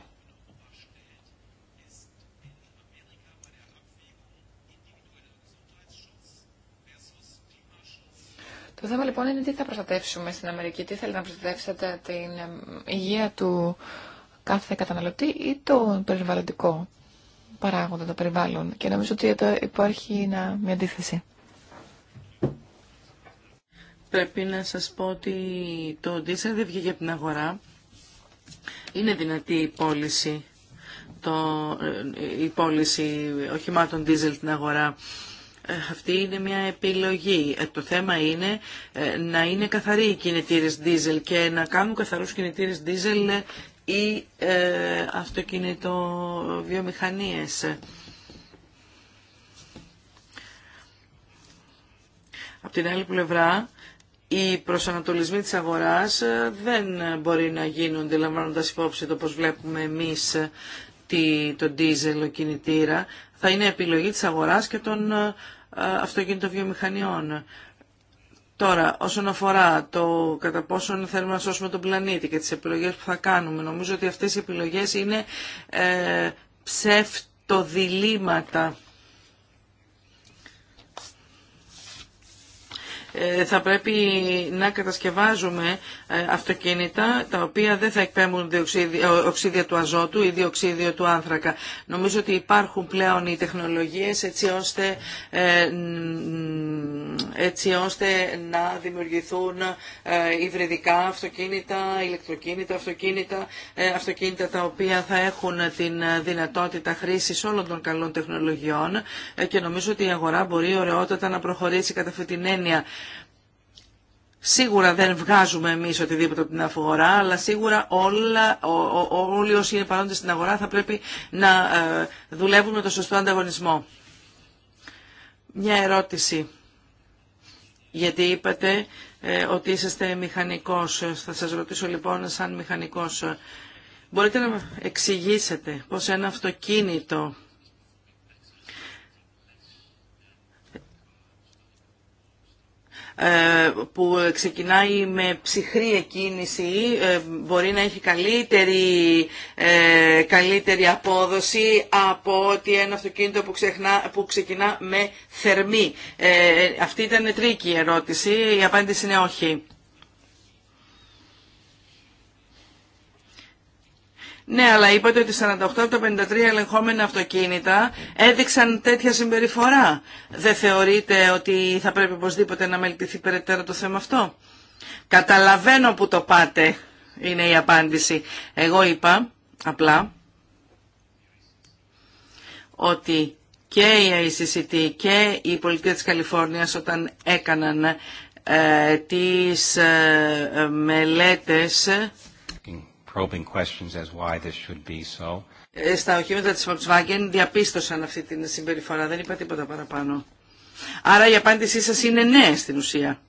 Το θέμα λοιπόν είναι τι θα προστατεύσουμε στην Αμερική, τι θέλει να προστατεύσετε την ε, υγεία του κάθε καταναλωτή ή το περιβαλλοντικό παράγοντα, το περιβάλλον. Και νομίζω ότι εδώ υπάρχει μια αντίθεση. Πρέπει να σας πω ότι το diesel δεν βγήκε από την αγορά. Είναι δυνατή η πώληση, το, ε, η πώληση οχημάτων δίζελ στην αγορά. Ε, αυτή είναι μια επιλογή. Ε, το θέμα είναι να είναι καθαροί οι κινητήρες δίζελ και να κάνουν καθαρούς κινητήρες δίζελ ή ε, αυτοκινητοβιομηχανίες. Από την άλλη πλευρά, οι προσανατολισμοί της αγοράς ε, δεν μπορεί να γίνονται λαμβάνοντας υπόψη το πώς βλέπουμε εμείς ε, τον ντίζελ, κινητήρα. Θα είναι επιλογή της αγοράς και των αυτοκινητοβιομηχανιών. Τώρα, όσον αφορά το κατά πόσον θέλουμε να σώσουμε τον πλανήτη και τις επιλογές που θα κάνουμε, νομίζω ότι αυτές οι επιλογές είναι ε, Ε, θα πρέπει να κατασκευάζουμε ε, αυτοκίνητα τα οποία δεν θα εκπέμπουν οξύδια του αζότου ή διοξίδιο του άνθρακα. Νομίζω ότι υπάρχουν πλέον οι τεχνολογίες έτσι ώστε, ε, έτσι ώστε να δημιουργηθούν υβριδικά αυτοκίνητα, ηλεκτροκίνητα, αυτοκίνητα, αυτοκίνητα τα οποία θα έχουν την δυνατότητα χρήσης όλων των καλών τεχνολογιών και νομίζω ότι η αγορά μπορεί ωραιότατα να προχωρήσει κατά αυτή την έννοια. Σίγουρα δεν βγάζουμε εμεί οτιδήποτε από την αγορά, αλλά σίγουρα όλα, όλοι όσοι είναι παρόντες στην αγορά θα πρέπει να ε, δουλεύουν με το σωστό ανταγωνισμό. Μια ερώτηση. Γιατί είπατε ε, ότι είσαστε μηχανικός. Θα σας ρωτήσω λοιπόν σαν μηχανικός. Ε, μπορείτε να εξηγήσετε πως ένα αυτοκίνητο Ε, που ξεκινάει με ψυχρή εκκίνηση ε, μπορεί να έχει καλύτερη, ε, καλύτερη απόδοση από ότι ένα αυτοκίνητο που, που ξεκινά με θερμή. Αυτή ήταν τρίκη η ερώτηση, η απάντηση είναι όχι. Ναι, αλλά είπατε ότι 48 από τα 53 ελεγχόμενα αυτοκίνητα έδειξαν τέτοια συμπεριφορά. Δεν θεωρείτε ότι θα πρέπει οπωσδήποτε να μελετηθεί περαιτέρω το θέμα αυτό. Καταλαβαίνω που το πάτε, είναι η απάντηση. Εγώ είπα απλά ότι και η ICCT και η Πολιτεία της Καλιφόρνιας όταν έκαναν ε, τις ε, ε, μελέτες probing questions as why this should be so. Ε, στα οχήματα της Volkswagen διαπίστωσαν αυτή την συμπεριφορά, δεν είπα τίποτα παραπάνω. Άρα η απάντησή σας είναι ναι στην ουσία.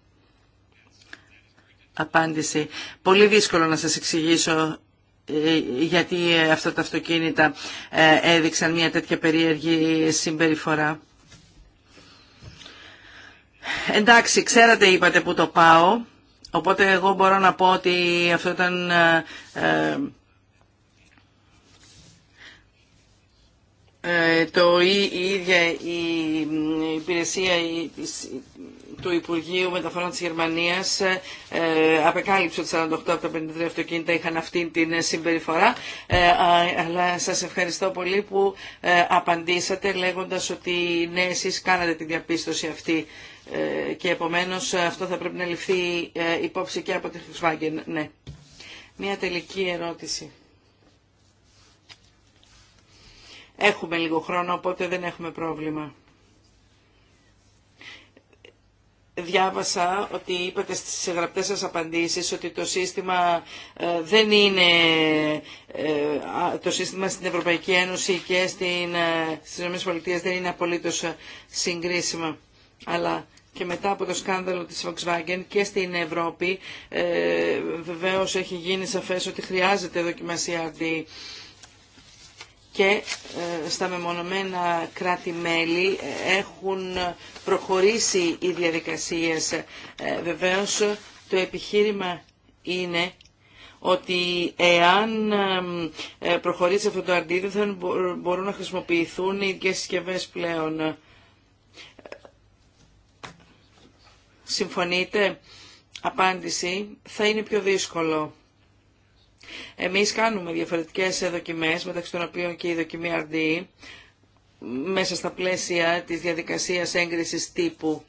Απάντηση. Πολύ δύσκολο να σας εξηγήσω ε, γιατί ε, αυτά τα αυτοκίνητα έδειξαν μια τέτοια περίεργη συμπεριφορά. Εντάξει, ξέρατε είπατε που το πάω. Οπότε εγώ μπορώ να πω ότι αυτό ήταν... Ε, ε, ε, το η, ίδια η υπηρεσία του Υπουργείου Μεταφορών της Γερμανίας απεκάλυψε ότι 48 από τα 53 αυτοκίνητα είχαν αυτή την συμπεριφορά αλλά σας ευχαριστώ πολύ που απαντήσατε λέγοντας ότι ναι εσείς κάνατε την διαπίστωση αυτή ε, και επομένως ε, αυτό θα πρέπει να ληφθεί ε, υπόψη και από τη Volkswagen. Ναι. Μία τελική ερώτηση. Έχουμε λίγο χρόνο, οπότε δεν έχουμε πρόβλημα. Διάβασα ότι είπατε στις γραπτές σας απαντήσεις ότι το σύστημα δεν είναι το σύστημα στην Ευρωπαϊκή Ένωση και στην, στις ΗΠΑ δεν είναι απολύτως συγκρίσιμο, Αλλά και μετά από το σκάνδαλο της Volkswagen και στην Ευρώπη ε, βεβαίως έχει γίνει σαφές ότι χρειάζεται δοκιμασία αντί. και ε, στα μεμονωμένα κράτη-μέλη ε, έχουν προχωρήσει οι διαδικασίες. Ε, βεβαίως το επιχείρημα είναι ότι εάν προχωρήσει αυτό το αρντί θα μπορούν να χρησιμοποιηθούν οι συσκευέ πλέον. Συμφωνείτε. Απάντηση. Θα είναι πιο δύσκολο. Εμείς κάνουμε διαφορετικές δοκιμές, μεταξύ των οποίων και η δοκιμή RD, μέσα στα πλαίσια της διαδικασίας έγκρισης τύπου.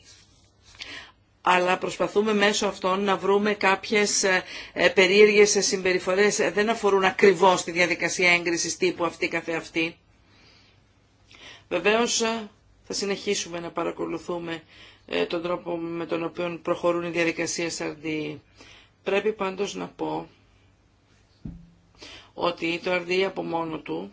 Αλλά προσπαθούμε μέσω αυτών να βρούμε κάποιες ε, περίεργες συμπεριφορές. Δεν αφορούν ακριβώς τη διαδικασία έγκρισης τύπου αυτή καθεαυτή. Βεβαίως ε, θα συνεχίσουμε να παρακολουθούμε ε, τον τρόπο με τον οποίο προχωρούν οι διαδικασίες RDE. Πρέπει πάντως να πω ότι το ΑΡΔΗ από μόνο του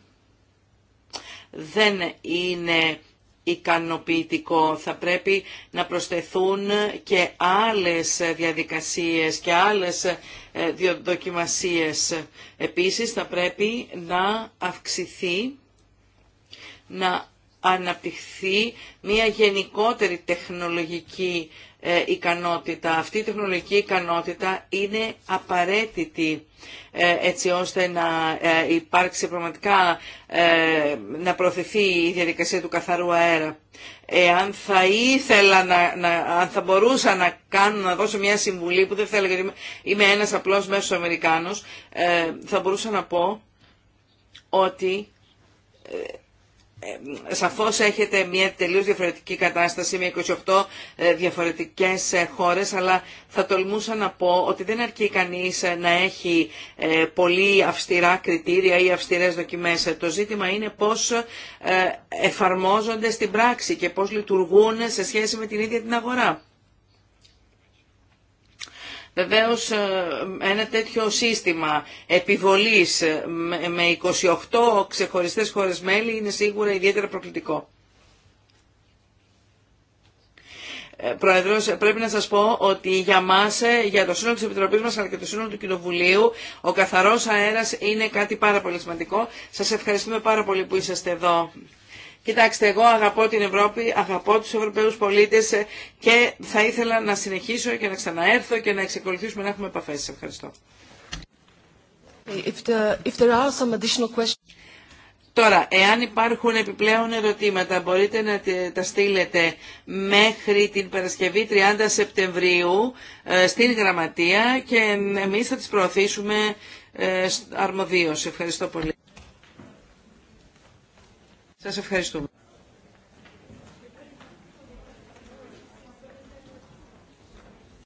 δεν είναι ικανοποιητικό. Θα πρέπει να προσθεθούν και άλλες διαδικασίες και άλλες ε, δοκιμασίες. Επίσης θα πρέπει να αυξηθεί, να αναπτυχθεί μια γενικότερη τεχνολογική ε, ικανότητα. Αυτή η τεχνολογική ικανότητα είναι απαραίτητη ε, έτσι ώστε να ε, υπάρξει πραγματικά να προωθηθεί η διαδικασία του καθαρού αέρα. Εάν θα ήθελα να, αν θα μπορούσα να κάνω, να δώσω μια συμβουλή που δεν θέλω γιατί είμαι ένας απλός μέσος Αμερικάνος, θα μπορούσα να πω ότι σαφώς έχετε μια τελείως διαφορετική κατάσταση με 28 ε, διαφορετικές ε, χώρες, αλλά θα τολμούσα να πω ότι δεν αρκεί κανείς ε, να έχει πολύ αυστηρά κριτήρια ή αυστηρές δοκιμές. Το ζήτημα είναι πώς εφαρμόζονται στην πράξη και πώς λειτουργούν σε σχέση με την ίδια την αγορά. Βεβαίως ε, ένα τέτοιο σύστημα επιβολής με 28 ξεχωριστές χώρες μέλη είναι σίγουρα ιδιαίτερα προκλητικό. Ε, Πρόεδρος, πρέπει να σας πω ότι για μας, ε, για το σύνολο της Επιτροπής μας αλλά και το σύνολο του Κοινοβουλίου, ο καθαρός αέρας είναι κάτι πάρα πολύ σημαντικό. Σας ευχαριστούμε πάρα πολύ που είσαστε εδώ Κοιτάξτε, εγώ αγαπώ την Ευρώπη, αγαπώ τους Ευρωπαίους πολίτες ε, και θα ήθελα να συνεχίσω και να ξαναέρθω και να εξεκολουθήσουμε να έχουμε επαφές. ευχαριστώ. If if there are some additional questions... Τώρα, εάν υπάρχουν επιπλέον ερωτήματα, μπορείτε να τα στείλετε μέχρι την Παρασκευή 30 Σεπτεμβρίου ε, στην Γραμματεία και εμείς θα τις προωθήσουμε ε, αρμοδίως. Ευχαριστώ πολύ. Σας ευχαριστούμε.